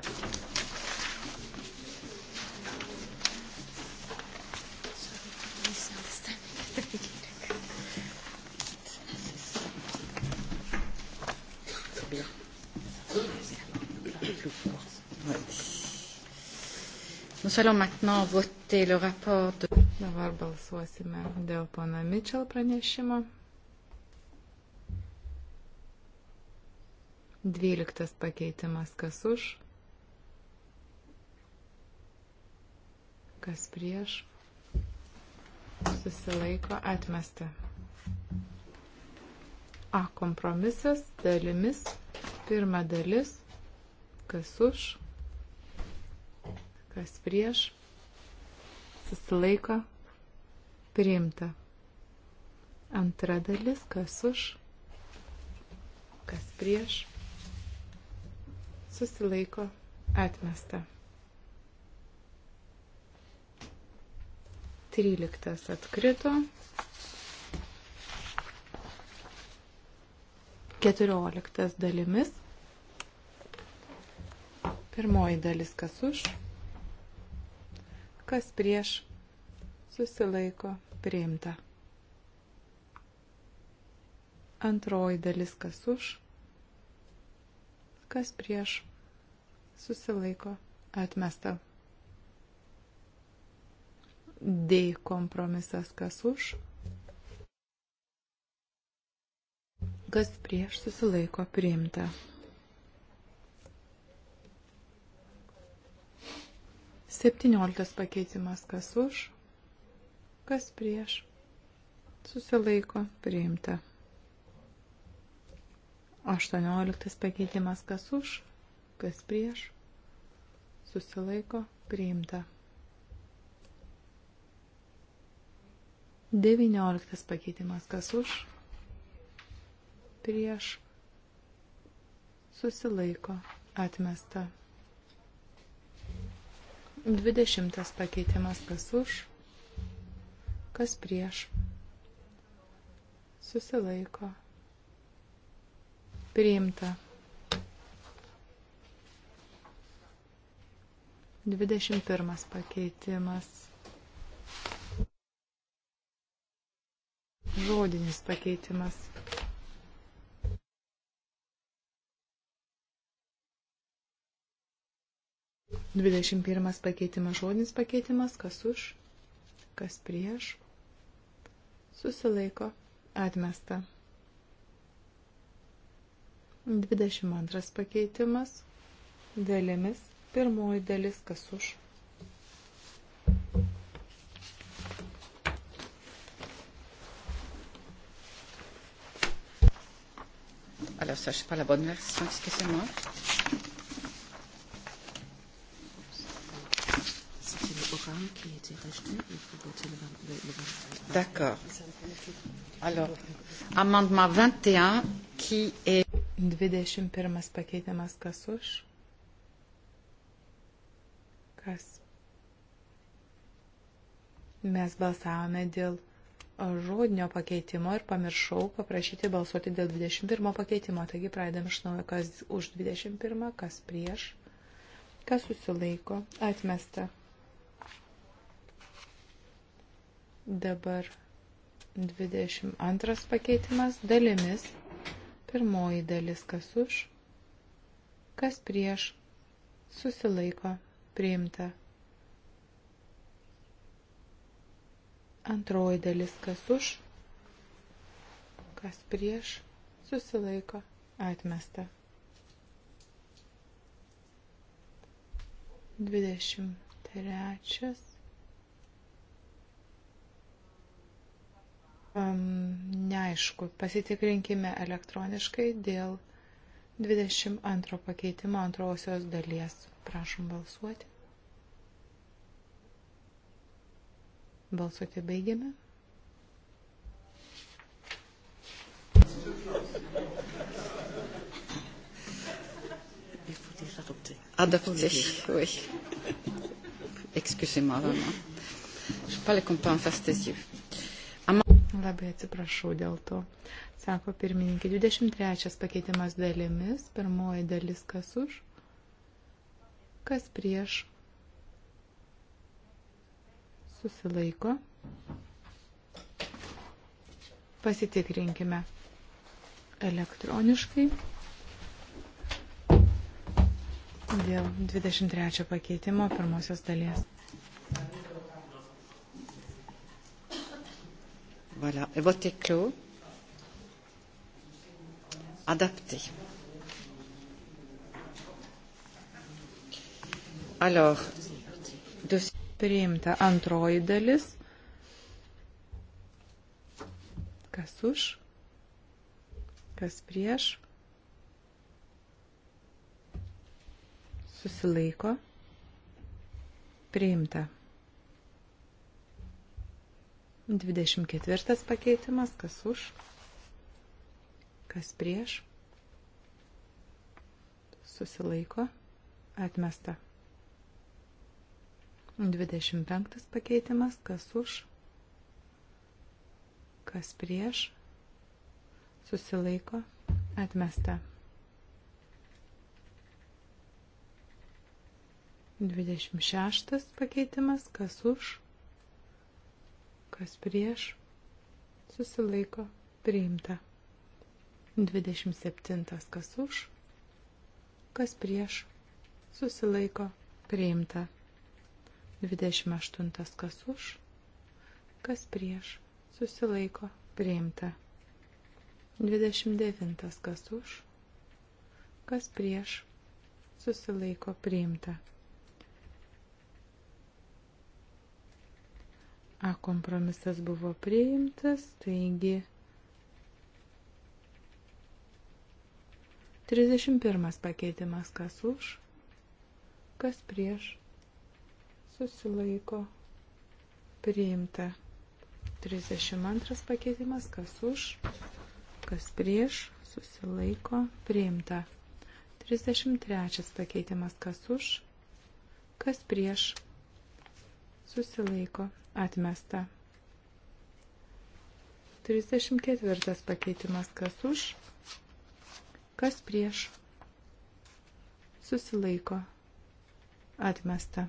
Nous allons maintenant voter le rapport de... Dabar balsuosime dėl pana Mitchell pranešimo. Dvyliktas pakeitimas kas už, kas prieš, susilaiko atmesti. A kompromisas dalimis, pirma dalis, kas už, kas prieš, susilaiko, priimta. Antra dalis, kas už, kas prieš, susilaiko, atmesta. Tryliktas atkrito. Keturioliktas dalimis. Pirmoji dalis kas už, kas prieš susilaiko priimta. Antroji dalis kas už, kas prieš susilaiko atmesta. D kompromisas kas už, kas prieš susilaiko priimta. 17 pakeitimas kas už, kas prieš, susilaiko priimta. 18 pakeitimas kas už, kas prieš, susilaiko priimta. 19 pakeitimas kas už, prieš, susilaiko atmesta. Dvidešimtas pakeitimas kas už, kas prieš. Susilaiko. Priimta. Dvidešimt pirmas pakeitimas. Žodinis pakeitimas. 21 pakeitimas žodinis pakeitimas, kas už, kas prieš, susilaiko, atmesta. 22 pakeitimas, dalimis, pirmoji dalis, kas už. Alors ça, je sais pas la bonne version, excusez-moi. qui a été rejeté et vous votez le 20. Le, le 20 D'accord. Alors, amendement 21 qui est. 21 pakeitimas kas už? Kas? Mes balsavome dėl žodinio pakeitimo ir pamiršau paprašyti balsuoti dėl 21 pakeitimo. Taigi pradedam iš naujo, kas už 21, kas prieš, kas susilaiko, atmesta. Dabar 22 pakeitimas dalimis. Pirmoji dalis kas už, kas prieš, susilaiko, priimta. Antroji dalis kas už, kas prieš, susilaiko, atmesta. 23 um, neaišku. Pasitikrinkime elektroniškai dėl 22 pakeitimo antrosios dalies. Prašom balsuoti. Balsuoti baigiame. Adopté, ah, oui. Excusez-moi, vraiment. Je ne suis pas les comprendre en face des yeux. Labai atsiprašau dėl to. Sako pirmininkė, 23 pakeitimas dalimis, pirmoji dalis kas už, kas prieš, susilaiko. Pasitikrinkime elektroniškai dėl 23 pakeitimo pirmosios dalies. Voilà. Le vote est clos. Adapté. Alors, de... priimta antroji dalis. Kas už? Kas prieš? Susilaiko. Priimta. 24 pakeitimas, kas už, kas prieš, susilaiko, atmesta. 25 pakeitimas, kas už, kas prieš, susilaiko, atmesta. 26 pakeitimas, kas už, kas prieš, susilaiko priimta. 27. kas už, kas prieš, susilaiko priimta. 28. kas už, kas prieš, susilaiko priimta. 29. kas už, kas prieš, susilaiko priimta. A kompromisas buvo priimtas, taigi 31 pakeitimas kas už, kas prieš, susilaiko, priimta. 32 pakeitimas kas už, kas prieš, susilaiko, priimta. 33 pakeitimas kas už, kas prieš, susilaiko, Atmesta. 34 pakeitimas kas už, kas prieš. Susilaiko. Atmesta.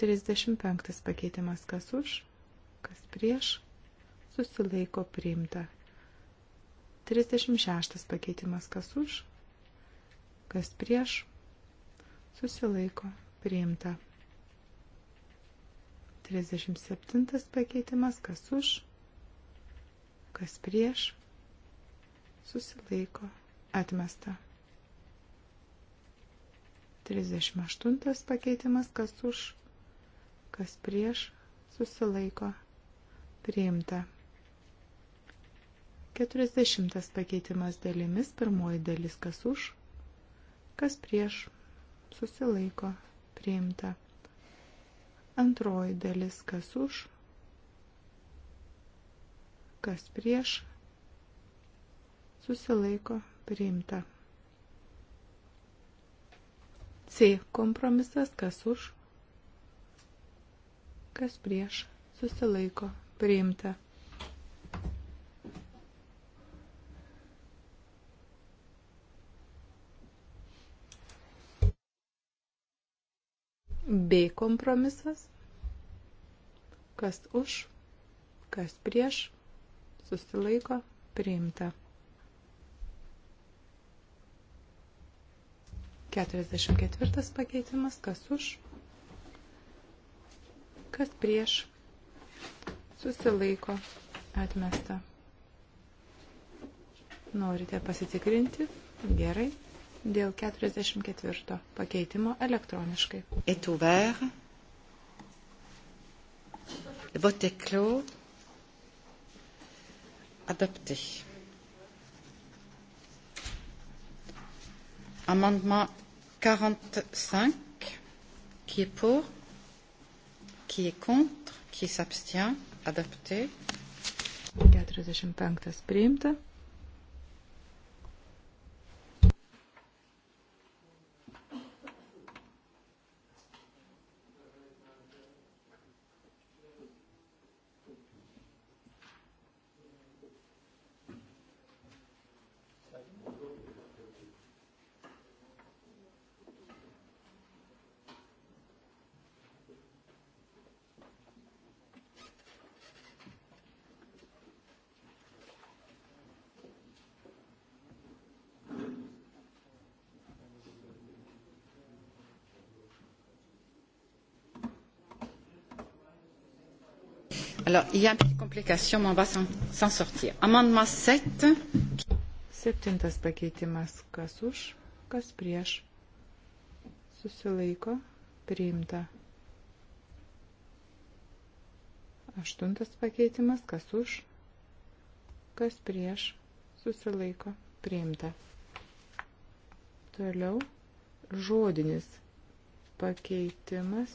35 pakeitimas kas už, kas prieš. Susilaiko priimta. 36 pakeitimas kas už, kas prieš. Susilaiko priimta. 37 pakeitimas, kas už, kas prieš, susilaiko, atmesta. 38 pakeitimas, kas už, kas prieš, susilaiko, priimta. 40 pakeitimas dalimis, pirmoji dalis, kas už, kas prieš, susilaiko, priimta. Antroji dalis, kas už, kas prieš, susilaiko priimta. C. Kompromisas, kas už, kas prieš, susilaiko priimta. B kompromisas. Kas už, kas prieš, susilaiko, priimta. 44 pakeitimas, kas už, kas prieš, susilaiko, atmesta. Norite pasitikrinti? Gerai dėl 44 pakeitimo elektroniškai. Est ouvert. Vote est clos. Adopté. Amendement 45. Qui est pour Qui est contre Qui s'abstient Adopté. 45 priimta. Alors, il y a une petite complication, mais on va s'en sortir. Amendement 7. Septintas pakeitimas. Kas už, kas prieš. Susilaiko. Priimta. Aštuntas pakeitimas. Kas už, kas prieš. Susilaiko. Priimta. Toliau žodinis pakeitimas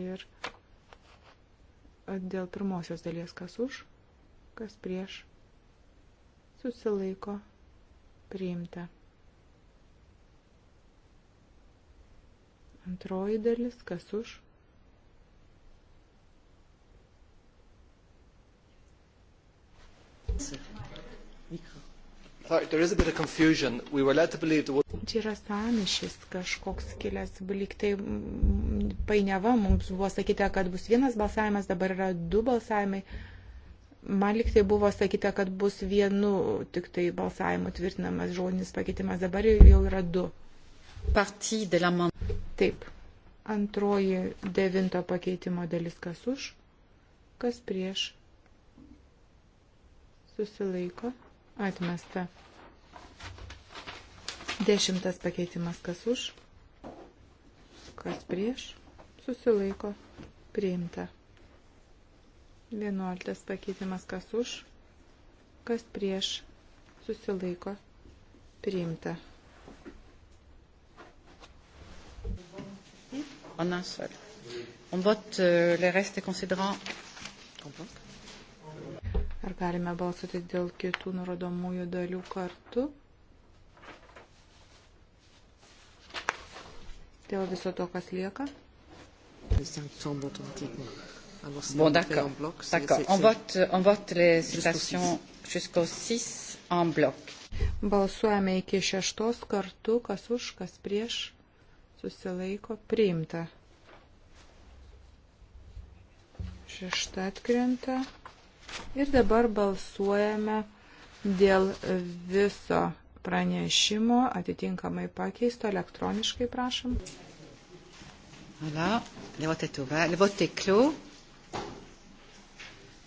ir dėl pirmosios dalies, kas už, kas prieš, susilaiko, priimta. Antroji dalis, kas už, Mikro. There is a bit of confusion. We were led to believe there was Čia yra samišis kažkoks kilęs, lyg tai mm, painiava, mums buvo sakyta, kad bus vienas balsavimas, dabar yra du balsavimai. Man lyg tai buvo sakyta, kad bus vienu tik tai balsavimu tvirtinamas žodinis pakeitimas, dabar jau yra du. Taip. Antroji devinto pakeitimo dalis kas už, kas prieš. Susilaiko. Atmesta. Dešimtas pakeitimas kas už, kas prieš, susilaiko, priimta. Vienuoliktas pakeitimas kas už, kas prieš, susilaiko, priimta. En un seul. On vote euh, les restes considérant. Ar galime balsuoti dėl kitų nurodomųjų dalių kartu? dėl viso to, kas lieka. Bon, d'accord. D'accord. On vote, on vote les citations jusqu'au 6 en bloc. Balsuojame iki šeštos kartu, kas už, kas prieš, susilaiko, priimta. Šešta atkrenta. Ir dabar balsuojame dėl viso pranešimo atitinkamai pakeisto elektroniškai, prašom. Voilà, le vote est ouvert. Le vote est clos.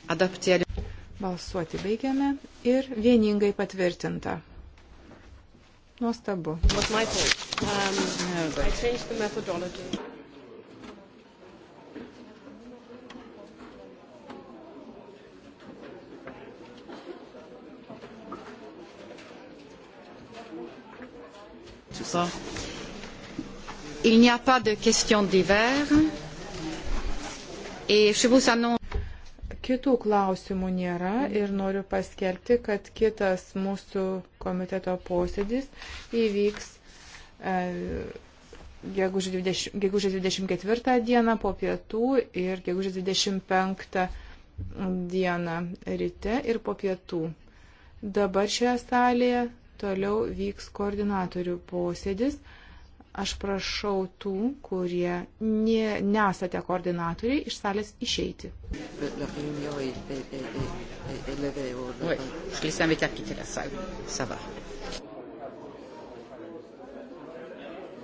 Adapté. Balsuoti baigiame ir vieningai patvirtinta. Nuostabu. Um, no, but... ordre. Il n'y a pas de questions divers. Et je vous annonce. Kitų klausimų nėra ir noriu paskelbti, kad kitas mūsų komiteto posėdis įvyks e, gegužės 20, gegužė 24 dieną po pietų ir gegužės 25 dieną ryte ir po pietų. Dabar šioje salėje toliau vyks koordinatorių posėdis. Aš prašau tų, kurie ne, nesate koordinatoriai, iš salės išeiti. Oui, je les invite à quitter la salle. Ça va.